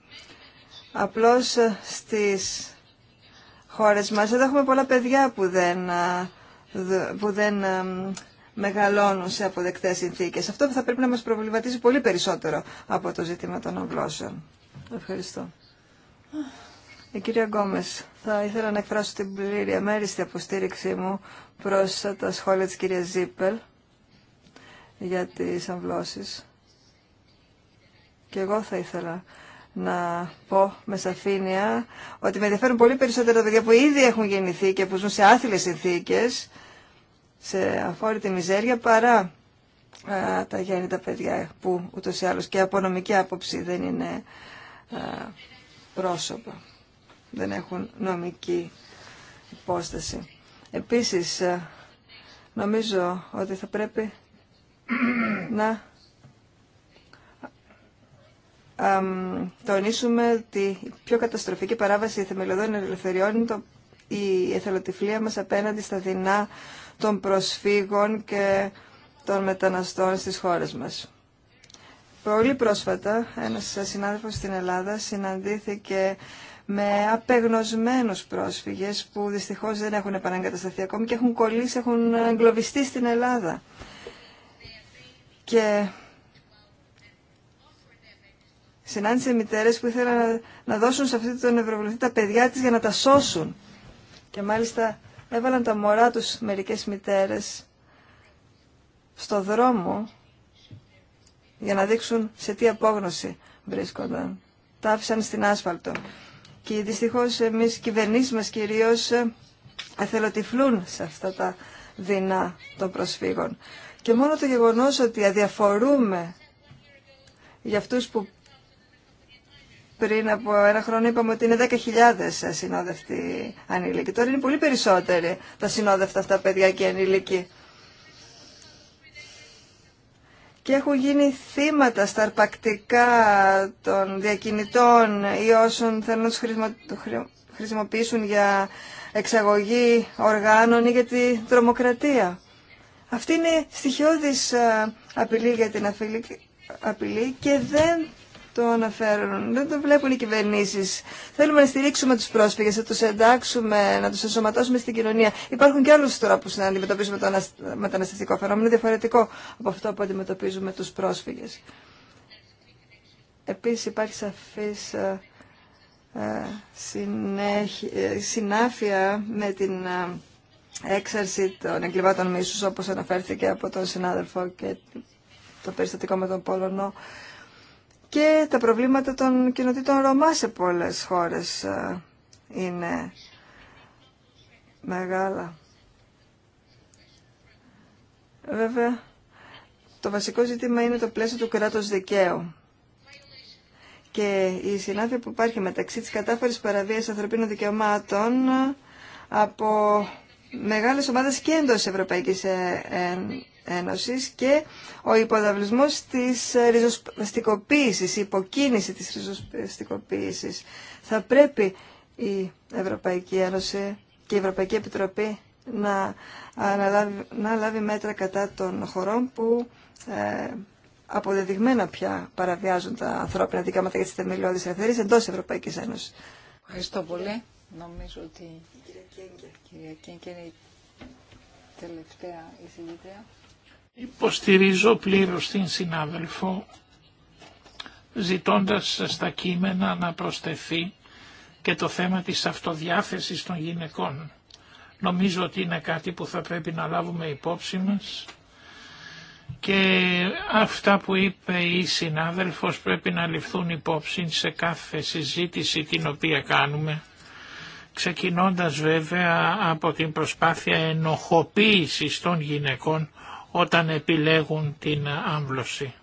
Απλώς ε, στις χώρες μας εδώ έχουμε πολλά παιδιά που δεν, που δεν ε, μεγαλώνουν σε αποδεκτές συνθήκες. Αυτό θα πρέπει να μας προβληματίζει πολύ περισσότερο από το ζήτημα των ογλώσεων. Ευχαριστώ. Η ε, κυρία θα ήθελα να εκφράσω την πλήρη αμέριστη αποστήριξή μου προς τα σχόλια τη κύρια Ζίπελ για τι αμβλώσει. Και εγώ θα ήθελα να πω με σαφήνεια ότι με ενδιαφέρουν πολύ περισσότερα παιδιά που ήδη έχουν γεννηθεί και που ζουν σε άθλιες συνθήκε σε αφόρητη μιζέρια, παρά α, τα γέννητα παιδιά που ούτως ή άλλως και από νομική άποψη δεν είναι πρόσωπα δεν έχουν νομική υπόσταση. Επίσης, ε, νομίζω ότι θα πρέπει να τονίσουμε ότι η πιο καταστροφική παράβαση θεμελιωδών ελευθεριών είναι το, η εθελοτυφλία μας απέναντι στα δεινά των προσφύγων και των μεταναστών στις χώρες μας. Πολύ πρόσφατα ένας συνάδελφος στην Ελλάδα συναντήθηκε με απεγνωσμένους πρόσφυγες που δυστυχώς δεν έχουν επαναγκατασταθεί ακόμη και έχουν κολλήσει, έχουν εγκλωβιστεί στην Ελλάδα. Και συνάντησε μητέρες που ήθελαν να δώσουν σε αυτή τον Ευρωβουλευτή τα παιδιά της για να τα σώσουν. Και μάλιστα έβαλαν τα μωρά τους μερικές μητέρες στο δρόμο για να δείξουν σε τι απόγνωση βρίσκονταν. Τα άφησαν στην άσφαλτο. Και δυστυχώς εμείς κυβερνήσει μας κυρίως ε, εθελοτυφλούν σε αυτά τα δεινά των προσφύγων. Και μόνο το γεγονός ότι αδιαφορούμε για αυτούς που πριν από ένα χρόνο είπαμε ότι είναι 10.000 ε, συνόδευτοι ανήλικοι. Τώρα είναι πολύ περισσότεροι τα συνόδευτα αυτά παιδιά και ανήλικοι και έχουν γίνει θύματα στα αρπακτικά των διακινητών ή όσων θέλουν να τους χρησιμοποιήσουν για εξαγωγή οργάνων ή για τη τρομοκρατία. Αυτή είναι στοιχειώδης ε, απειλή για την απειλή και δεν το αναφέρουν. Δεν το βλέπουν οι κυβερνήσει. Θέλουμε να στηρίξουμε του πρόσφυγε, να του εντάξουμε, να του ενσωματώσουμε στην κοινωνία. Υπάρχουν και άλλου τρόπου να αντιμετωπίζουμε το μεταναστευτικό φαινόμενο, διαφορετικό από αυτό που αντιμετωπίζουμε του πρόσφυγε. Επίση υπάρχει σαφή ε, ε, ε, συνάφεια με την έξαρση των εγκλημάτων μίσους όπως αναφέρθηκε από τον συνάδελφο και το περιστατικό με τον Πολωνό και τα προβλήματα των κοινοτήτων Ρωμά σε πολλές χώρες ε, είναι μεγάλα. Βέβαια, το βασικό ζήτημα είναι το πλαίσιο του κράτου δικαίου. Και η συνάδεια που υπάρχει μεταξύ της κατάφορης παραβίας ανθρωπίνων δικαιωμάτων ε, από μεγάλες ομάδες και εντός Ευρωπαϊκής ε, και ο υποδαβλισμός της ριζοσπαστικοποίηση, η υποκίνηση της ριζοσπαστικοποίηση. Θα πρέπει η Ευρωπαϊκή Ένωση και η Ευρωπαϊκή Επιτροπή να, να λάβει μέτρα κατά των χωρών που ε, αποδεδειγμένα πια παραβιάζουν τα ανθρώπινα δικαιώματα για τις θεμελιώδεις ελευθερίες εντός Ευρωπαϊκής Ένωσης. Ευχαριστώ πολύ. Νομίζω ότι η κυρία Κέγκε είναι η τελευταία εισηγήτρια. Υποστηρίζω πλήρως την συνάδελφο ζητώντας στα κείμενα να προσθεθεί και το θέμα της αυτοδιάθεσης των γυναικών. Νομίζω ότι είναι κάτι που θα πρέπει να λάβουμε υπόψη μας και αυτά που είπε η συνάδελφος πρέπει να ληφθούν υπόψη σε κάθε συζήτηση την οποία κάνουμε ξεκινώντας βέβαια από την προσπάθεια ενοχοποίησης των γυναικών όταν επιλέγουν την άμβλωση.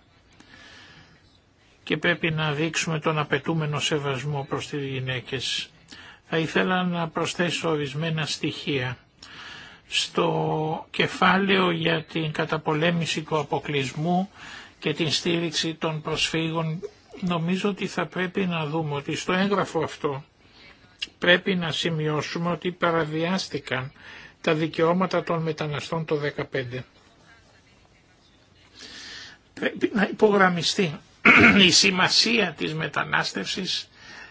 Και πρέπει να δείξουμε τον απαιτούμενο σεβασμό προς τις γυναίκες. Θα ήθελα να προσθέσω ορισμένα στοιχεία. Στο κεφάλαιο για την καταπολέμηση του αποκλεισμού και την στήριξη των προσφύγων νομίζω ότι θα πρέπει να δούμε ότι στο έγγραφο αυτό πρέπει να σημειώσουμε ότι παραβιάστηκαν τα δικαιώματα των μεταναστών το 2015 πρέπει να υπογραμμιστεί η σημασία της μετανάστευσης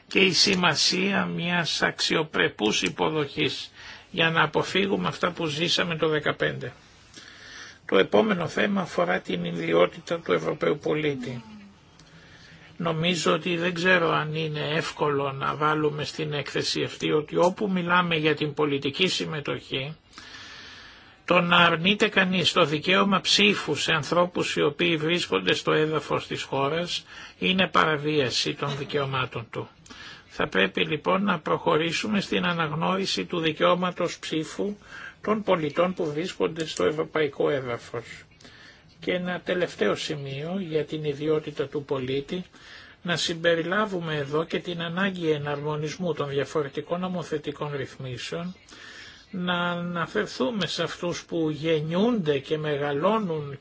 και η σημασία μιας αξιοπρεπούς υποδοχής για να αποφύγουμε αυτά που ζήσαμε το 2015. Το επόμενο θέμα αφορά την ιδιότητα του Ευρωπαίου πολίτη. Νομίζω ότι δεν ξέρω αν είναι εύκολο να βάλουμε στην έκθεση αυτή ότι όπου μιλάμε για την πολιτική συμμετοχή το να αρνείται κανείς το δικαίωμα ψήφου σε ανθρώπους οι οποίοι βρίσκονται στο έδαφος της χώρας είναι παραβίαση των δικαιωμάτων του. Θα πρέπει λοιπόν να προχωρήσουμε στην αναγνώριση του δικαιώματος ψήφου των πολιτών που βρίσκονται στο ευρωπαϊκό έδαφος. Και ένα τελευταίο σημείο για την ιδιότητα του πολίτη, να συμπεριλάβουμε εδώ και την ανάγκη εναρμονισμού των διαφορετικών νομοθετικών ρυθμίσεων να αναφερθούμε σε αυτούς που γεννιούνται και μεγαλώνουν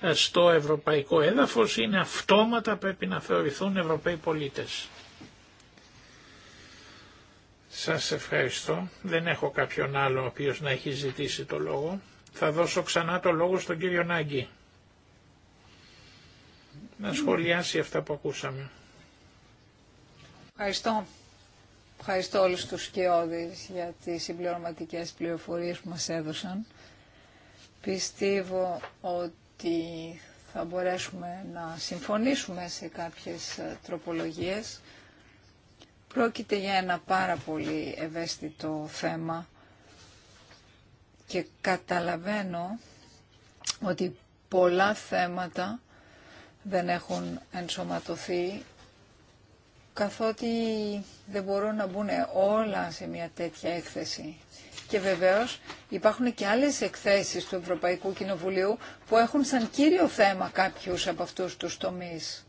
ε, στο ευρωπαϊκό έδαφος είναι αυτόματα πρέπει να θεωρηθούν Ευρωπαίοι πολίτες. Σας ευχαριστώ. Δεν έχω κάποιον άλλο ο οποίος να έχει ζητήσει το λόγο. Θα δώσω ξανά το λόγο στον κύριο Νάγκη. Να σχολιάσει αυτά που ακούσαμε. Ευχαριστώ. Ευχαριστώ όλους τους σκιώδεις για τις συμπληρωματικές πληροφορίες που μας έδωσαν. Πιστεύω ότι θα μπορέσουμε να συμφωνήσουμε σε κάποιες ε, τροπολογίες. Πρόκειται για ένα πάρα πολύ ευαίσθητο θέμα και καταλαβαίνω ότι πολλά θέματα δεν έχουν ενσωματωθεί καθότι δεν μπορούν να μπουν όλα σε μια τέτοια έκθεση. Και βεβαίως υπάρχουν και άλλες εκθέσεις του Ευρωπαϊκού Κοινοβουλίου που έχουν σαν κύριο θέμα κάποιους από αυτούς τους τομείς.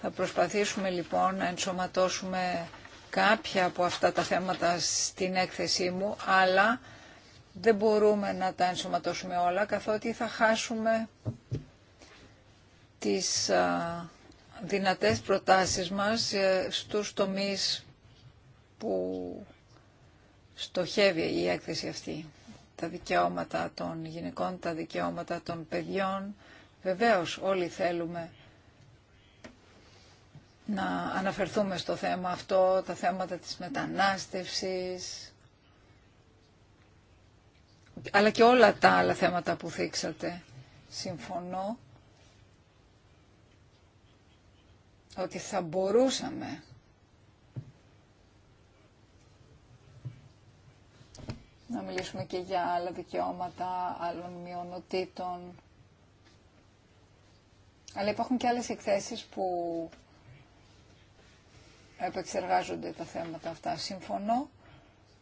Θα προσπαθήσουμε λοιπόν να ενσωματώσουμε κάποια από αυτά τα θέματα στην έκθεσή μου, αλλά δεν μπορούμε να τα ενσωματώσουμε όλα, καθότι θα χάσουμε τις δυνατές προτάσεις μας ε, στους τομείς που στοχεύει η έκθεση αυτή. Τα δικαιώματα των γυναικών, τα δικαιώματα των παιδιών. Βεβαίως όλοι θέλουμε να αναφερθούμε στο θέμα αυτό, τα θέματα της μετανάστευσης, αλλά και όλα τα άλλα θέματα που θίξατε. Συμφωνώ ότι θα μπορούσαμε να μιλήσουμε και για άλλα δικαιώματα άλλων μειονοτήτων. Αλλά υπάρχουν και άλλες εκθέσεις που επεξεργάζονται τα θέματα αυτά. Συμφωνώ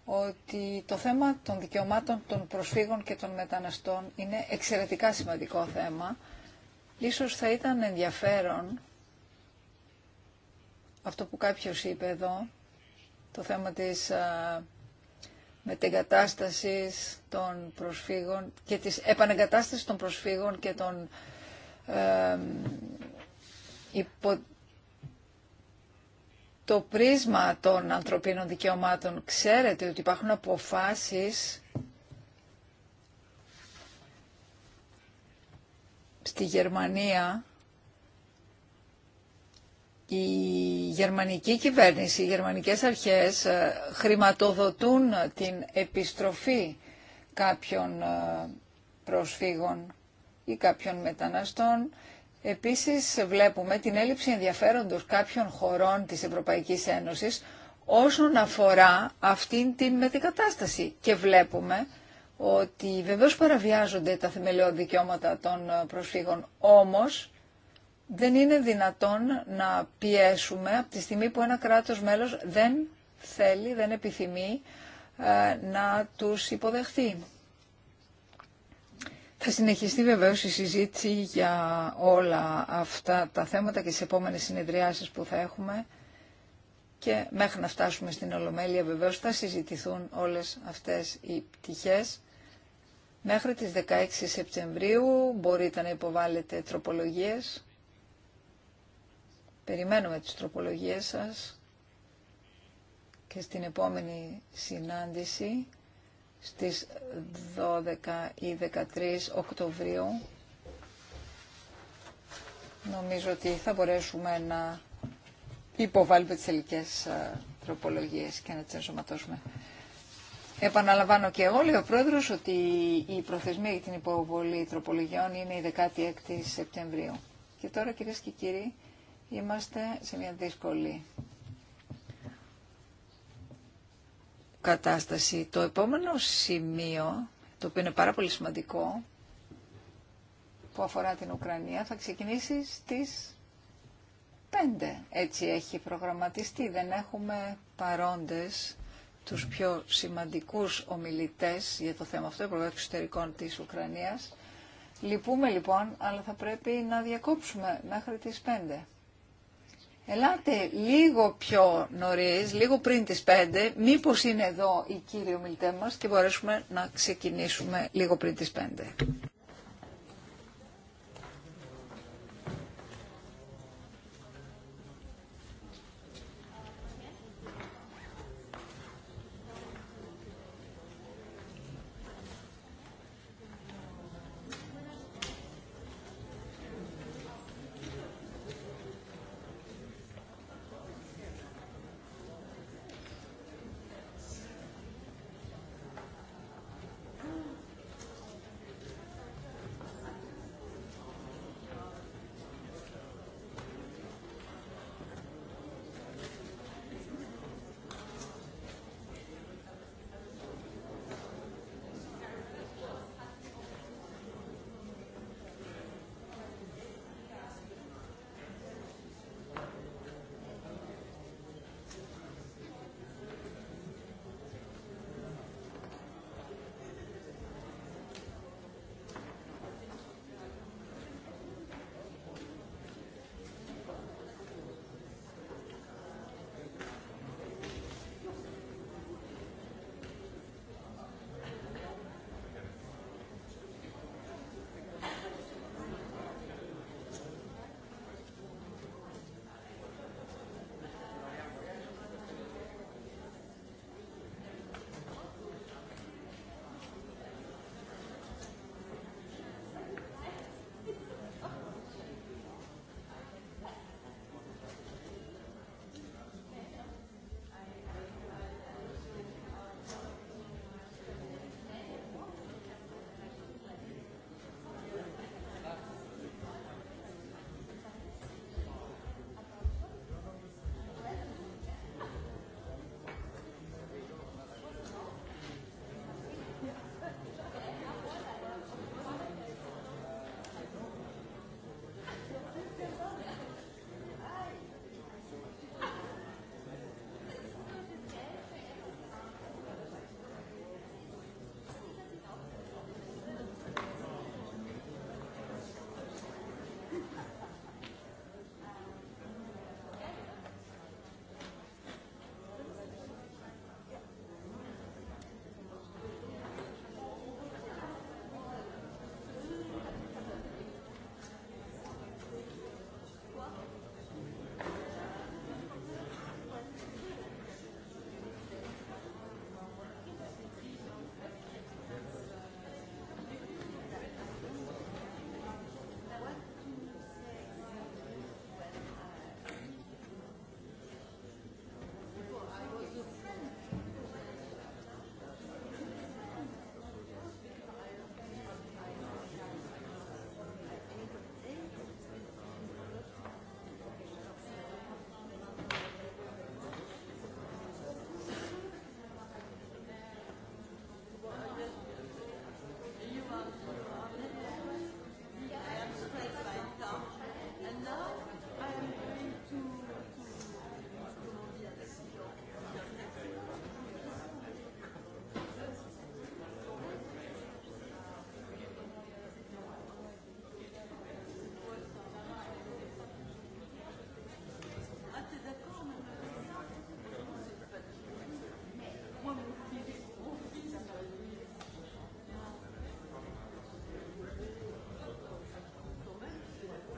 ότι το θέμα των δικαιωμάτων των προσφύγων και των μεταναστών είναι εξαιρετικά σημαντικό θέμα. Ίσως θα ήταν ενδιαφέρον αυτό που κάποιος είπε εδώ, το θέμα της μετεγκατάστασης των προσφύγων και της επανεγκατάστασης των προσφύγων και των υπο... το πρίσμα των ανθρωπίνων δικαιωμάτων. Ξέρετε ότι υπάρχουν αποφάσεις στη Γερμανία η γερμανική κυβέρνηση, οι γερμανικές αρχές ε, χρηματοδοτούν την επιστροφή κάποιων ε, προσφύγων ή κάποιων μεταναστών. Επίσης βλέπουμε την έλλειψη ενδιαφέροντος κάποιων χωρών της Ευρωπαϊκής Ένωσης όσον αφορά αυτήν την μετεκατάσταση. Και βλέπουμε ότι βεβαίως παραβιάζονται τα θεμελιώδη δικαιώματα των ε, προσφύγων, όμως δεν είναι δυνατόν να πιέσουμε από τη στιγμή που ένα κράτος μέλος δεν θέλει, δεν επιθυμεί ε, να τους υποδεχθεί. Θα συνεχιστεί βεβαίως η συζήτηση για όλα αυτά τα θέματα και τις επόμενες συνεδριάσεις που θα έχουμε και μέχρι να φτάσουμε στην Ολομέλεια βεβαίως θα συζητηθούν όλες αυτές οι πτυχές. Μέχρι τις 16 Σεπτεμβρίου μπορείτε να υποβάλλετε τροπολογίες. Περιμένουμε τις τροπολογίες σας και στην επόμενη συνάντηση στις 12 ή 13 Οκτωβρίου νομίζω ότι θα μπορέσουμε να υποβάλουμε τις ελικές ε, τροπολογίες και να τις ενσωματώσουμε. Επαναλαμβάνω και εγώ, λέει ο Πρόεδρος, ότι η προθεσμία για την υποβολή τροπολογιών είναι η 16 Σεπτεμβρίου. Και τώρα κυρίες και κύριοι, Είμαστε σε μια δύσκολη κατάσταση. Το επόμενο σημείο, το οποίο είναι πάρα πολύ σημαντικό, που αφορά την Ουκρανία, θα ξεκινήσει στις 5. Έτσι έχει προγραμματιστεί. Δεν έχουμε παρόντες τους πιο σημαντικούς ομιλητές για το θέμα αυτό, υπουργό εξωτερικών της Ουκρανίας. Λυπούμε λοιπόν, αλλά θα πρέπει να διακόψουμε μέχρι τις 5. Ελάτε λίγο πιο νωρίς, λίγο πριν τις 5, μήπως είναι εδώ η κύριο μιλτέ μας και μπορέσουμε να ξεκινήσουμε λίγο πριν τις 5.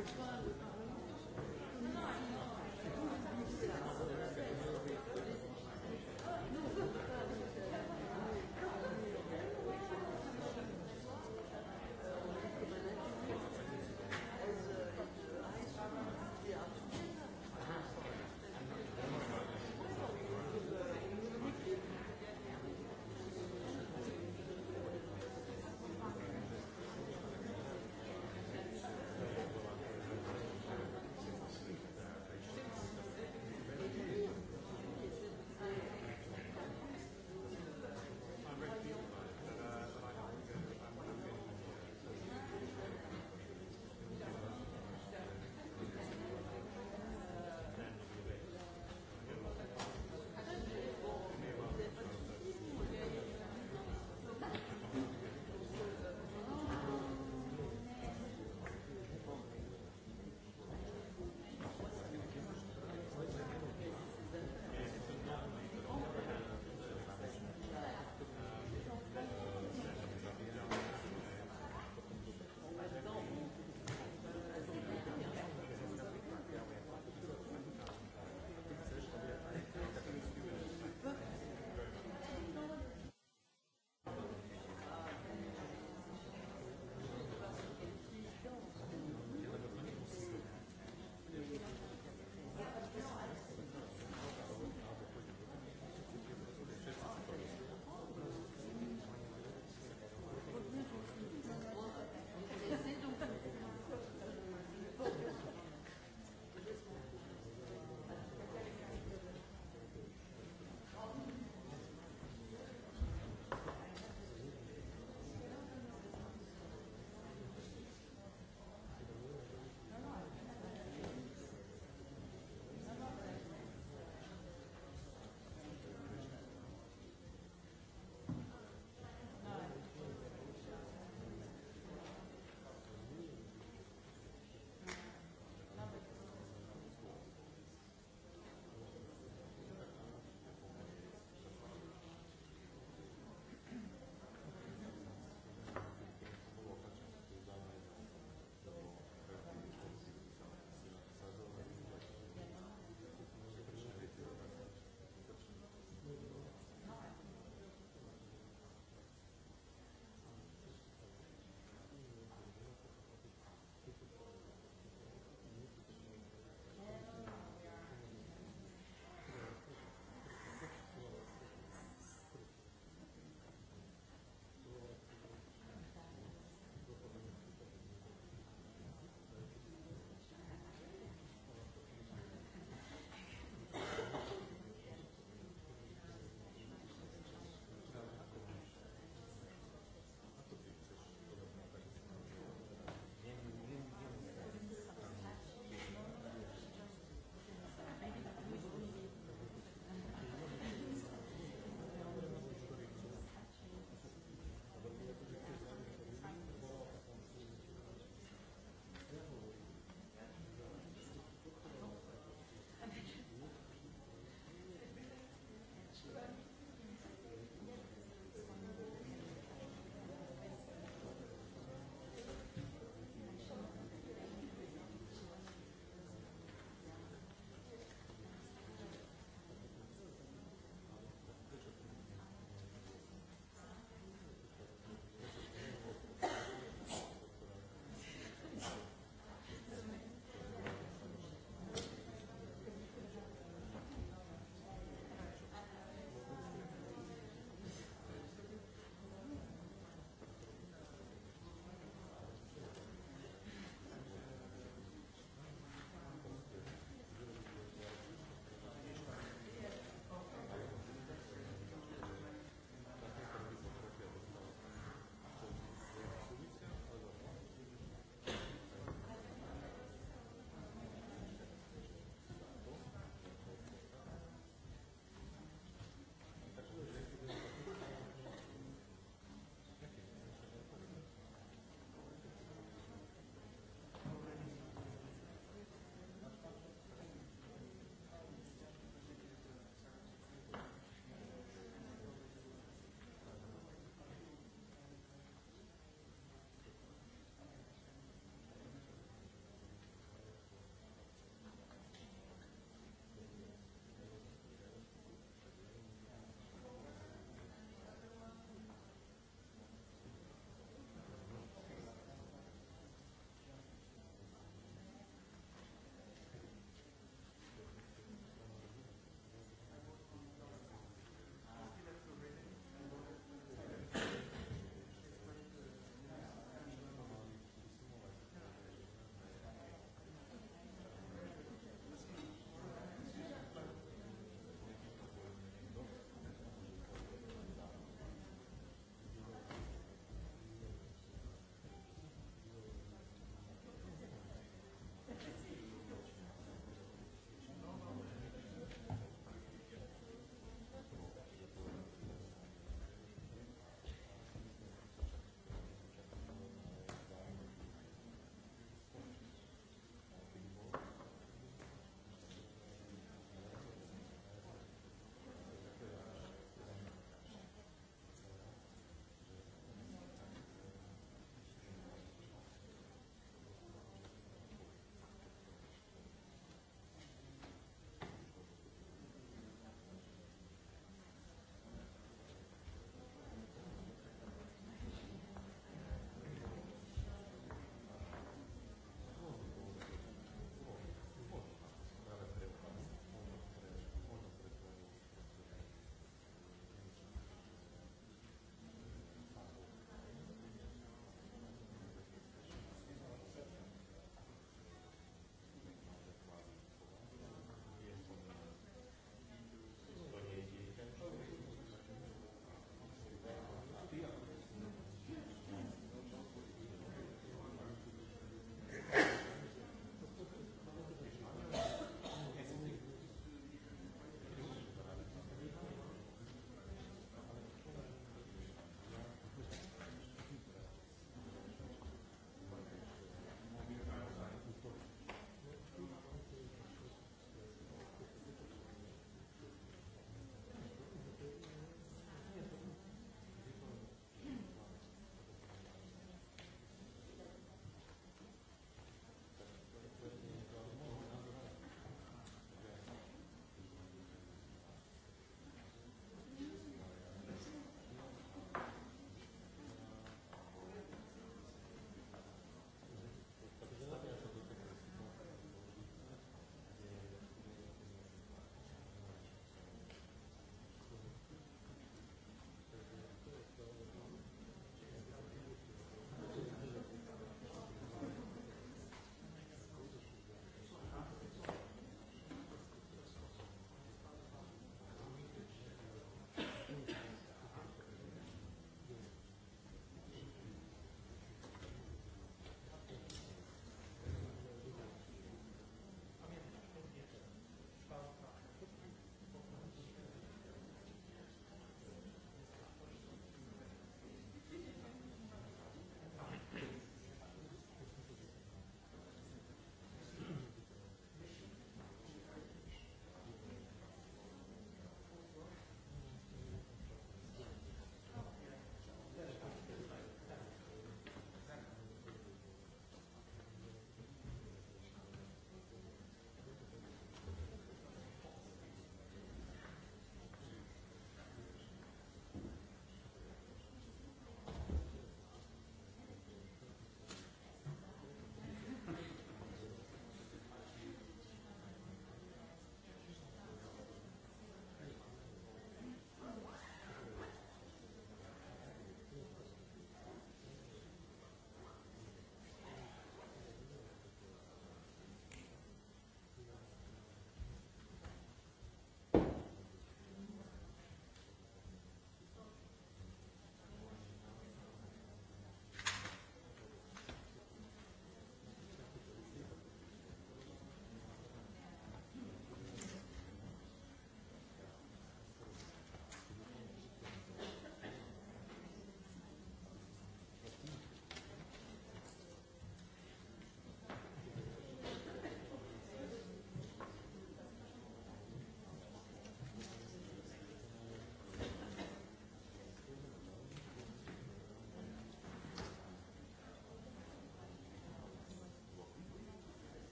Υπότιτλοι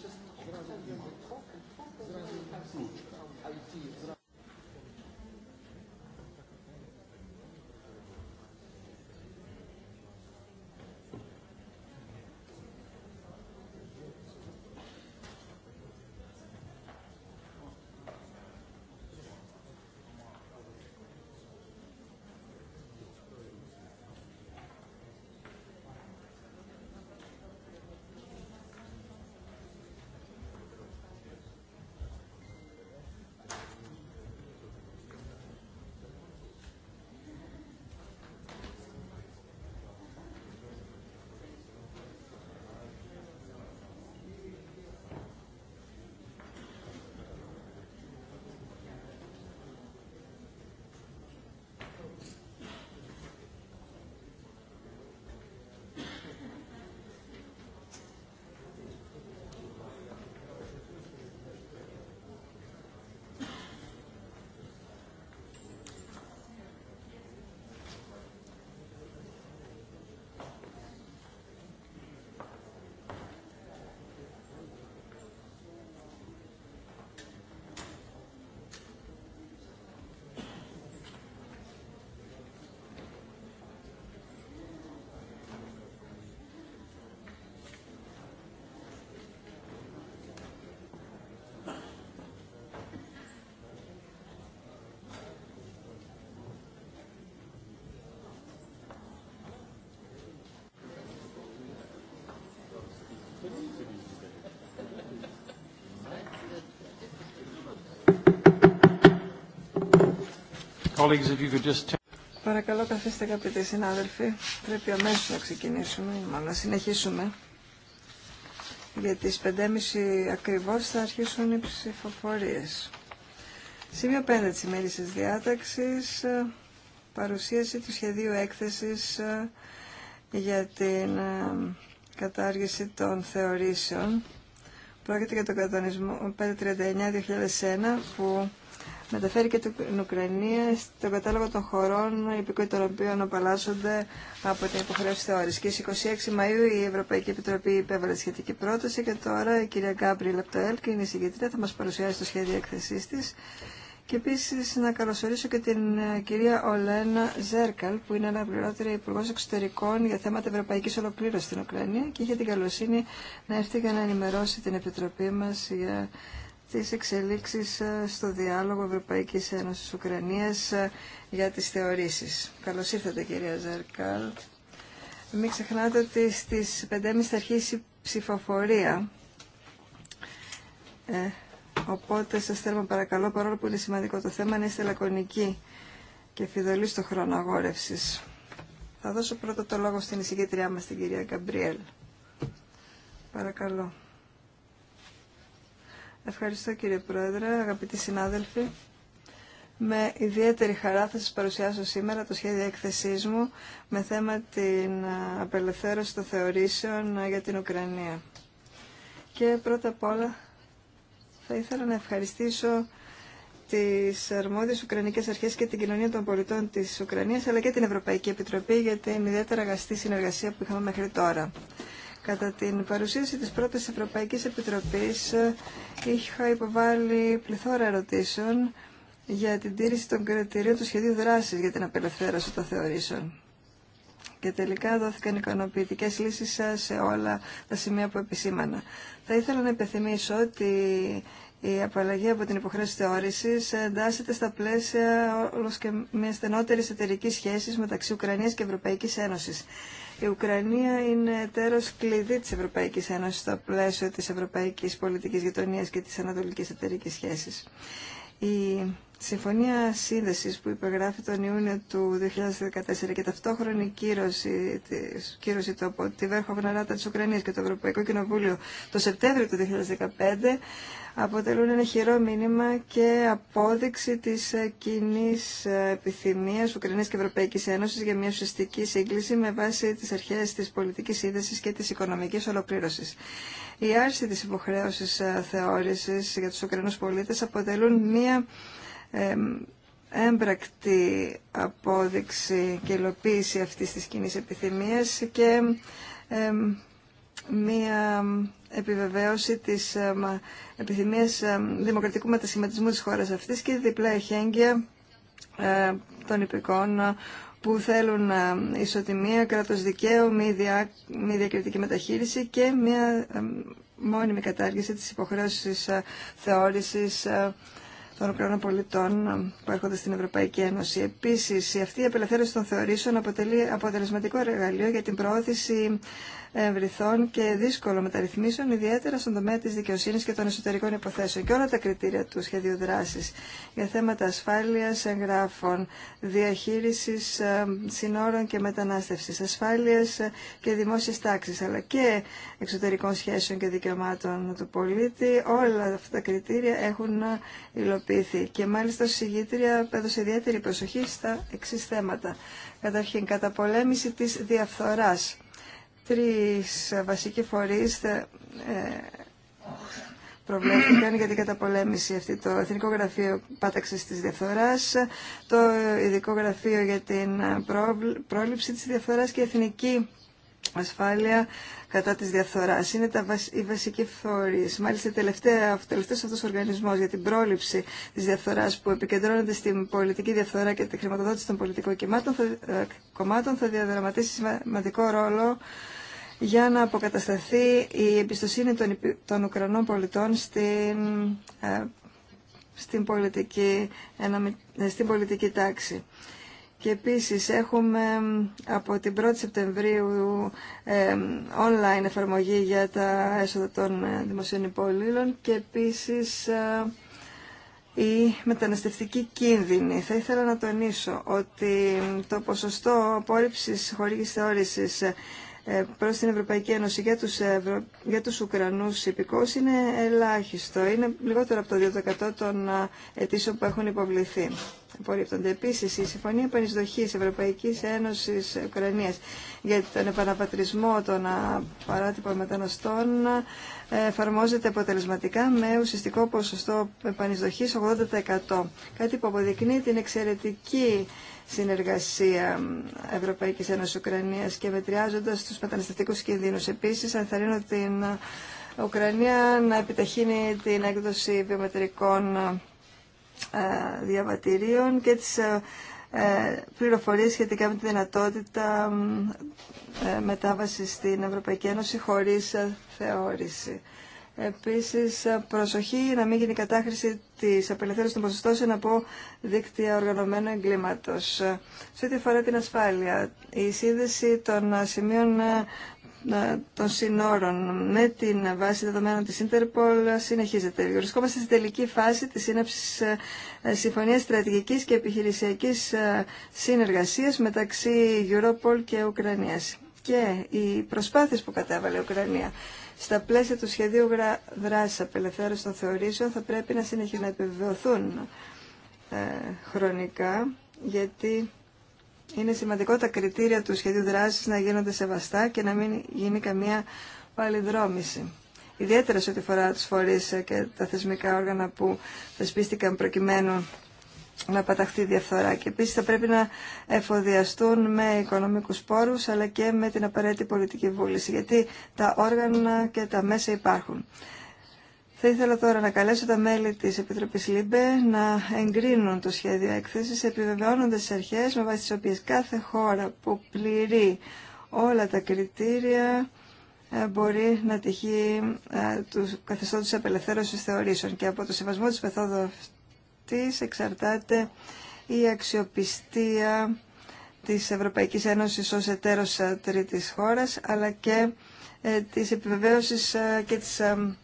Zrazu Παρακαλώ καθίστε αγαπητοί συνάδελφοι. Πρέπει αμέσω να ξεκινήσουμε, μάλλον να συνεχίσουμε. Για τις 5.30 ακριβώς θα αρχίσουν οι ψηφοφορίες. Σημείο 5 τη ημέρης τη παρουσίαση του σχεδίου έκθεσης ε, για την ε, κατάργηση των θεωρήσεων. Πρόκειται για τον κατανοησμό 539-2001 ε, που μεταφέρει και την Ουκρανία στον κατάλογο των χωρών υπηκοί των οποίων απαλλάσσονται από την υποχρέωση θεώρηση. Και στις 26 Μαΐου η Ευρωπαϊκή Επιτροπή υπέβαλε σχετική πρόταση και τώρα η κυρία Γκάμπρι Λεπτοέλ και είναι η συγκεκριτή θα μας παρουσιάσει το σχέδιο εκθεσή τη. Και επίση να καλωσορίσω και την ε, κυρία Ολένα Ζέρκαλ, που είναι αναπληρώτρια Υπουργό Εξωτερικών για θέματα Ευρωπαϊκή Ολοκλήρωση στην Ουκρανία και είχε την καλοσύνη να έρθει για να ενημερώσει την Επιτροπή μα για τις εξελίξεις ε, στο διάλογο Ευρωπαϊκής Ένωσης Ουκρανίας ε, για τις θεωρήσεις. Καλώς ήρθατε κυρία Ζερκάλ. Μην ξεχνάτε ότι στις 5.30 θα αρχίσει ψηφοφορία. Ε, οπότε σας θέλουμε παρακαλώ, παρόλο που είναι σημαντικό το θέμα, να είστε λακωνικοί και φιδωλοί στο χρόνο αγόρευσης. Θα δώσω πρώτα το λόγο στην εισηγήτριά μας, την κυρία Γκαμπριέλ. Παρακαλώ. Ευχαριστώ κύριε Πρόεδρε, αγαπητοί συνάδελφοι. Με ιδιαίτερη χαρά θα σας παρουσιάσω σήμερα το σχέδιο έκθεσής μου με θέμα την απελευθέρωση των θεωρήσεων για την Ουκρανία. Και πρώτα απ' όλα θα ήθελα να ευχαριστήσω τις αρμόδιες Ουκρανικές Αρχές και την κοινωνία των πολιτών της Ουκρανίας αλλά και την Ευρωπαϊκή Επιτροπή για την ιδιαίτερα αγαστή συνεργασία που είχαμε μέχρι τώρα. Κατά την παρουσίαση της πρώτης Ευρωπαϊκής Επιτροπής ε, είχα υποβάλει πληθώρα ερωτήσεων για την τήρηση των κριτηρίων του σχεδίου δράσης για την απελευθέρωση των θεωρήσεων. Και τελικά δόθηκαν ικανοποιητικέ λύσεις σε όλα τα σημεία που επισήμανα. Θα ήθελα να υπενθυμίσω ότι η απαλλαγή από την υποχρέωση θεώρηση εντάσσεται στα πλαίσια όλο και μια στενότερη εταιρική σχέση μεταξύ Ουκρανία και Ευρωπαϊκή Ένωση. Η Ουκρανία είναι τέρο κλειδί τη Ευρωπαϊκής Ένωση στο πλαίσιο τη Ευρωπαϊκής Πολιτικής Γειτονία και τη Ανατολική Εταιρική σχέση. Η συμφωνία σύνδεση που υπεγράφει τον Ιούνιο του 2014 και ταυτόχρονη κύρωση, της, κύρωση του από τη Βέρχοβνα Ράτα της Ουκρανίας και το Ευρωπαϊκό Κοινοβούλιο το Σεπτέμβριο του 2015 αποτελούν ένα χειρό μήνυμα και απόδειξη της ε, κοινή ε, επιθυμίας Ουκρανίας και Ευρωπαϊκής Ένωσης για μια ουσιαστική σύγκληση με βάση τις αρχές της πολιτικής σύνδεσης και της οικονομικής ολοκλήρωσης. Η άρση της υποχρέωσης ε, θεώρησης για τους Ουκρανούς πολίτες αποτελούν μια έμπρακτη απόδειξη και υλοποίηση αυτής της κοινή επιθυμίας και μία επιβεβαίωση της επιθυμίας δημοκρατικού μετασχηματισμού της χώρας αυτής και διπλά εχέγγυα ε, των υπηκών που θέλουν ε, ισοτιμία, κράτος δικαίου, μη, δια, μη διακριτική μεταχείριση και μία μόνιμη κατάργηση της υποχρέωσης ε, θεώρησης των Ουκρανών πολιτών που έρχονται στην Ευρωπαϊκή Ένωση. Επίση, αυτή η απελευθέρωση των θεωρήσεων αποτελεί αποτελεσματικό εργαλείο για την προώθηση εμβριθών και δύσκολων μεταρρυθμίσεων, ιδιαίτερα στον τομέα τη δικαιοσύνη και των εσωτερικών υποθέσεων. Και όλα τα κριτήρια του σχεδίου δράση για θέματα ασφάλεια εγγράφων, διαχείριση ε, συνόρων και μετανάστευση, ασφάλεια ε, και δημόσια τάξη, αλλά και εξωτερικών σχέσεων και δικαιωμάτων του πολίτη, όλα αυτά τα κριτήρια έχουν ε, υλοποιηθεί. Και μάλιστα, η συγγήτρια, έδωσε ιδιαίτερη προσοχή στα εξή θέματα. Καταρχήν, καταπολέμηση της διαφθοράς τρεις βασικοί φορείς ε, προβλέφθηκαν για την καταπολέμηση αυτή το Εθνικό Γραφείο Πάταξης της Διαφθοράς, το Ειδικό Γραφείο για την Πρόληψη της Διαφθοράς και η Εθνική Ασφάλεια κατά της διαφθοράς. Είναι τα, οι βασικοί φορείς. Μάλιστα, τελευταία, τελευταίος αυτός ο για την πρόληψη της διαφθοράς που επικεντρώνεται στην πολιτική διαφθορά και τη χρηματοδότηση των πολιτικών κομμάτων θα, ε, κομμάτων θα διαδραματίσει σημαντικό ρόλο για να αποκατασταθεί η εμπιστοσύνη των, των Ουκρανών πολιτών στην, ε, στην, πολιτική, ε, στην πολιτική τάξη. Και επίσης έχουμε από την 1η Σεπτεμβρίου ε, online εφαρμογή για τα έσοδα των ε, δημοσίων υπολήλων και επίσης η μεταναστευτική κίνδυνη. Θα ήθελα να τονίσω ότι το ποσοστό απόρριψης χωρίς θεώρησης ε, προς την Ευρωπαϊκή Ένωση για τους, ε, Ευρω... για τους Ουκρανούς είναι ελάχιστο. Είναι λιγότερο από το 2% των ε, αιτήσεων που έχουν υποβληθεί. Απορρίπτονται. Επίση, η Συμφωνία Πανισδοχή Ευρωπαϊκή Ένωση Ουκρανίας για τον επαναπατρισμό των παράτυπων μεταναστών εφαρμόζεται αποτελεσματικά με ουσιαστικό ποσοστό επανεισδοχής 80%. Κάτι που αποδεικνύει την εξαιρετική συνεργασία Ευρωπαϊκής Ένωση Ουκρανία και μετριάζοντα τους μεταναστευτικού κινδύνου. Επίσης, ενθαρρύνω την ε, Ουκρανία να επιταχύνει την έκδοση βιομετρικών ε, διαβατηρίων και τις ε, πληροφορίες σχετικά με τη δυνατότητα μετάβαση στην Ευρωπαϊκή Ένωση χωρίς θεώρηση. Επίση, προσοχή να μην γίνει κατάχρηση τη απελευθέρωση των ποσοστώσεων από δίκτυα οργανωμένου εγκλήματο. Σε ό,τι αφορά την ασφάλεια, η σύνδεση των σημείων ε, ε, των συνόρων με την βάση δεδομένων της Interpol συνεχίζεται. Βρισκόμαστε στην τελική φάση της σύναψης ε, συμφωνίας στρατηγικής και επιχειρησιακής συνεργασίας μεταξύ Europol και Ουκρανίας. Και οι προσπάθειες που κατέβαλε η Ουκρανία στα πλαίσια του σχεδίου δράσης απελευθέρωση των θεωρήσεων θα πρέπει να συνεχίσουν να επιβεβαιωθούν ε, χρονικά, γιατί είναι σημαντικό τα κριτήρια του σχεδίου δράσης να γίνονται σεβαστά και να μην γίνει καμία παλιδρόμηση. Ιδιαίτερα σε ό,τι φορά τους φορείς ε, και τα θεσμικά όργανα που θεσπίστηκαν προκειμένου να παταχθεί διαφθορά. Και επίσης θα πρέπει να εφοδιαστούν με οικονομικούς πόρους αλλά και με την απαραίτητη πολιτική βούληση γιατί τα όργανα και τα μέσα υπάρχουν. Θα ήθελα τώρα να καλέσω τα μέλη της Επιτροπής ΛΥΜΠΕ να εγκρίνουν το σχέδιο έκθεση, επιβεβαιώνοντας τι αρχέ με βάση τι οποίε κάθε χώρα που πληρεί όλα τα κριτήρια ε, μπορεί να τυχεί ε, του καθεστώτου απελευθέρωση θεωρήσεων και από το σεβασμό τη μεθόδου αυτής εξαρτάται η αξιοπιστία της Ευρωπαϊκής Ένωσης ως εταίρος τρίτης χώρας, αλλά και ε, της επιβεβαίωσης ε, και της ε,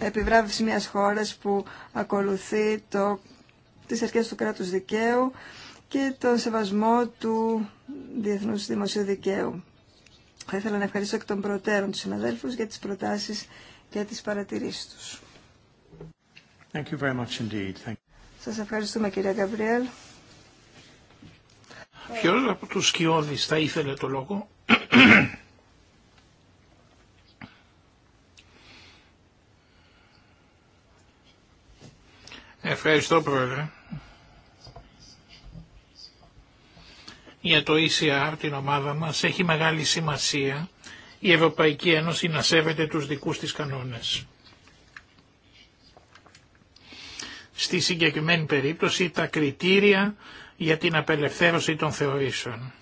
επιβράβευσης μιας χώρας που ακολουθεί το, τις αρχές του κράτους δικαίου και τον σεβασμό του Διεθνούς Δημοσίου Δικαίου. Θα ήθελα να ευχαριστήσω εκ των προτέρων τους συναδέλφους για τις προτάσεις και τις παρατηρήσεις τους. Thank Σας ευχαριστούμε κύριε Γκαμπριέλ. Ποιο από του σκιώδη θα ήθελε το λόγο. Ευχαριστώ πρόεδρε. Για το ECR την ομάδα μας έχει μεγάλη σημασία η Ευρωπαϊκή Ένωση να σέβεται τους δικούς της κανόνες. στη συγκεκριμένη περίπτωση τα κριτήρια για την απελευθέρωση των θεωρήσεων.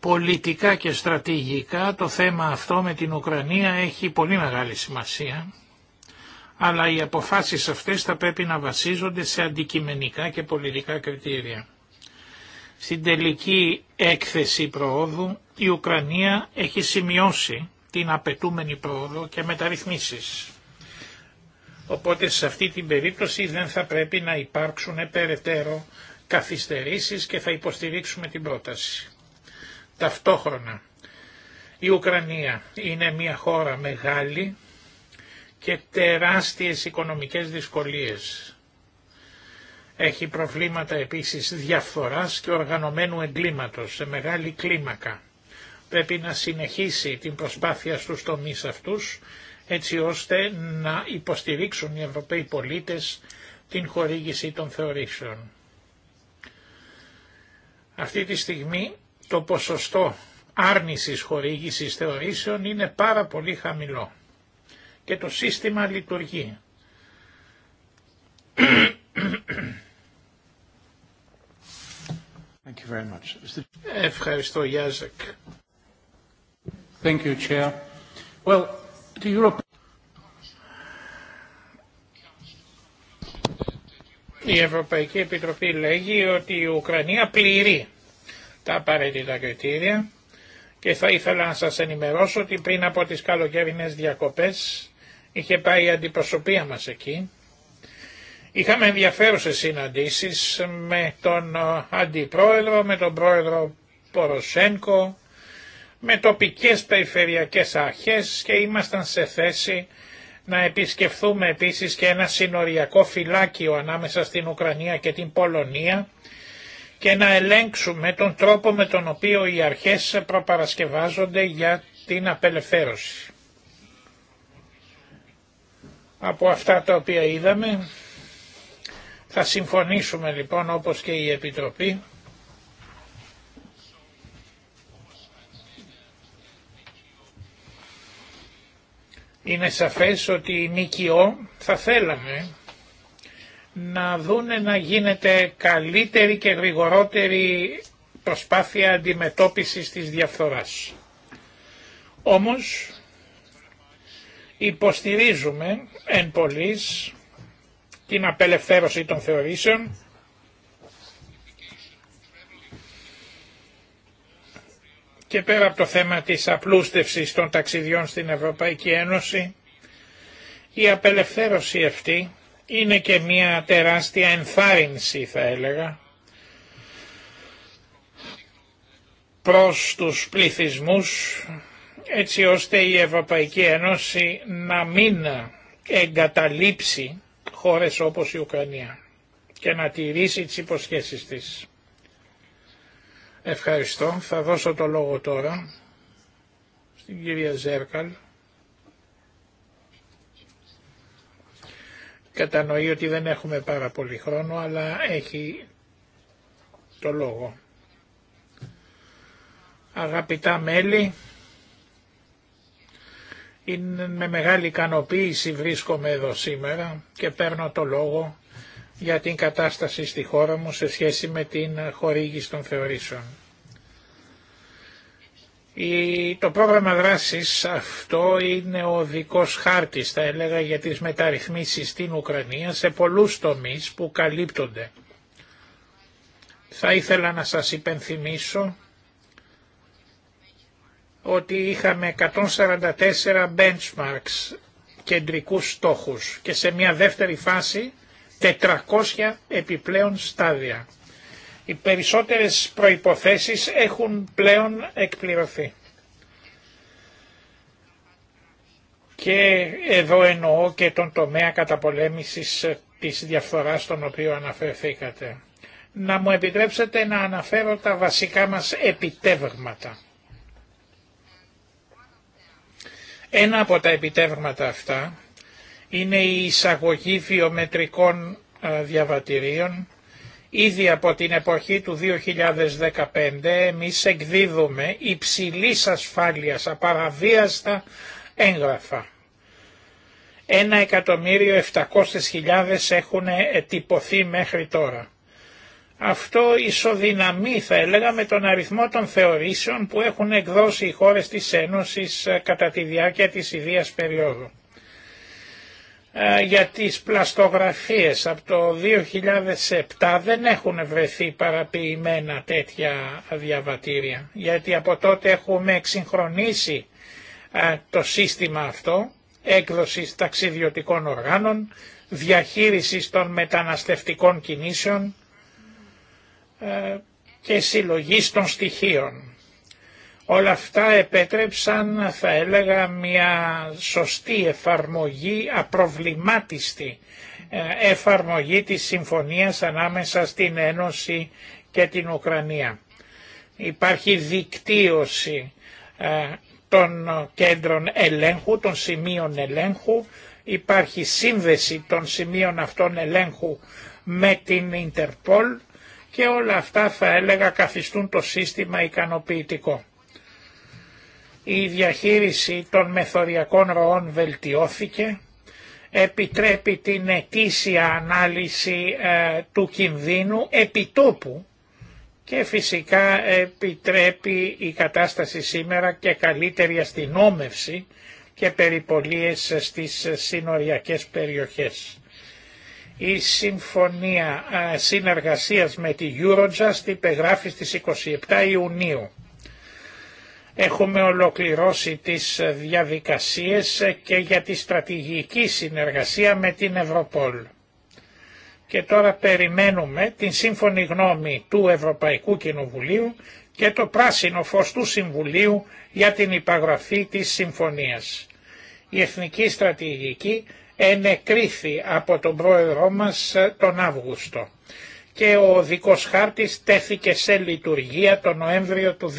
Πολιτικά και στρατηγικά το θέμα αυτό με την Ουκρανία έχει πολύ μεγάλη σημασία, αλλά οι αποφάσεις αυτές θα πρέπει να βασίζονται σε αντικειμενικά και πολιτικά κριτήρια. Στην τελική έκθεση προόδου η Ουκρανία έχει σημειώσει την απαιτούμενη πρόοδο και μεταρρυθμίσεις. Οπότε σε αυτή την περίπτωση δεν θα πρέπει να υπάρξουν περαιτέρω καθυστερήσεις και θα υποστηρίξουμε την πρόταση. Ταυτόχρονα η Ουκρανία είναι μια χώρα μεγάλη και τεράστιες οικονομικές δυσκολίες. Έχει προβλήματα επίσης διαφθοράς και οργανωμένου εγκλήματος σε μεγάλη κλίμακα. Πρέπει να συνεχίσει την προσπάθεια στους τομείς αυτούς έτσι ώστε να υποστηρίξουν οι Ευρωπαίοι πολίτες την χορήγηση των θεωρήσεων. Αυτή τη στιγμή το ποσοστό άρνησης χορήγησης θεωρήσεων είναι πάρα πολύ χαμηλό και το σύστημα λειτουργεί. Ευχαριστώ Γιάζεκ. Η Ευρωπαϊκή Επιτροπή λέγει ότι η Ουκρανία πληρεί τα απαραίτητα κριτήρια και θα ήθελα να σας ενημερώσω ότι πριν από τις καλοκαιρινές διακοπές είχε πάει η αντιπροσωπεία μας εκεί. Είχαμε ενδιαφέρουσες συναντήσεις με τον ε, αντιπρόεδρο, με τον πρόεδρο Ποροσένκο, με τοπικές περιφερειακές αρχές και ήμασταν σε θέση να επισκεφθούμε επίσης και ένα συνοριακό φυλάκιο ανάμεσα στην Ουκρανία και την Πολωνία και να ελέγξουμε τον τρόπο με τον οποίο οι αρχές προπαρασκευάζονται για την απελευθέρωση. Από αυτά τα οποία είδαμε θα συμφωνήσουμε λοιπόν όπως και η Επιτροπή Είναι σαφές ότι οι ΜΚΟ θα θέλαμε να δούνε να γίνεται καλύτερη και γρηγορότερη προσπάθεια αντιμετώπισης της διαφθοράς. Όμως υποστηρίζουμε εν πολλής την απελευθέρωση των θεωρήσεων και πέρα από το θέμα της απλούστευσης των ταξιδιών στην Ευρωπαϊκή Ένωση, η απελευθέρωση αυτή είναι και μια τεράστια ενθάρρυνση θα έλεγα προς τους πληθυσμούς έτσι ώστε η Ευρωπαϊκή Ένωση να μην εγκαταλείψει χώρες όπως η Ουκρανία και να τηρήσει τις υποσχέσεις της. Ευχαριστώ. Θα δώσω το λόγο τώρα στην κυρία Ζέρκαλ. Κατανοεί ότι δεν έχουμε πάρα πολύ χρόνο, αλλά έχει το λόγο. Αγαπητά μέλη, είναι με μεγάλη ικανοποίηση βρίσκομαι εδώ σήμερα και παίρνω το λόγο για την κατάσταση στη χώρα μου σε σχέση με την χορήγηση των θεωρήσεων. Το πρόγραμμα δράσης αυτό είναι ο δικός χάρτης, θα έλεγα, για τις μεταρρυθμίσεις στην Ουκρανία σε πολλούς τομείς που καλύπτονται. Θα ήθελα να σας υπενθυμίσω ότι είχαμε 144 benchmarks κεντρικούς στόχους και σε μια δεύτερη φάση 400 επιπλέον στάδια. Οι περισσότερες προϋποθέσεις έχουν πλέον εκπληρωθεί. Και εδώ εννοώ και τον τομέα καταπολέμησης της διαφθοράς τον οποίο αναφερθήκατε. Να μου επιτρέψετε να αναφέρω τα βασικά μας επιτεύγματα. Ένα από τα επιτεύγματα αυτά είναι η εισαγωγή βιομετρικών ε, διαβατηρίων. Ήδη από την εποχή του 2015 εμείς εκδίδουμε υψηλής ασφάλειας απαραβίαστα έγγραφα. 1.700.000 έχουν τυπωθεί μέχρι τώρα. Αυτό ισοδυναμεί θα έλεγα με τον αριθμό των θεωρήσεων που έχουν εκδώσει οι χώρες της Ένωσης ε, κατά τη διάρκεια της ιδίας περίοδου. Ε, για τις πλαστογραφίες από το 2007 δεν έχουν βρεθεί παραποιημένα τέτοια διαβατήρια γιατί από τότε έχουμε εξυγχρονίσει ε, το σύστημα αυτό έκδοσης ταξιδιωτικών οργάνων, διαχείρισης των μεταναστευτικών κινήσεων ε, και συλλογής των στοιχείων. Όλα αυτά επέτρεψαν θα έλεγα μια σωστή εφαρμογή, απροβλημάτιστη ε, εφαρμογή της συμφωνίας ανάμεσα στην Ένωση και την Ουκρανία. Υπάρχει δικτύωση ε, των κέντρων ελέγχου, των σημείων ελέγχου, υπάρχει σύνδεση των σημείων αυτών ελέγχου με την Ιντερπόλ και όλα αυτά θα έλεγα καθιστούν το σύστημα ικανοποιητικό. Η διαχείριση των μεθοριακών ροών βελτιώθηκε, επιτρέπει την ετήσια ανάλυση ε, του κινδύνου επιτόπου και φυσικά επιτρέπει η κατάσταση σήμερα και καλύτερη αστυνόμευση και περιπολίες στις συνοριακές περιοχές. Η συμφωνία ε, συνεργασίας με τη Eurojust υπεγράφει στις 27 Ιουνίου. Έχουμε ολοκληρώσει τις διαδικασίες και για τη στρατηγική συνεργασία με την Ευρωπόλ. Και τώρα περιμένουμε την σύμφωνη γνώμη του Ευρωπαϊκού Κοινοβουλίου και το πράσινο φως του Συμβουλίου για την υπαγραφή της συμφωνίας. Η Εθνική Στρατηγική ενεκρίθη από τον πρόεδρό μας τον Αύγουστο και ο οδικός χάρτης τέθηκε σε λειτουργία το Νοέμβριο του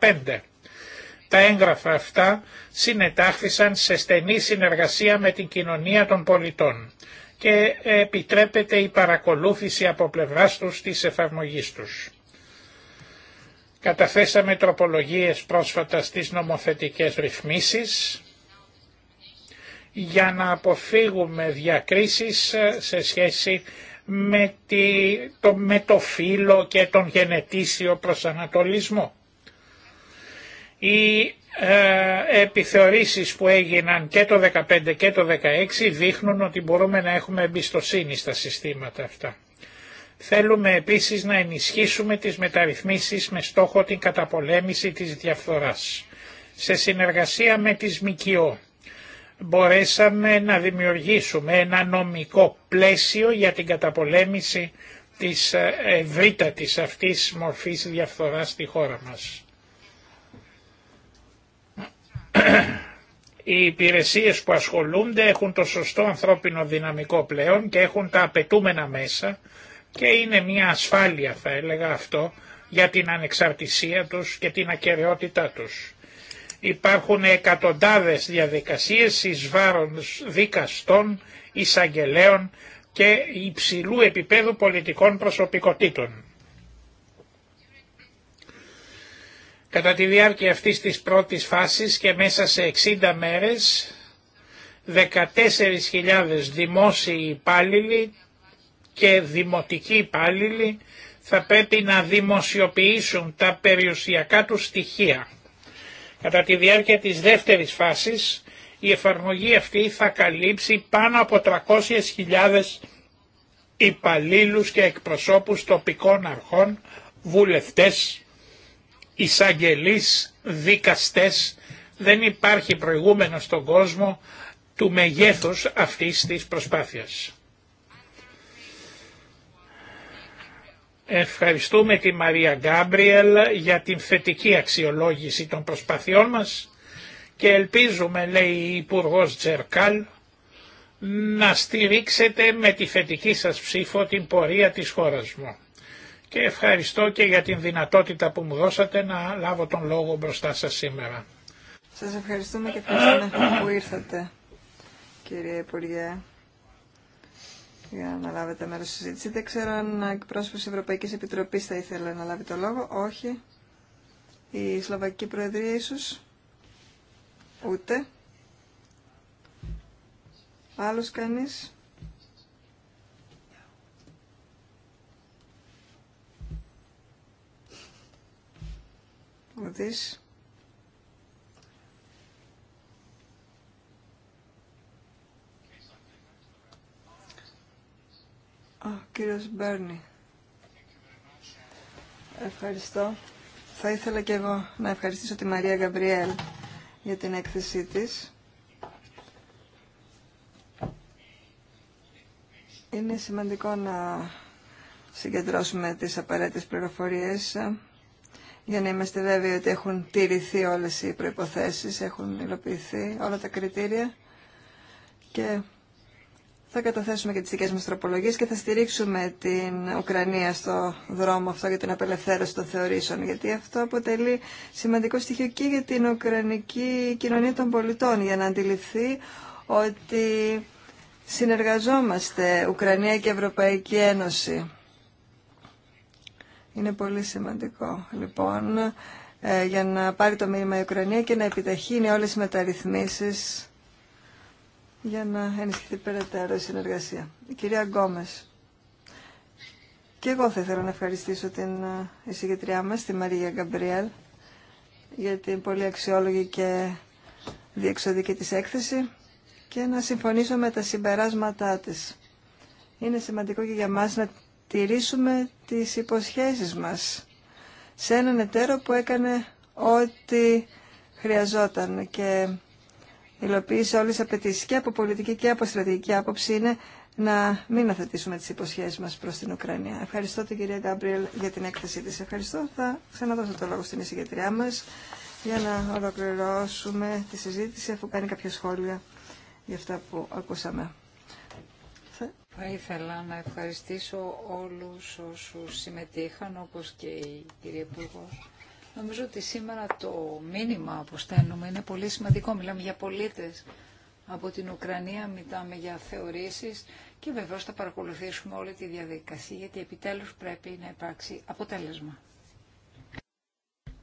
2015. Τα έγγραφα αυτά συνετάχθησαν σε στενή συνεργασία με την κοινωνία των πολιτών και επιτρέπεται η παρακολούθηση από πλευράς τους της εφαρμογής τους. Καταθέσαμε τροπολογίες πρόσφατα στις νομοθετικές ρυθμίσεις για να αποφύγουμε διακρίσεις σε σχέση με, το, με φύλλο και τον γενετήσιο προσανατολισμό. Οι ε, επιθεωρήσεις που έγιναν και το 2015 και το 2016 δείχνουν ότι μπορούμε να έχουμε εμπιστοσύνη στα συστήματα αυτά. Θέλουμε επίσης να ενισχύσουμε τις μεταρρυθμίσεις με στόχο την καταπολέμηση της διαφθοράς, σε συνεργασία με τις ΜΚΟ μπορέσαμε να δημιουργήσουμε ένα νομικό πλαίσιο για την καταπολέμηση της ε, ευρύτατης αυτής μορφής διαφθοράς στη χώρα μας. Οι υπηρεσίες που ασχολούνται έχουν το σωστό ανθρώπινο δυναμικό πλέον και έχουν τα απαιτούμενα μέσα και είναι μια ασφάλεια θα έλεγα αυτό για την ανεξαρτησία τους και την ακαιρεότητά τους. Υπάρχουν εκατοντάδες διαδικασίες εις βάρον δικαστών, εισαγγελέων και υψηλού επίπεδου πολιτικών προσωπικότητων. Κατά τη διάρκεια αυτής της πρώτης φάσης και μέσα σε 60 μέρες, 14.000 δημόσιοι υπάλληλοι και δημοτικοί υπάλληλοι θα πρέπει να δημοσιοποιήσουν τα περιουσιακά τους στοιχεία. Κατά τη διάρκεια της δεύτερης φάσης η εφαρμογή αυτή θα καλύψει πάνω από 300.000 υπαλλήλους και εκπροσώπους τοπικών αρχών, βουλευτές, εισαγγελείς, δικαστές. Δεν υπάρχει προηγούμενο στον κόσμο του μεγέθους αυτής της προσπάθειας. Ευχαριστούμε τη Μαρία Γκάμπριελ για την θετική αξιολόγηση των προσπαθειών μας και ελπίζουμε, λέει η Υπουργό Τζερκάλ, να στηρίξετε με τη θετική σας ψήφο την πορεία της χώρας μου. Και ευχαριστώ και για την δυνατότητα που μου δώσατε να λάβω τον λόγο μπροστά σας σήμερα. Σας ευχαριστούμε και ευχαριστούμε που ήρθατε, κύριε Υπουργέ για να λάβετε μέρος στη συζήτηση. Δεν ξέρω αν εκπρόσωπος της Ευρωπαϊκής Επιτροπής θα ήθελε να λάβει το λόγο. Όχι. Η Σλοβακική Προεδρία ίσως. Ούτε. Άλλος κανείς. Ούτε. Ο κύριος Μπέρνι. Ευχαριστώ. Θα ήθελα και εγώ να ευχαριστήσω τη Μαρία Γκαμπριέλ για την έκθεσή της. Είναι σημαντικό να συγκεντρώσουμε τις απαραίτητες πληροφορίες για να είμαστε βέβαιοι ότι έχουν τηρηθεί όλες οι προϋποθέσεις, έχουν υλοποιηθεί όλα τα κριτήρια και θα καταθέσουμε και τις δικές μας τροπολογίες και θα στηρίξουμε την Ουκρανία στο δρόμο αυτό για την απελευθέρωση των θεωρήσεων, γιατί αυτό αποτελεί σημαντικό στοιχείο και για την Ουκρανική κοινωνία των πολιτών, για να αντιληφθεί ότι συνεργαζόμαστε Ουκρανία και Ευρωπαϊκή Ένωση. Είναι πολύ σημαντικό, λοιπόν, ε, για να πάρει το μήνυμα η Ουκρανία και να επιταχύνει όλες τις μεταρρυθμίσεις για να ενισχυθεί περαιτέρω η συνεργασία. Η κυρία Γκόμες. Και εγώ θα ήθελα να ευχαριστήσω την ε, εισηγητριά μας, τη Μαρία Γκαμπριέλ, για την πολύ αξιόλογη και διεξοδική της έκθεση και να συμφωνήσω με τα συμπεράσματά της. Είναι σημαντικό και για μας να τηρήσουμε τις υποσχέσεις μας σε έναν εταίρο που έκανε ό,τι χρειαζόταν και υλοποίηση όλες τις απαιτήσεις και από πολιτική και από στρατηγική άποψη είναι να μην αθετήσουμε τις υποσχέσεις μας προς την Ουκρανία. Ευχαριστώ την κυρία Γκάμπριελ για την έκθεσή της. Ευχαριστώ. Θα ξαναδώσω το λόγο στην εισηγητριά μας για να ολοκληρώσουμε τη συζήτηση αφού κάνει κάποια σχόλια για αυτά που ακούσαμε. Θα ήθελα να ευχαριστήσω όλους όσους συμμετείχαν, όπως και η κυρία Υπουργός Νομίζω ότι σήμερα το μήνυμα που στέλνουμε είναι πολύ σημαντικό. Μιλάμε για πολίτες από την Ουκρανία, μιλάμε για θεωρήσεις και βεβαίως θα παρακολουθήσουμε όλη τη διαδικασία γιατί επιτέλους πρέπει να υπάρξει αποτέλεσμα.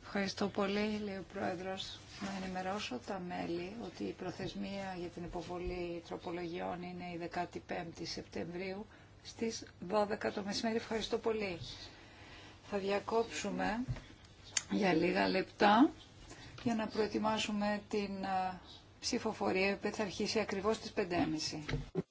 Ευχαριστώ πολύ, λέει ο Πρόεδρος. Να ενημερώσω τα μέλη ότι η προθεσμία για την υποβολή τροπολογιών είναι η 15η Σεπτεμβρίου στις 12 το μεσημέρι. Ευχαριστώ πολύ. Θα διακόψουμε για λίγα λεπτά για να προετοιμάσουμε την ε, ψηφοφορία που θα αρχίσει ακριβώς στις 5.30.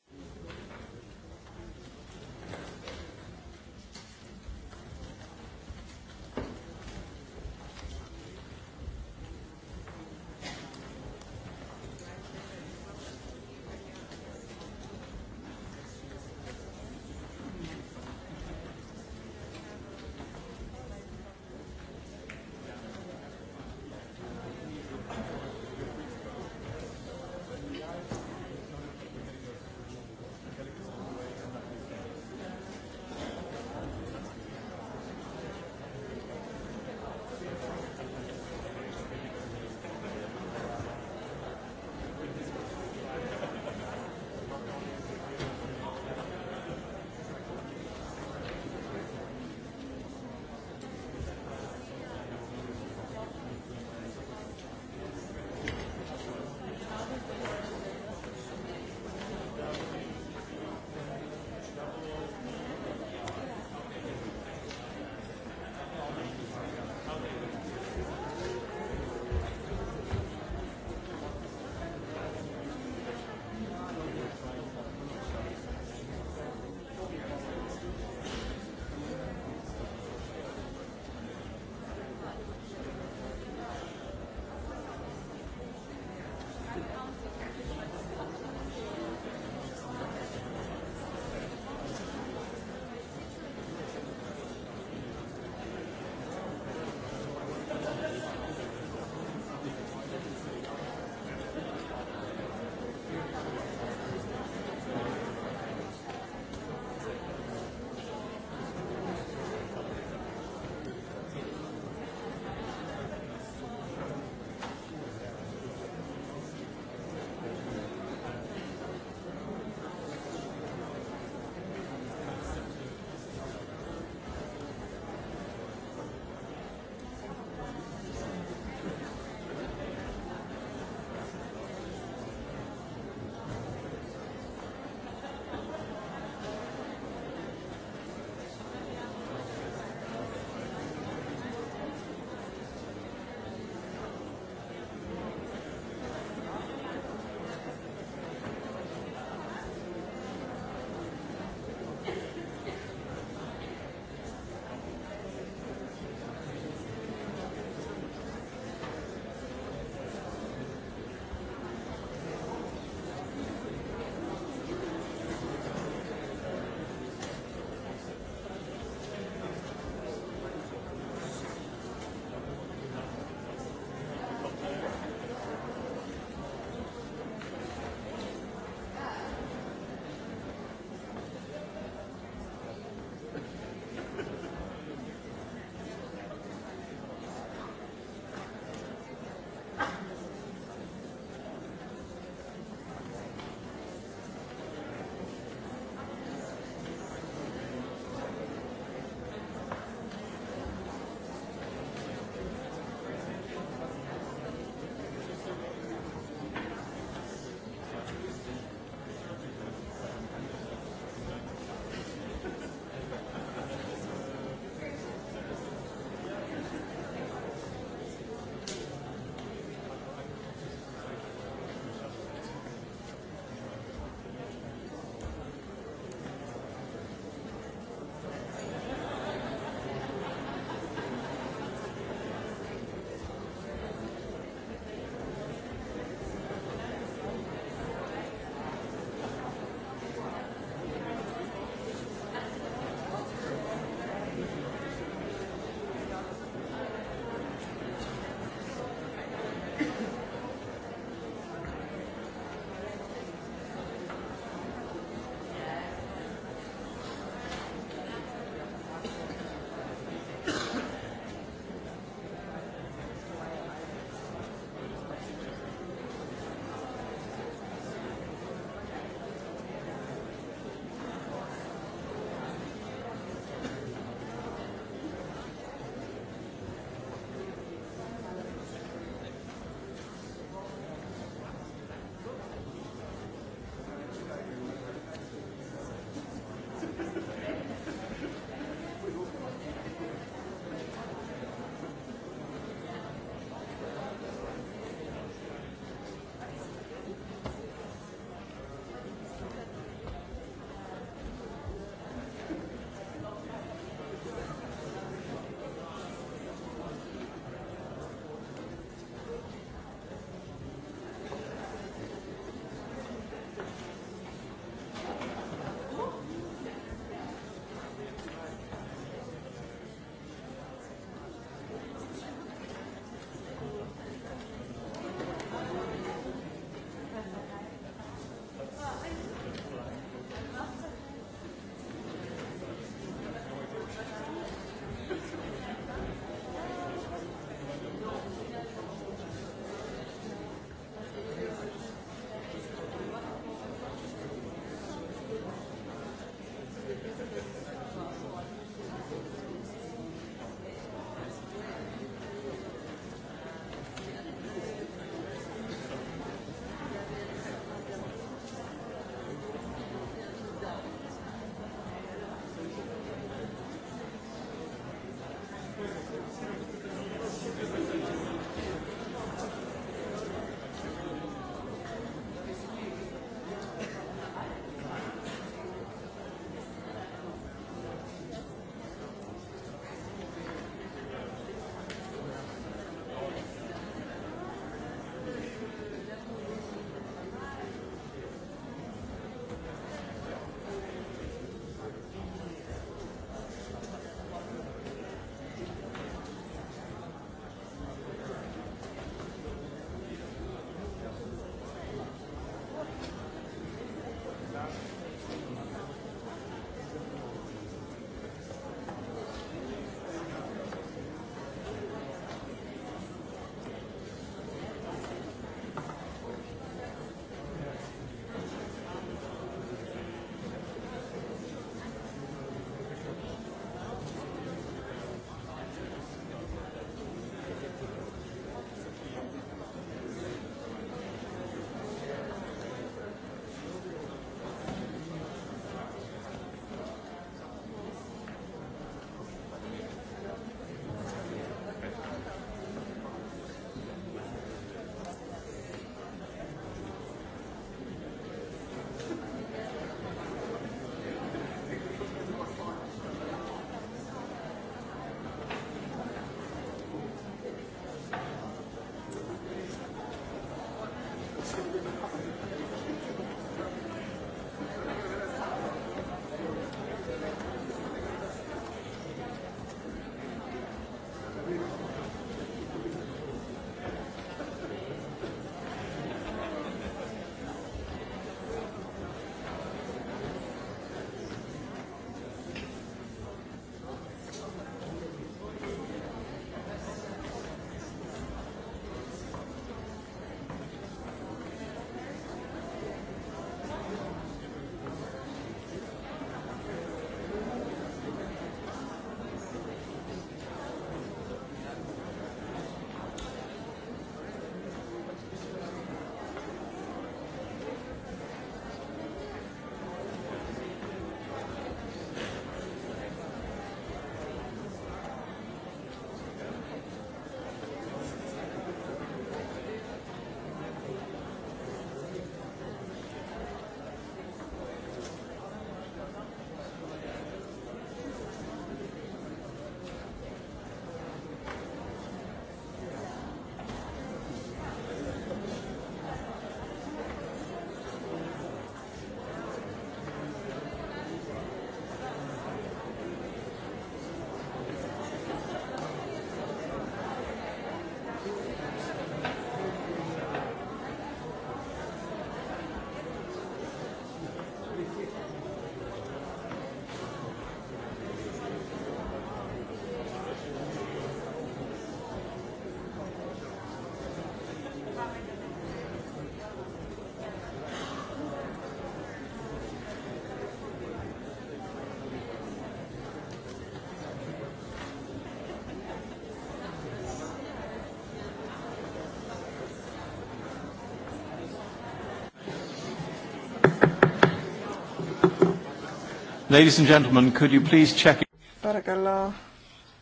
Ladies and gentlemen, could you please check... Παρακαλώ,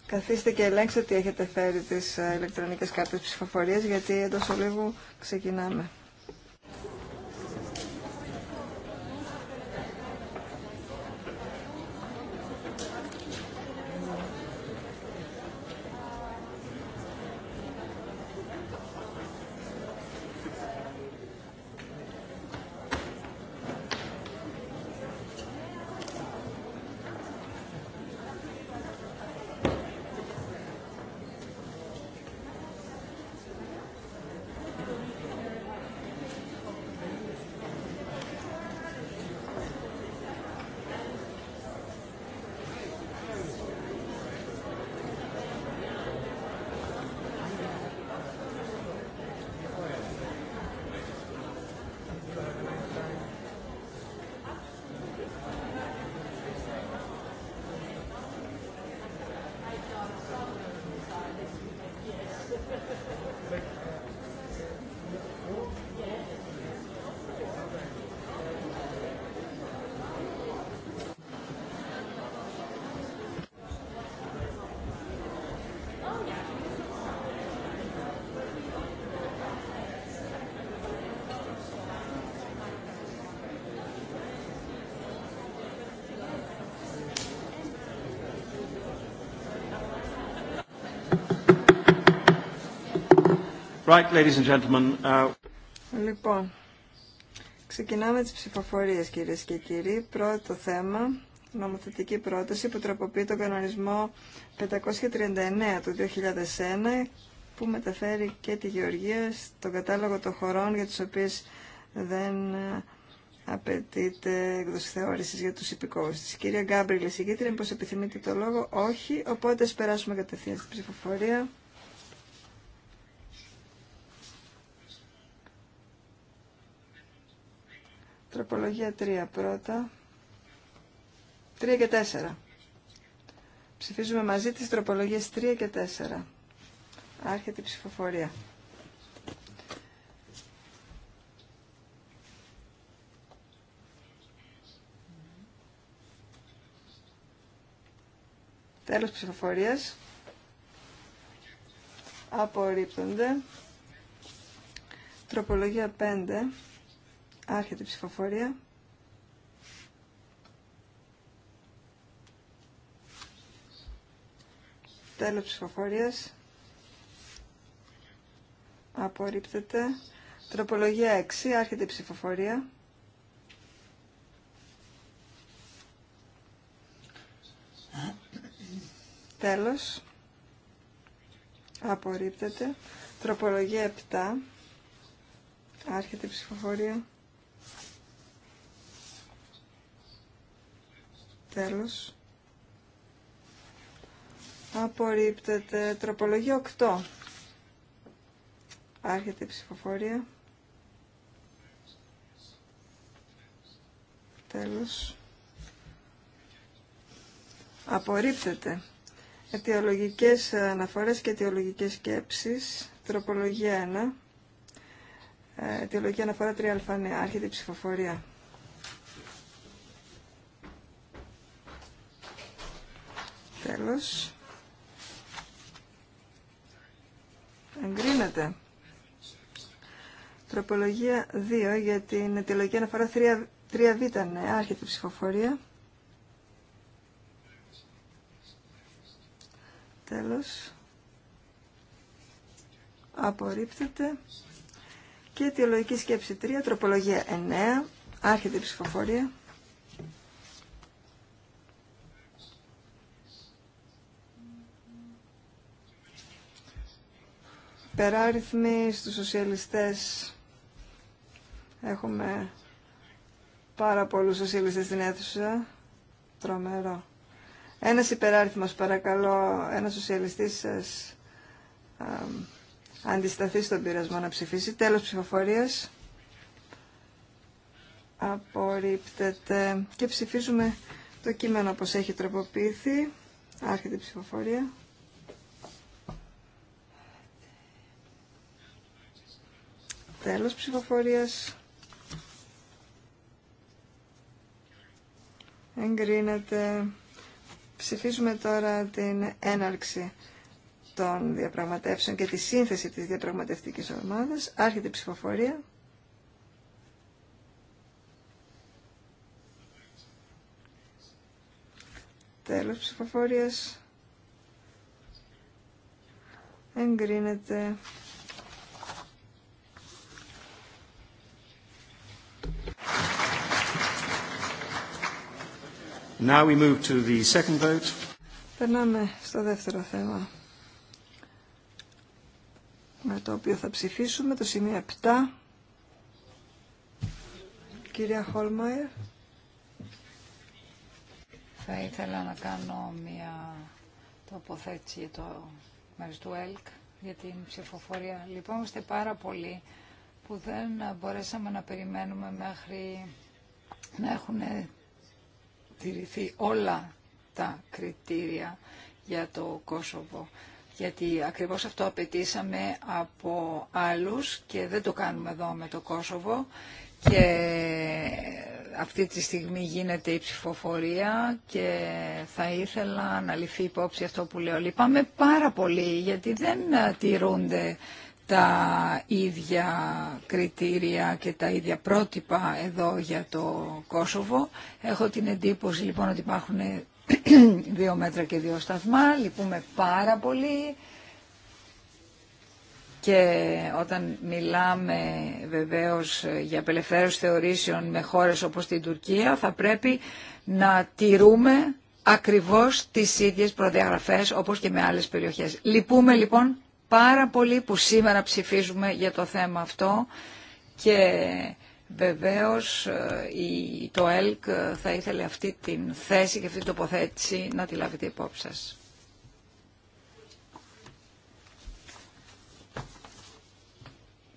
καθίστε και ελέγξτε τι έχετε φέρει τις ε, ηλεκτρονικές κάρτες ψηφοφορίας, γιατί εντός ολίγου ξεκινάμε. Right, ladies and gentlemen. Uh, λοιπόν, ξεκινάμε τις ψηφοφορίες κυρίες και κύριοι. Πρώτο θέμα, νομοθετική πρόταση που τροποποιεί τον κανονισμό 539 του 2001 που μεταφέρει και τη Γεωργία στον κατάλογο των χωρών για τις οποίες δεν ε, απαιτείται έκδοση θεώρησης για τους υπηκόους της. Κυρία Γκάμπριλη, συγκίτρια, μήπως επιθυμείτε το λόγο. Όχι, οπότε περάσουμε κατευθείαν στην ψηφοφορία. Τροπολογία 3 πρώτα. 3 και 4. Ψηφίζουμε μαζί τις τροπολογίες 3 και 4. Άρχεται η ψηφοφορία. Τέλος ψηφοφορίας. Απορρίπτονται. Τροπολογία 5. Άρχεται η ψηφοφορία. Τέλος ψηφοφορίας. Απορρίπτεται. Τροπολογία 6. Άρχεται η ψηφοφορία. Τέλος. Απορρίπτεται. Τροπολογία 7. Άρχεται η ψηφοφορία. Τέλος. Απορρίπτεται. Τροπολογία 8. Άρχεται η ψηφοφορία. Τέλος. Απορρίπτεται. Αιτιολογικές αναφορές και αιτιολογικές σκέψεις. Τροπολογία 1. Ε, Αιτιολογία αναφορά 3α. Ναι, άρχεται η ψηφοφορία. Τέλος. Εγκρίνεται. Τροπολογία 2 για την αιτιολογική αναφορά 3, 3β. Ναι, άρχεται η ψηφοφορία. Τέλος. Απορρίπτεται. Και αιτιολογική σκέψη τροπολογία 9, άρχεται η ψηφοφορία. υπεράριθμοι στους σοσιαλιστές. Έχουμε πάρα πολλούς σοσιαλιστές στην αίθουσα. Τρομερό. Ένας υπεράριθμος παρακαλώ, ένας σοσιαλιστής σας αντισταθεί στον πειρασμό να ψηφίσει. Τέλος ψηφοφορίας. Απορρίπτεται. Και ψηφίζουμε το κείμενο όπως έχει τροποποιηθεί. Άρχεται η ψηφοφορία. Τέλος ψηφοφορίας. Εγκρίνεται. Ψηφίζουμε τώρα την έναρξη των διαπραγματεύσεων και τη σύνθεση της διαπραγματευτικής ομάδας. Άρχεται η ψηφοφορία. Τέλος ψηφοφορίας. Εγκρίνεται. Περνάμε στο δεύτερο θέμα με το οποίο θα ψηφίσουμε το σημείο 7 Κυρία Χολμάιερ Θα ήθελα να κάνω μια τοποθέτηση για το μέρος του ΕΛΚ για την ψηφοφορία. Λυπόμαστε λοιπόν, πάρα πολύ που δεν μπορέσαμε να περιμένουμε μέχρι να έχουν τηρηθεί όλα τα κριτήρια για το Κόσοβο. Γιατί ακριβώς αυτό απαιτήσαμε από άλλους και δεν το κάνουμε εδώ με το Κόσοβο και αυτή τη στιγμή γίνεται η ψηφοφορία και θα ήθελα να ληφθεί υπόψη αυτό που λέω. Λυπάμαι πάρα πολύ γιατί δεν τηρούνται τα ίδια κριτήρια και τα ίδια πρότυπα εδώ για το Κόσοβο. Έχω την εντύπωση λοιπόν ότι υπάρχουν δύο μέτρα και δύο σταθμά. Λυπούμε πάρα πολύ. Και όταν μιλάμε βεβαίως για απελευθέρωση θεωρήσεων με χώρες όπως την Τουρκία, θα πρέπει να τηρούμε ακριβώς τις ίδιες προδιαγραφές όπως και με άλλες περιοχές. Λυπούμε λοιπόν πάρα πολύ που σήμερα ψηφίζουμε για το θέμα αυτό και βεβαίως ε, το ΕΛΚ ε, θα ήθελε αυτή την θέση και αυτή την τοποθέτηση να τη λάβετε υπόψη σας.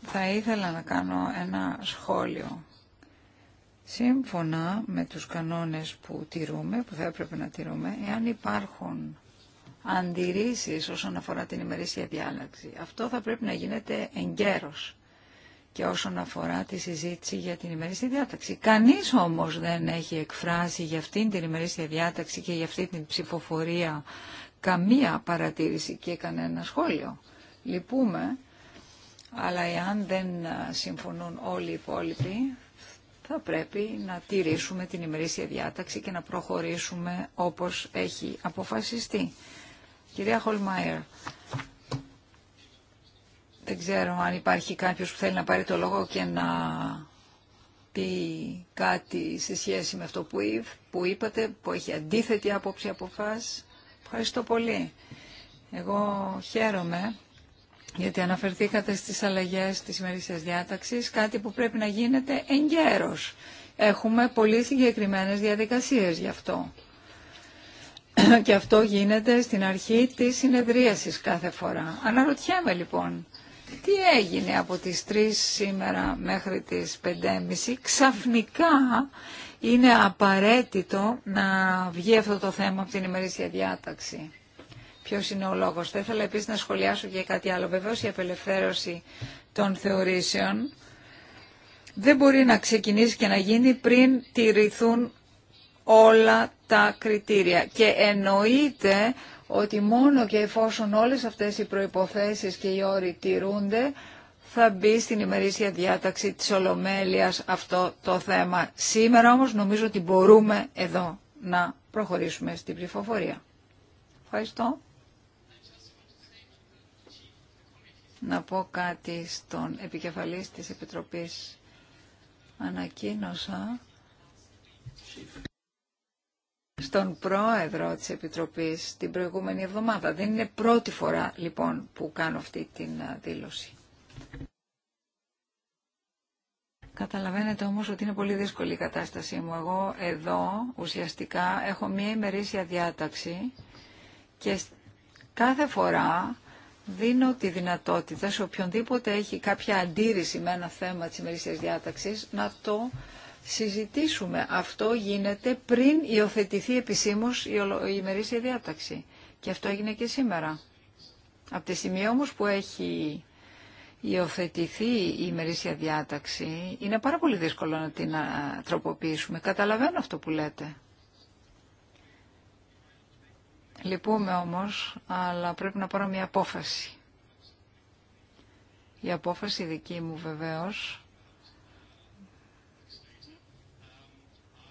Θα ήθελα να κάνω ένα σχόλιο. Σύμφωνα με τους κανόνες που τηρούμε, που θα έπρεπε να τηρούμε, εάν υπάρχουν αντιρρήσεις όσον αφορά την ημερήσια διάταξη. Αυτό θα πρέπει να γίνεται εγκαίρος και όσον αφορά τη συζήτηση για την ημερήσια διάταξη. Κανείς όμως δεν έχει εκφράσει για αυτήν την ημερήσια διάταξη και για αυτή την ψηφοφορία καμία παρατήρηση και κανένα σχόλιο. Λυπούμε, αλλά εάν δεν συμφωνούν όλοι οι υπόλοιποι, θα πρέπει να τηρήσουμε την ημερήσια διάταξη και να προχωρήσουμε όπως έχει αποφασιστεί. Κυρία Χολμαϊρ, δεν ξέρω αν υπάρχει κάποιος που θέλει να πάρει το λόγο και να πει κάτι σε σχέση με αυτό που, που είπατε, που έχει αντίθετη άποψη από εσάς. Ευχαριστώ πολύ. Εγώ χαίρομαι γιατί αναφερθήκατε στις αλλαγές της ημερήσιας διάταξης, κάτι που πρέπει να γίνεται εγκαίρος. Έχουμε πολύ συγκεκριμένες διαδικασίες γι' αυτό. και αυτό γίνεται στην αρχή της συνεδρίασης κάθε φορά. Αναρωτιέμαι λοιπόν, τι έγινε από τις 3 σήμερα μέχρι τις 5.30 ξαφνικά είναι απαραίτητο να βγει αυτό το θέμα από την ημερήσια διάταξη. Ποιο είναι ο λόγο. Θα ήθελα επίση να σχολιάσω και κάτι άλλο. Βεβαίω η απελευθέρωση των θεωρήσεων δεν μπορεί να ξεκινήσει και να γίνει πριν τηρηθούν όλα τα κριτήρια. Και εννοείται ότι μόνο και εφόσον όλες αυτές οι προϋποθέσεις και οι όροι τηρούνται, θα μπει στην ημερήσια διάταξη της Ολομέλειας αυτό το θέμα. Σήμερα όμως νομίζω ότι μπορούμε εδώ να προχωρήσουμε στην ψηφοφορία. Ευχαριστώ. Να πω κάτι στον επικεφαλής της Επιτροπής. Ανακοίνωσα στον πρόεδρο της Επιτροπής την προηγούμενη εβδομάδα. Δεν είναι πρώτη φορά λοιπόν που κάνω αυτή την δήλωση. Καταλαβαίνετε όμως ότι είναι πολύ δύσκολη η κατάστασή μου. Εγώ εδώ ουσιαστικά έχω μία ημερήσια διάταξη και κάθε φορά δίνω τη δυνατότητα σε οποιονδήποτε έχει κάποια αντίρρηση με ένα θέμα της ημερήσιας διάταξης να το συζητήσουμε. Αυτό γίνεται πριν υιοθετηθεί επισήμω η ημερήσια διάταξη. Και αυτό έγινε και σήμερα. Από τη στιγμή όμως που έχει υιοθετηθεί η ημερήσια διάταξη, είναι πάρα πολύ δύσκολο να την τροποποιήσουμε. Καταλαβαίνω αυτό που λέτε. Λυπούμε όμως, αλλά πρέπει να πάρω μια απόφαση. Η απόφαση δική μου βεβαίως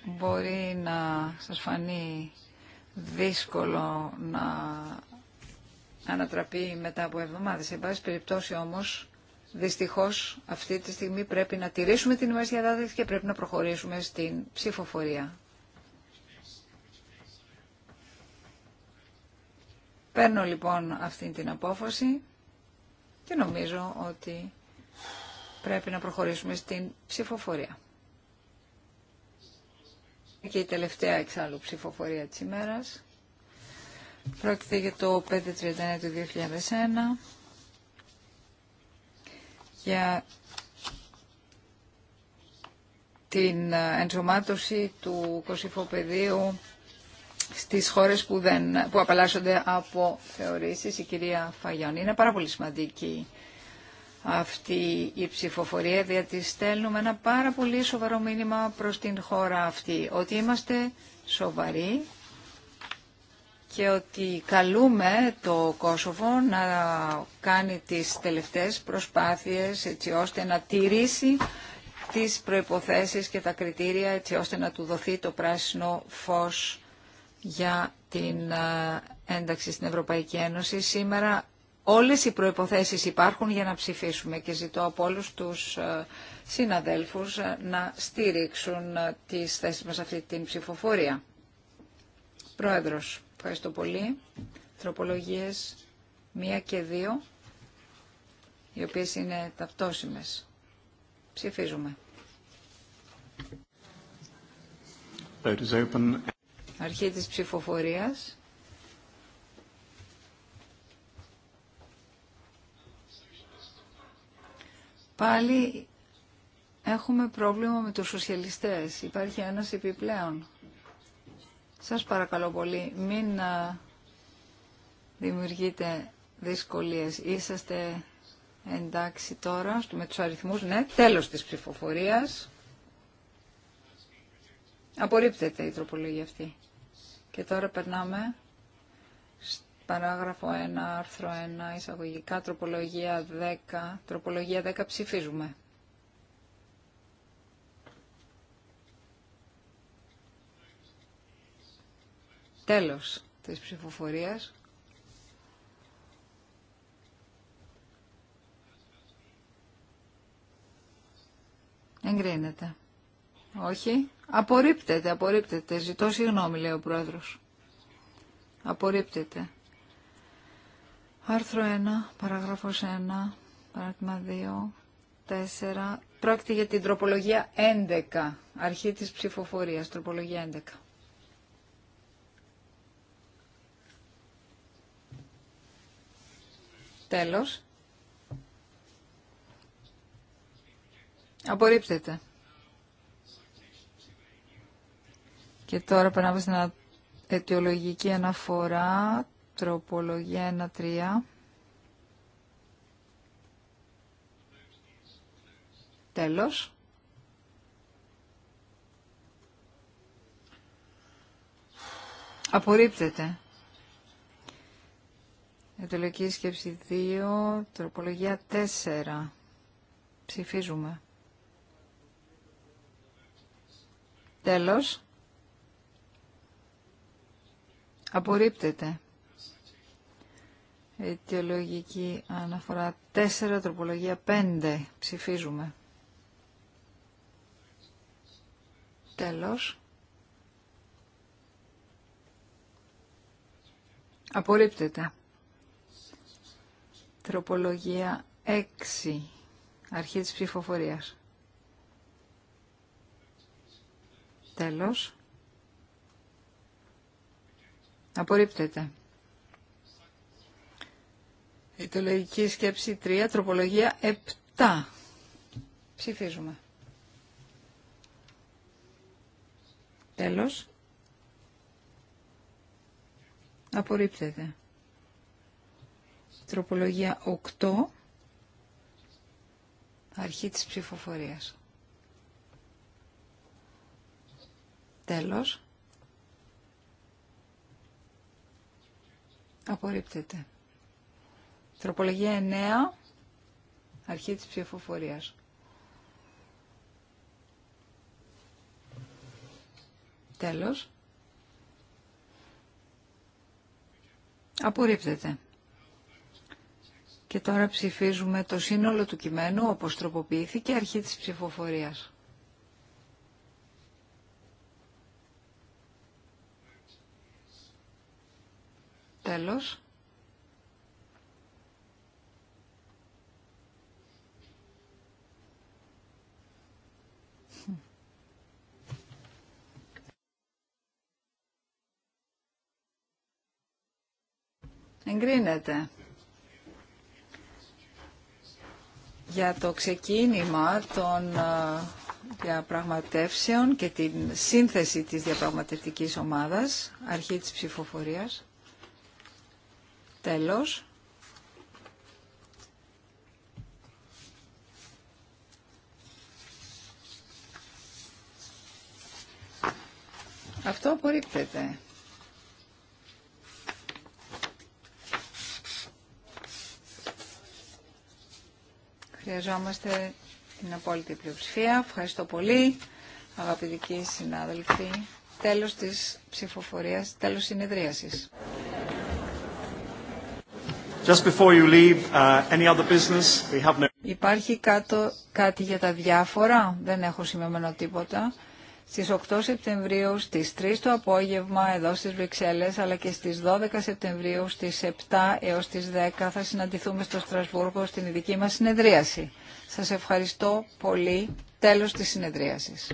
Μπορεί να σας φανεί δύσκολο να ανατραπεί μετά από εβδομάδες. Σε πάση περιπτώσει όμως, δυστυχώς αυτή τη στιγμή πρέπει να τηρήσουμε την ημέρα διάταξη και πρέπει να προχωρήσουμε στην ψηφοφορία. Παίρνω λοιπόν αυτή την απόφαση και νομίζω ότι πρέπει να προχωρήσουμε στην ψηφοφορία και η τελευταία εξάλλου ψηφοφορία της ημέρας. Πρόκειται για το 539 του 2001 για την ε, ενσωμάτωση του κοσυφοπεδίου στις χώρες που, δεν, που απαλλάσσονται από θεωρήσεις, η κυρία Φαγιάννη. Είναι πάρα πολύ σημαντική αυτή η ψηφοφορία, διότι στέλνουμε ένα πάρα πολύ σοβαρό μήνυμα προς την χώρα αυτή, ότι είμαστε σοβαροί και ότι καλούμε το Κόσοβο να κάνει τις τελευταίες προσπάθειες έτσι ώστε να τηρήσει τις προϋποθέσεις και τα κριτήρια έτσι ώστε να του δοθεί το πράσινο φως για την ε, ένταξη στην Ευρωπαϊκή Ένωση. Σήμερα Όλες οι προϋποθέσεις υπάρχουν για να ψηφίσουμε και ζητώ από όλους τους ε, συναδέλφους ε, να στήριξουν ε, τις θέσεις μας αυτή την ψηφοφορία. Πρόεδρος, ευχαριστώ πολύ. Τροπολογίες 1 και 2, οι οποίες είναι ταυτόσιμες. Ψηφίζουμε. Αρχή της ψηφοφορίας. Πάλι έχουμε πρόβλημα με τους σοσιαλιστές. Υπάρχει ένας επιπλέον. Σας παρακαλώ πολύ, μην δημιουργείτε δυσκολίες. Είσαστε εντάξει τώρα με τους αριθμούς. Ναι, τέλος της ψηφοφορίας. Απορρίπτεται η τροπολογία αυτή. Και τώρα περνάμε Παράγραφο 1, άρθρο 1, εισαγωγικά, τροπολογία 10. Τροπολογία 10 ψηφίζουμε. Τέλος της ψηφοφορίας. Εγκρίνεται. Όχι. Απορρίπτεται, απορρίπτεται. Ζητώ συγγνώμη, λέει ο πρόεδρος. Απορρίπτεται. Άρθρο 1, παράγραφος 1, παράδειγμα 2, 4. Πρόκειται για την τροπολογία 11, αρχή της ψηφοφορίας, τροπολογία 11. Τέλος. Απορρίπτεται. Και τώρα περνάμε στην αιτιολογική αναφορά Τροπολογία 1-3. Τέλος. Απορρίπτεται. Ετολογική σκέψη 2, τροπολογία 4. Ψηφίζουμε. Τέλος. Απορρίπτεται. Αιτιολογική αναφορά 4, τροπολογία 5. Ψηφίζουμε. Τέλος. Απορρίπτεται. Τροπολογία 6. Αρχή της ψηφοφορίας. Τέλος. Απορρίπτεται. Ιτολογική σκέψη 3, τροπολογία 7. Ψηφίζουμε. Τέλος. Απορρίπτεται. Τροπολογία 8. Αρχή της ψηφοφορίας. Τέλος. Απορρίπτεται. Τροπολογία 9, αρχή της ψηφοφορίας. Τέλος. Απορρίπτεται. Και τώρα ψηφίζουμε το σύνολο του κειμένου όπως τροποποιήθηκε αρχή της ψηφοφορίας. Τέλος. Εγκρίνεται. Για το ξεκίνημα των ε, διαπραγματεύσεων και την σύνθεση της διαπραγματευτικής ομάδας, αρχή της ψηφοφορίας. Τέλος. Αυτό απορρίπτεται. Χρειαζόμαστε την απόλυτη πλειοψηφία. Ευχαριστώ πολύ, αγαπητοί συνάδελφοι. Τέλος της ψηφοφορίας, τέλος συνεδρίασης. Just before you leave, uh, any other business? Υπάρχει κάτι για τα διάφορα. Δεν έχω σημειωμένο τίποτα στις 8 Σεπτεμβρίου, στις 3 το απόγευμα εδώ στις Βρυξέλλες, αλλά και στις 12 Σεπτεμβρίου, στις 7 έως τις 10 θα συναντηθούμε στο Στρασβούργο στην ειδική μας συνεδρίαση. Σας ευχαριστώ πολύ. Τέλος της συνεδρίασης.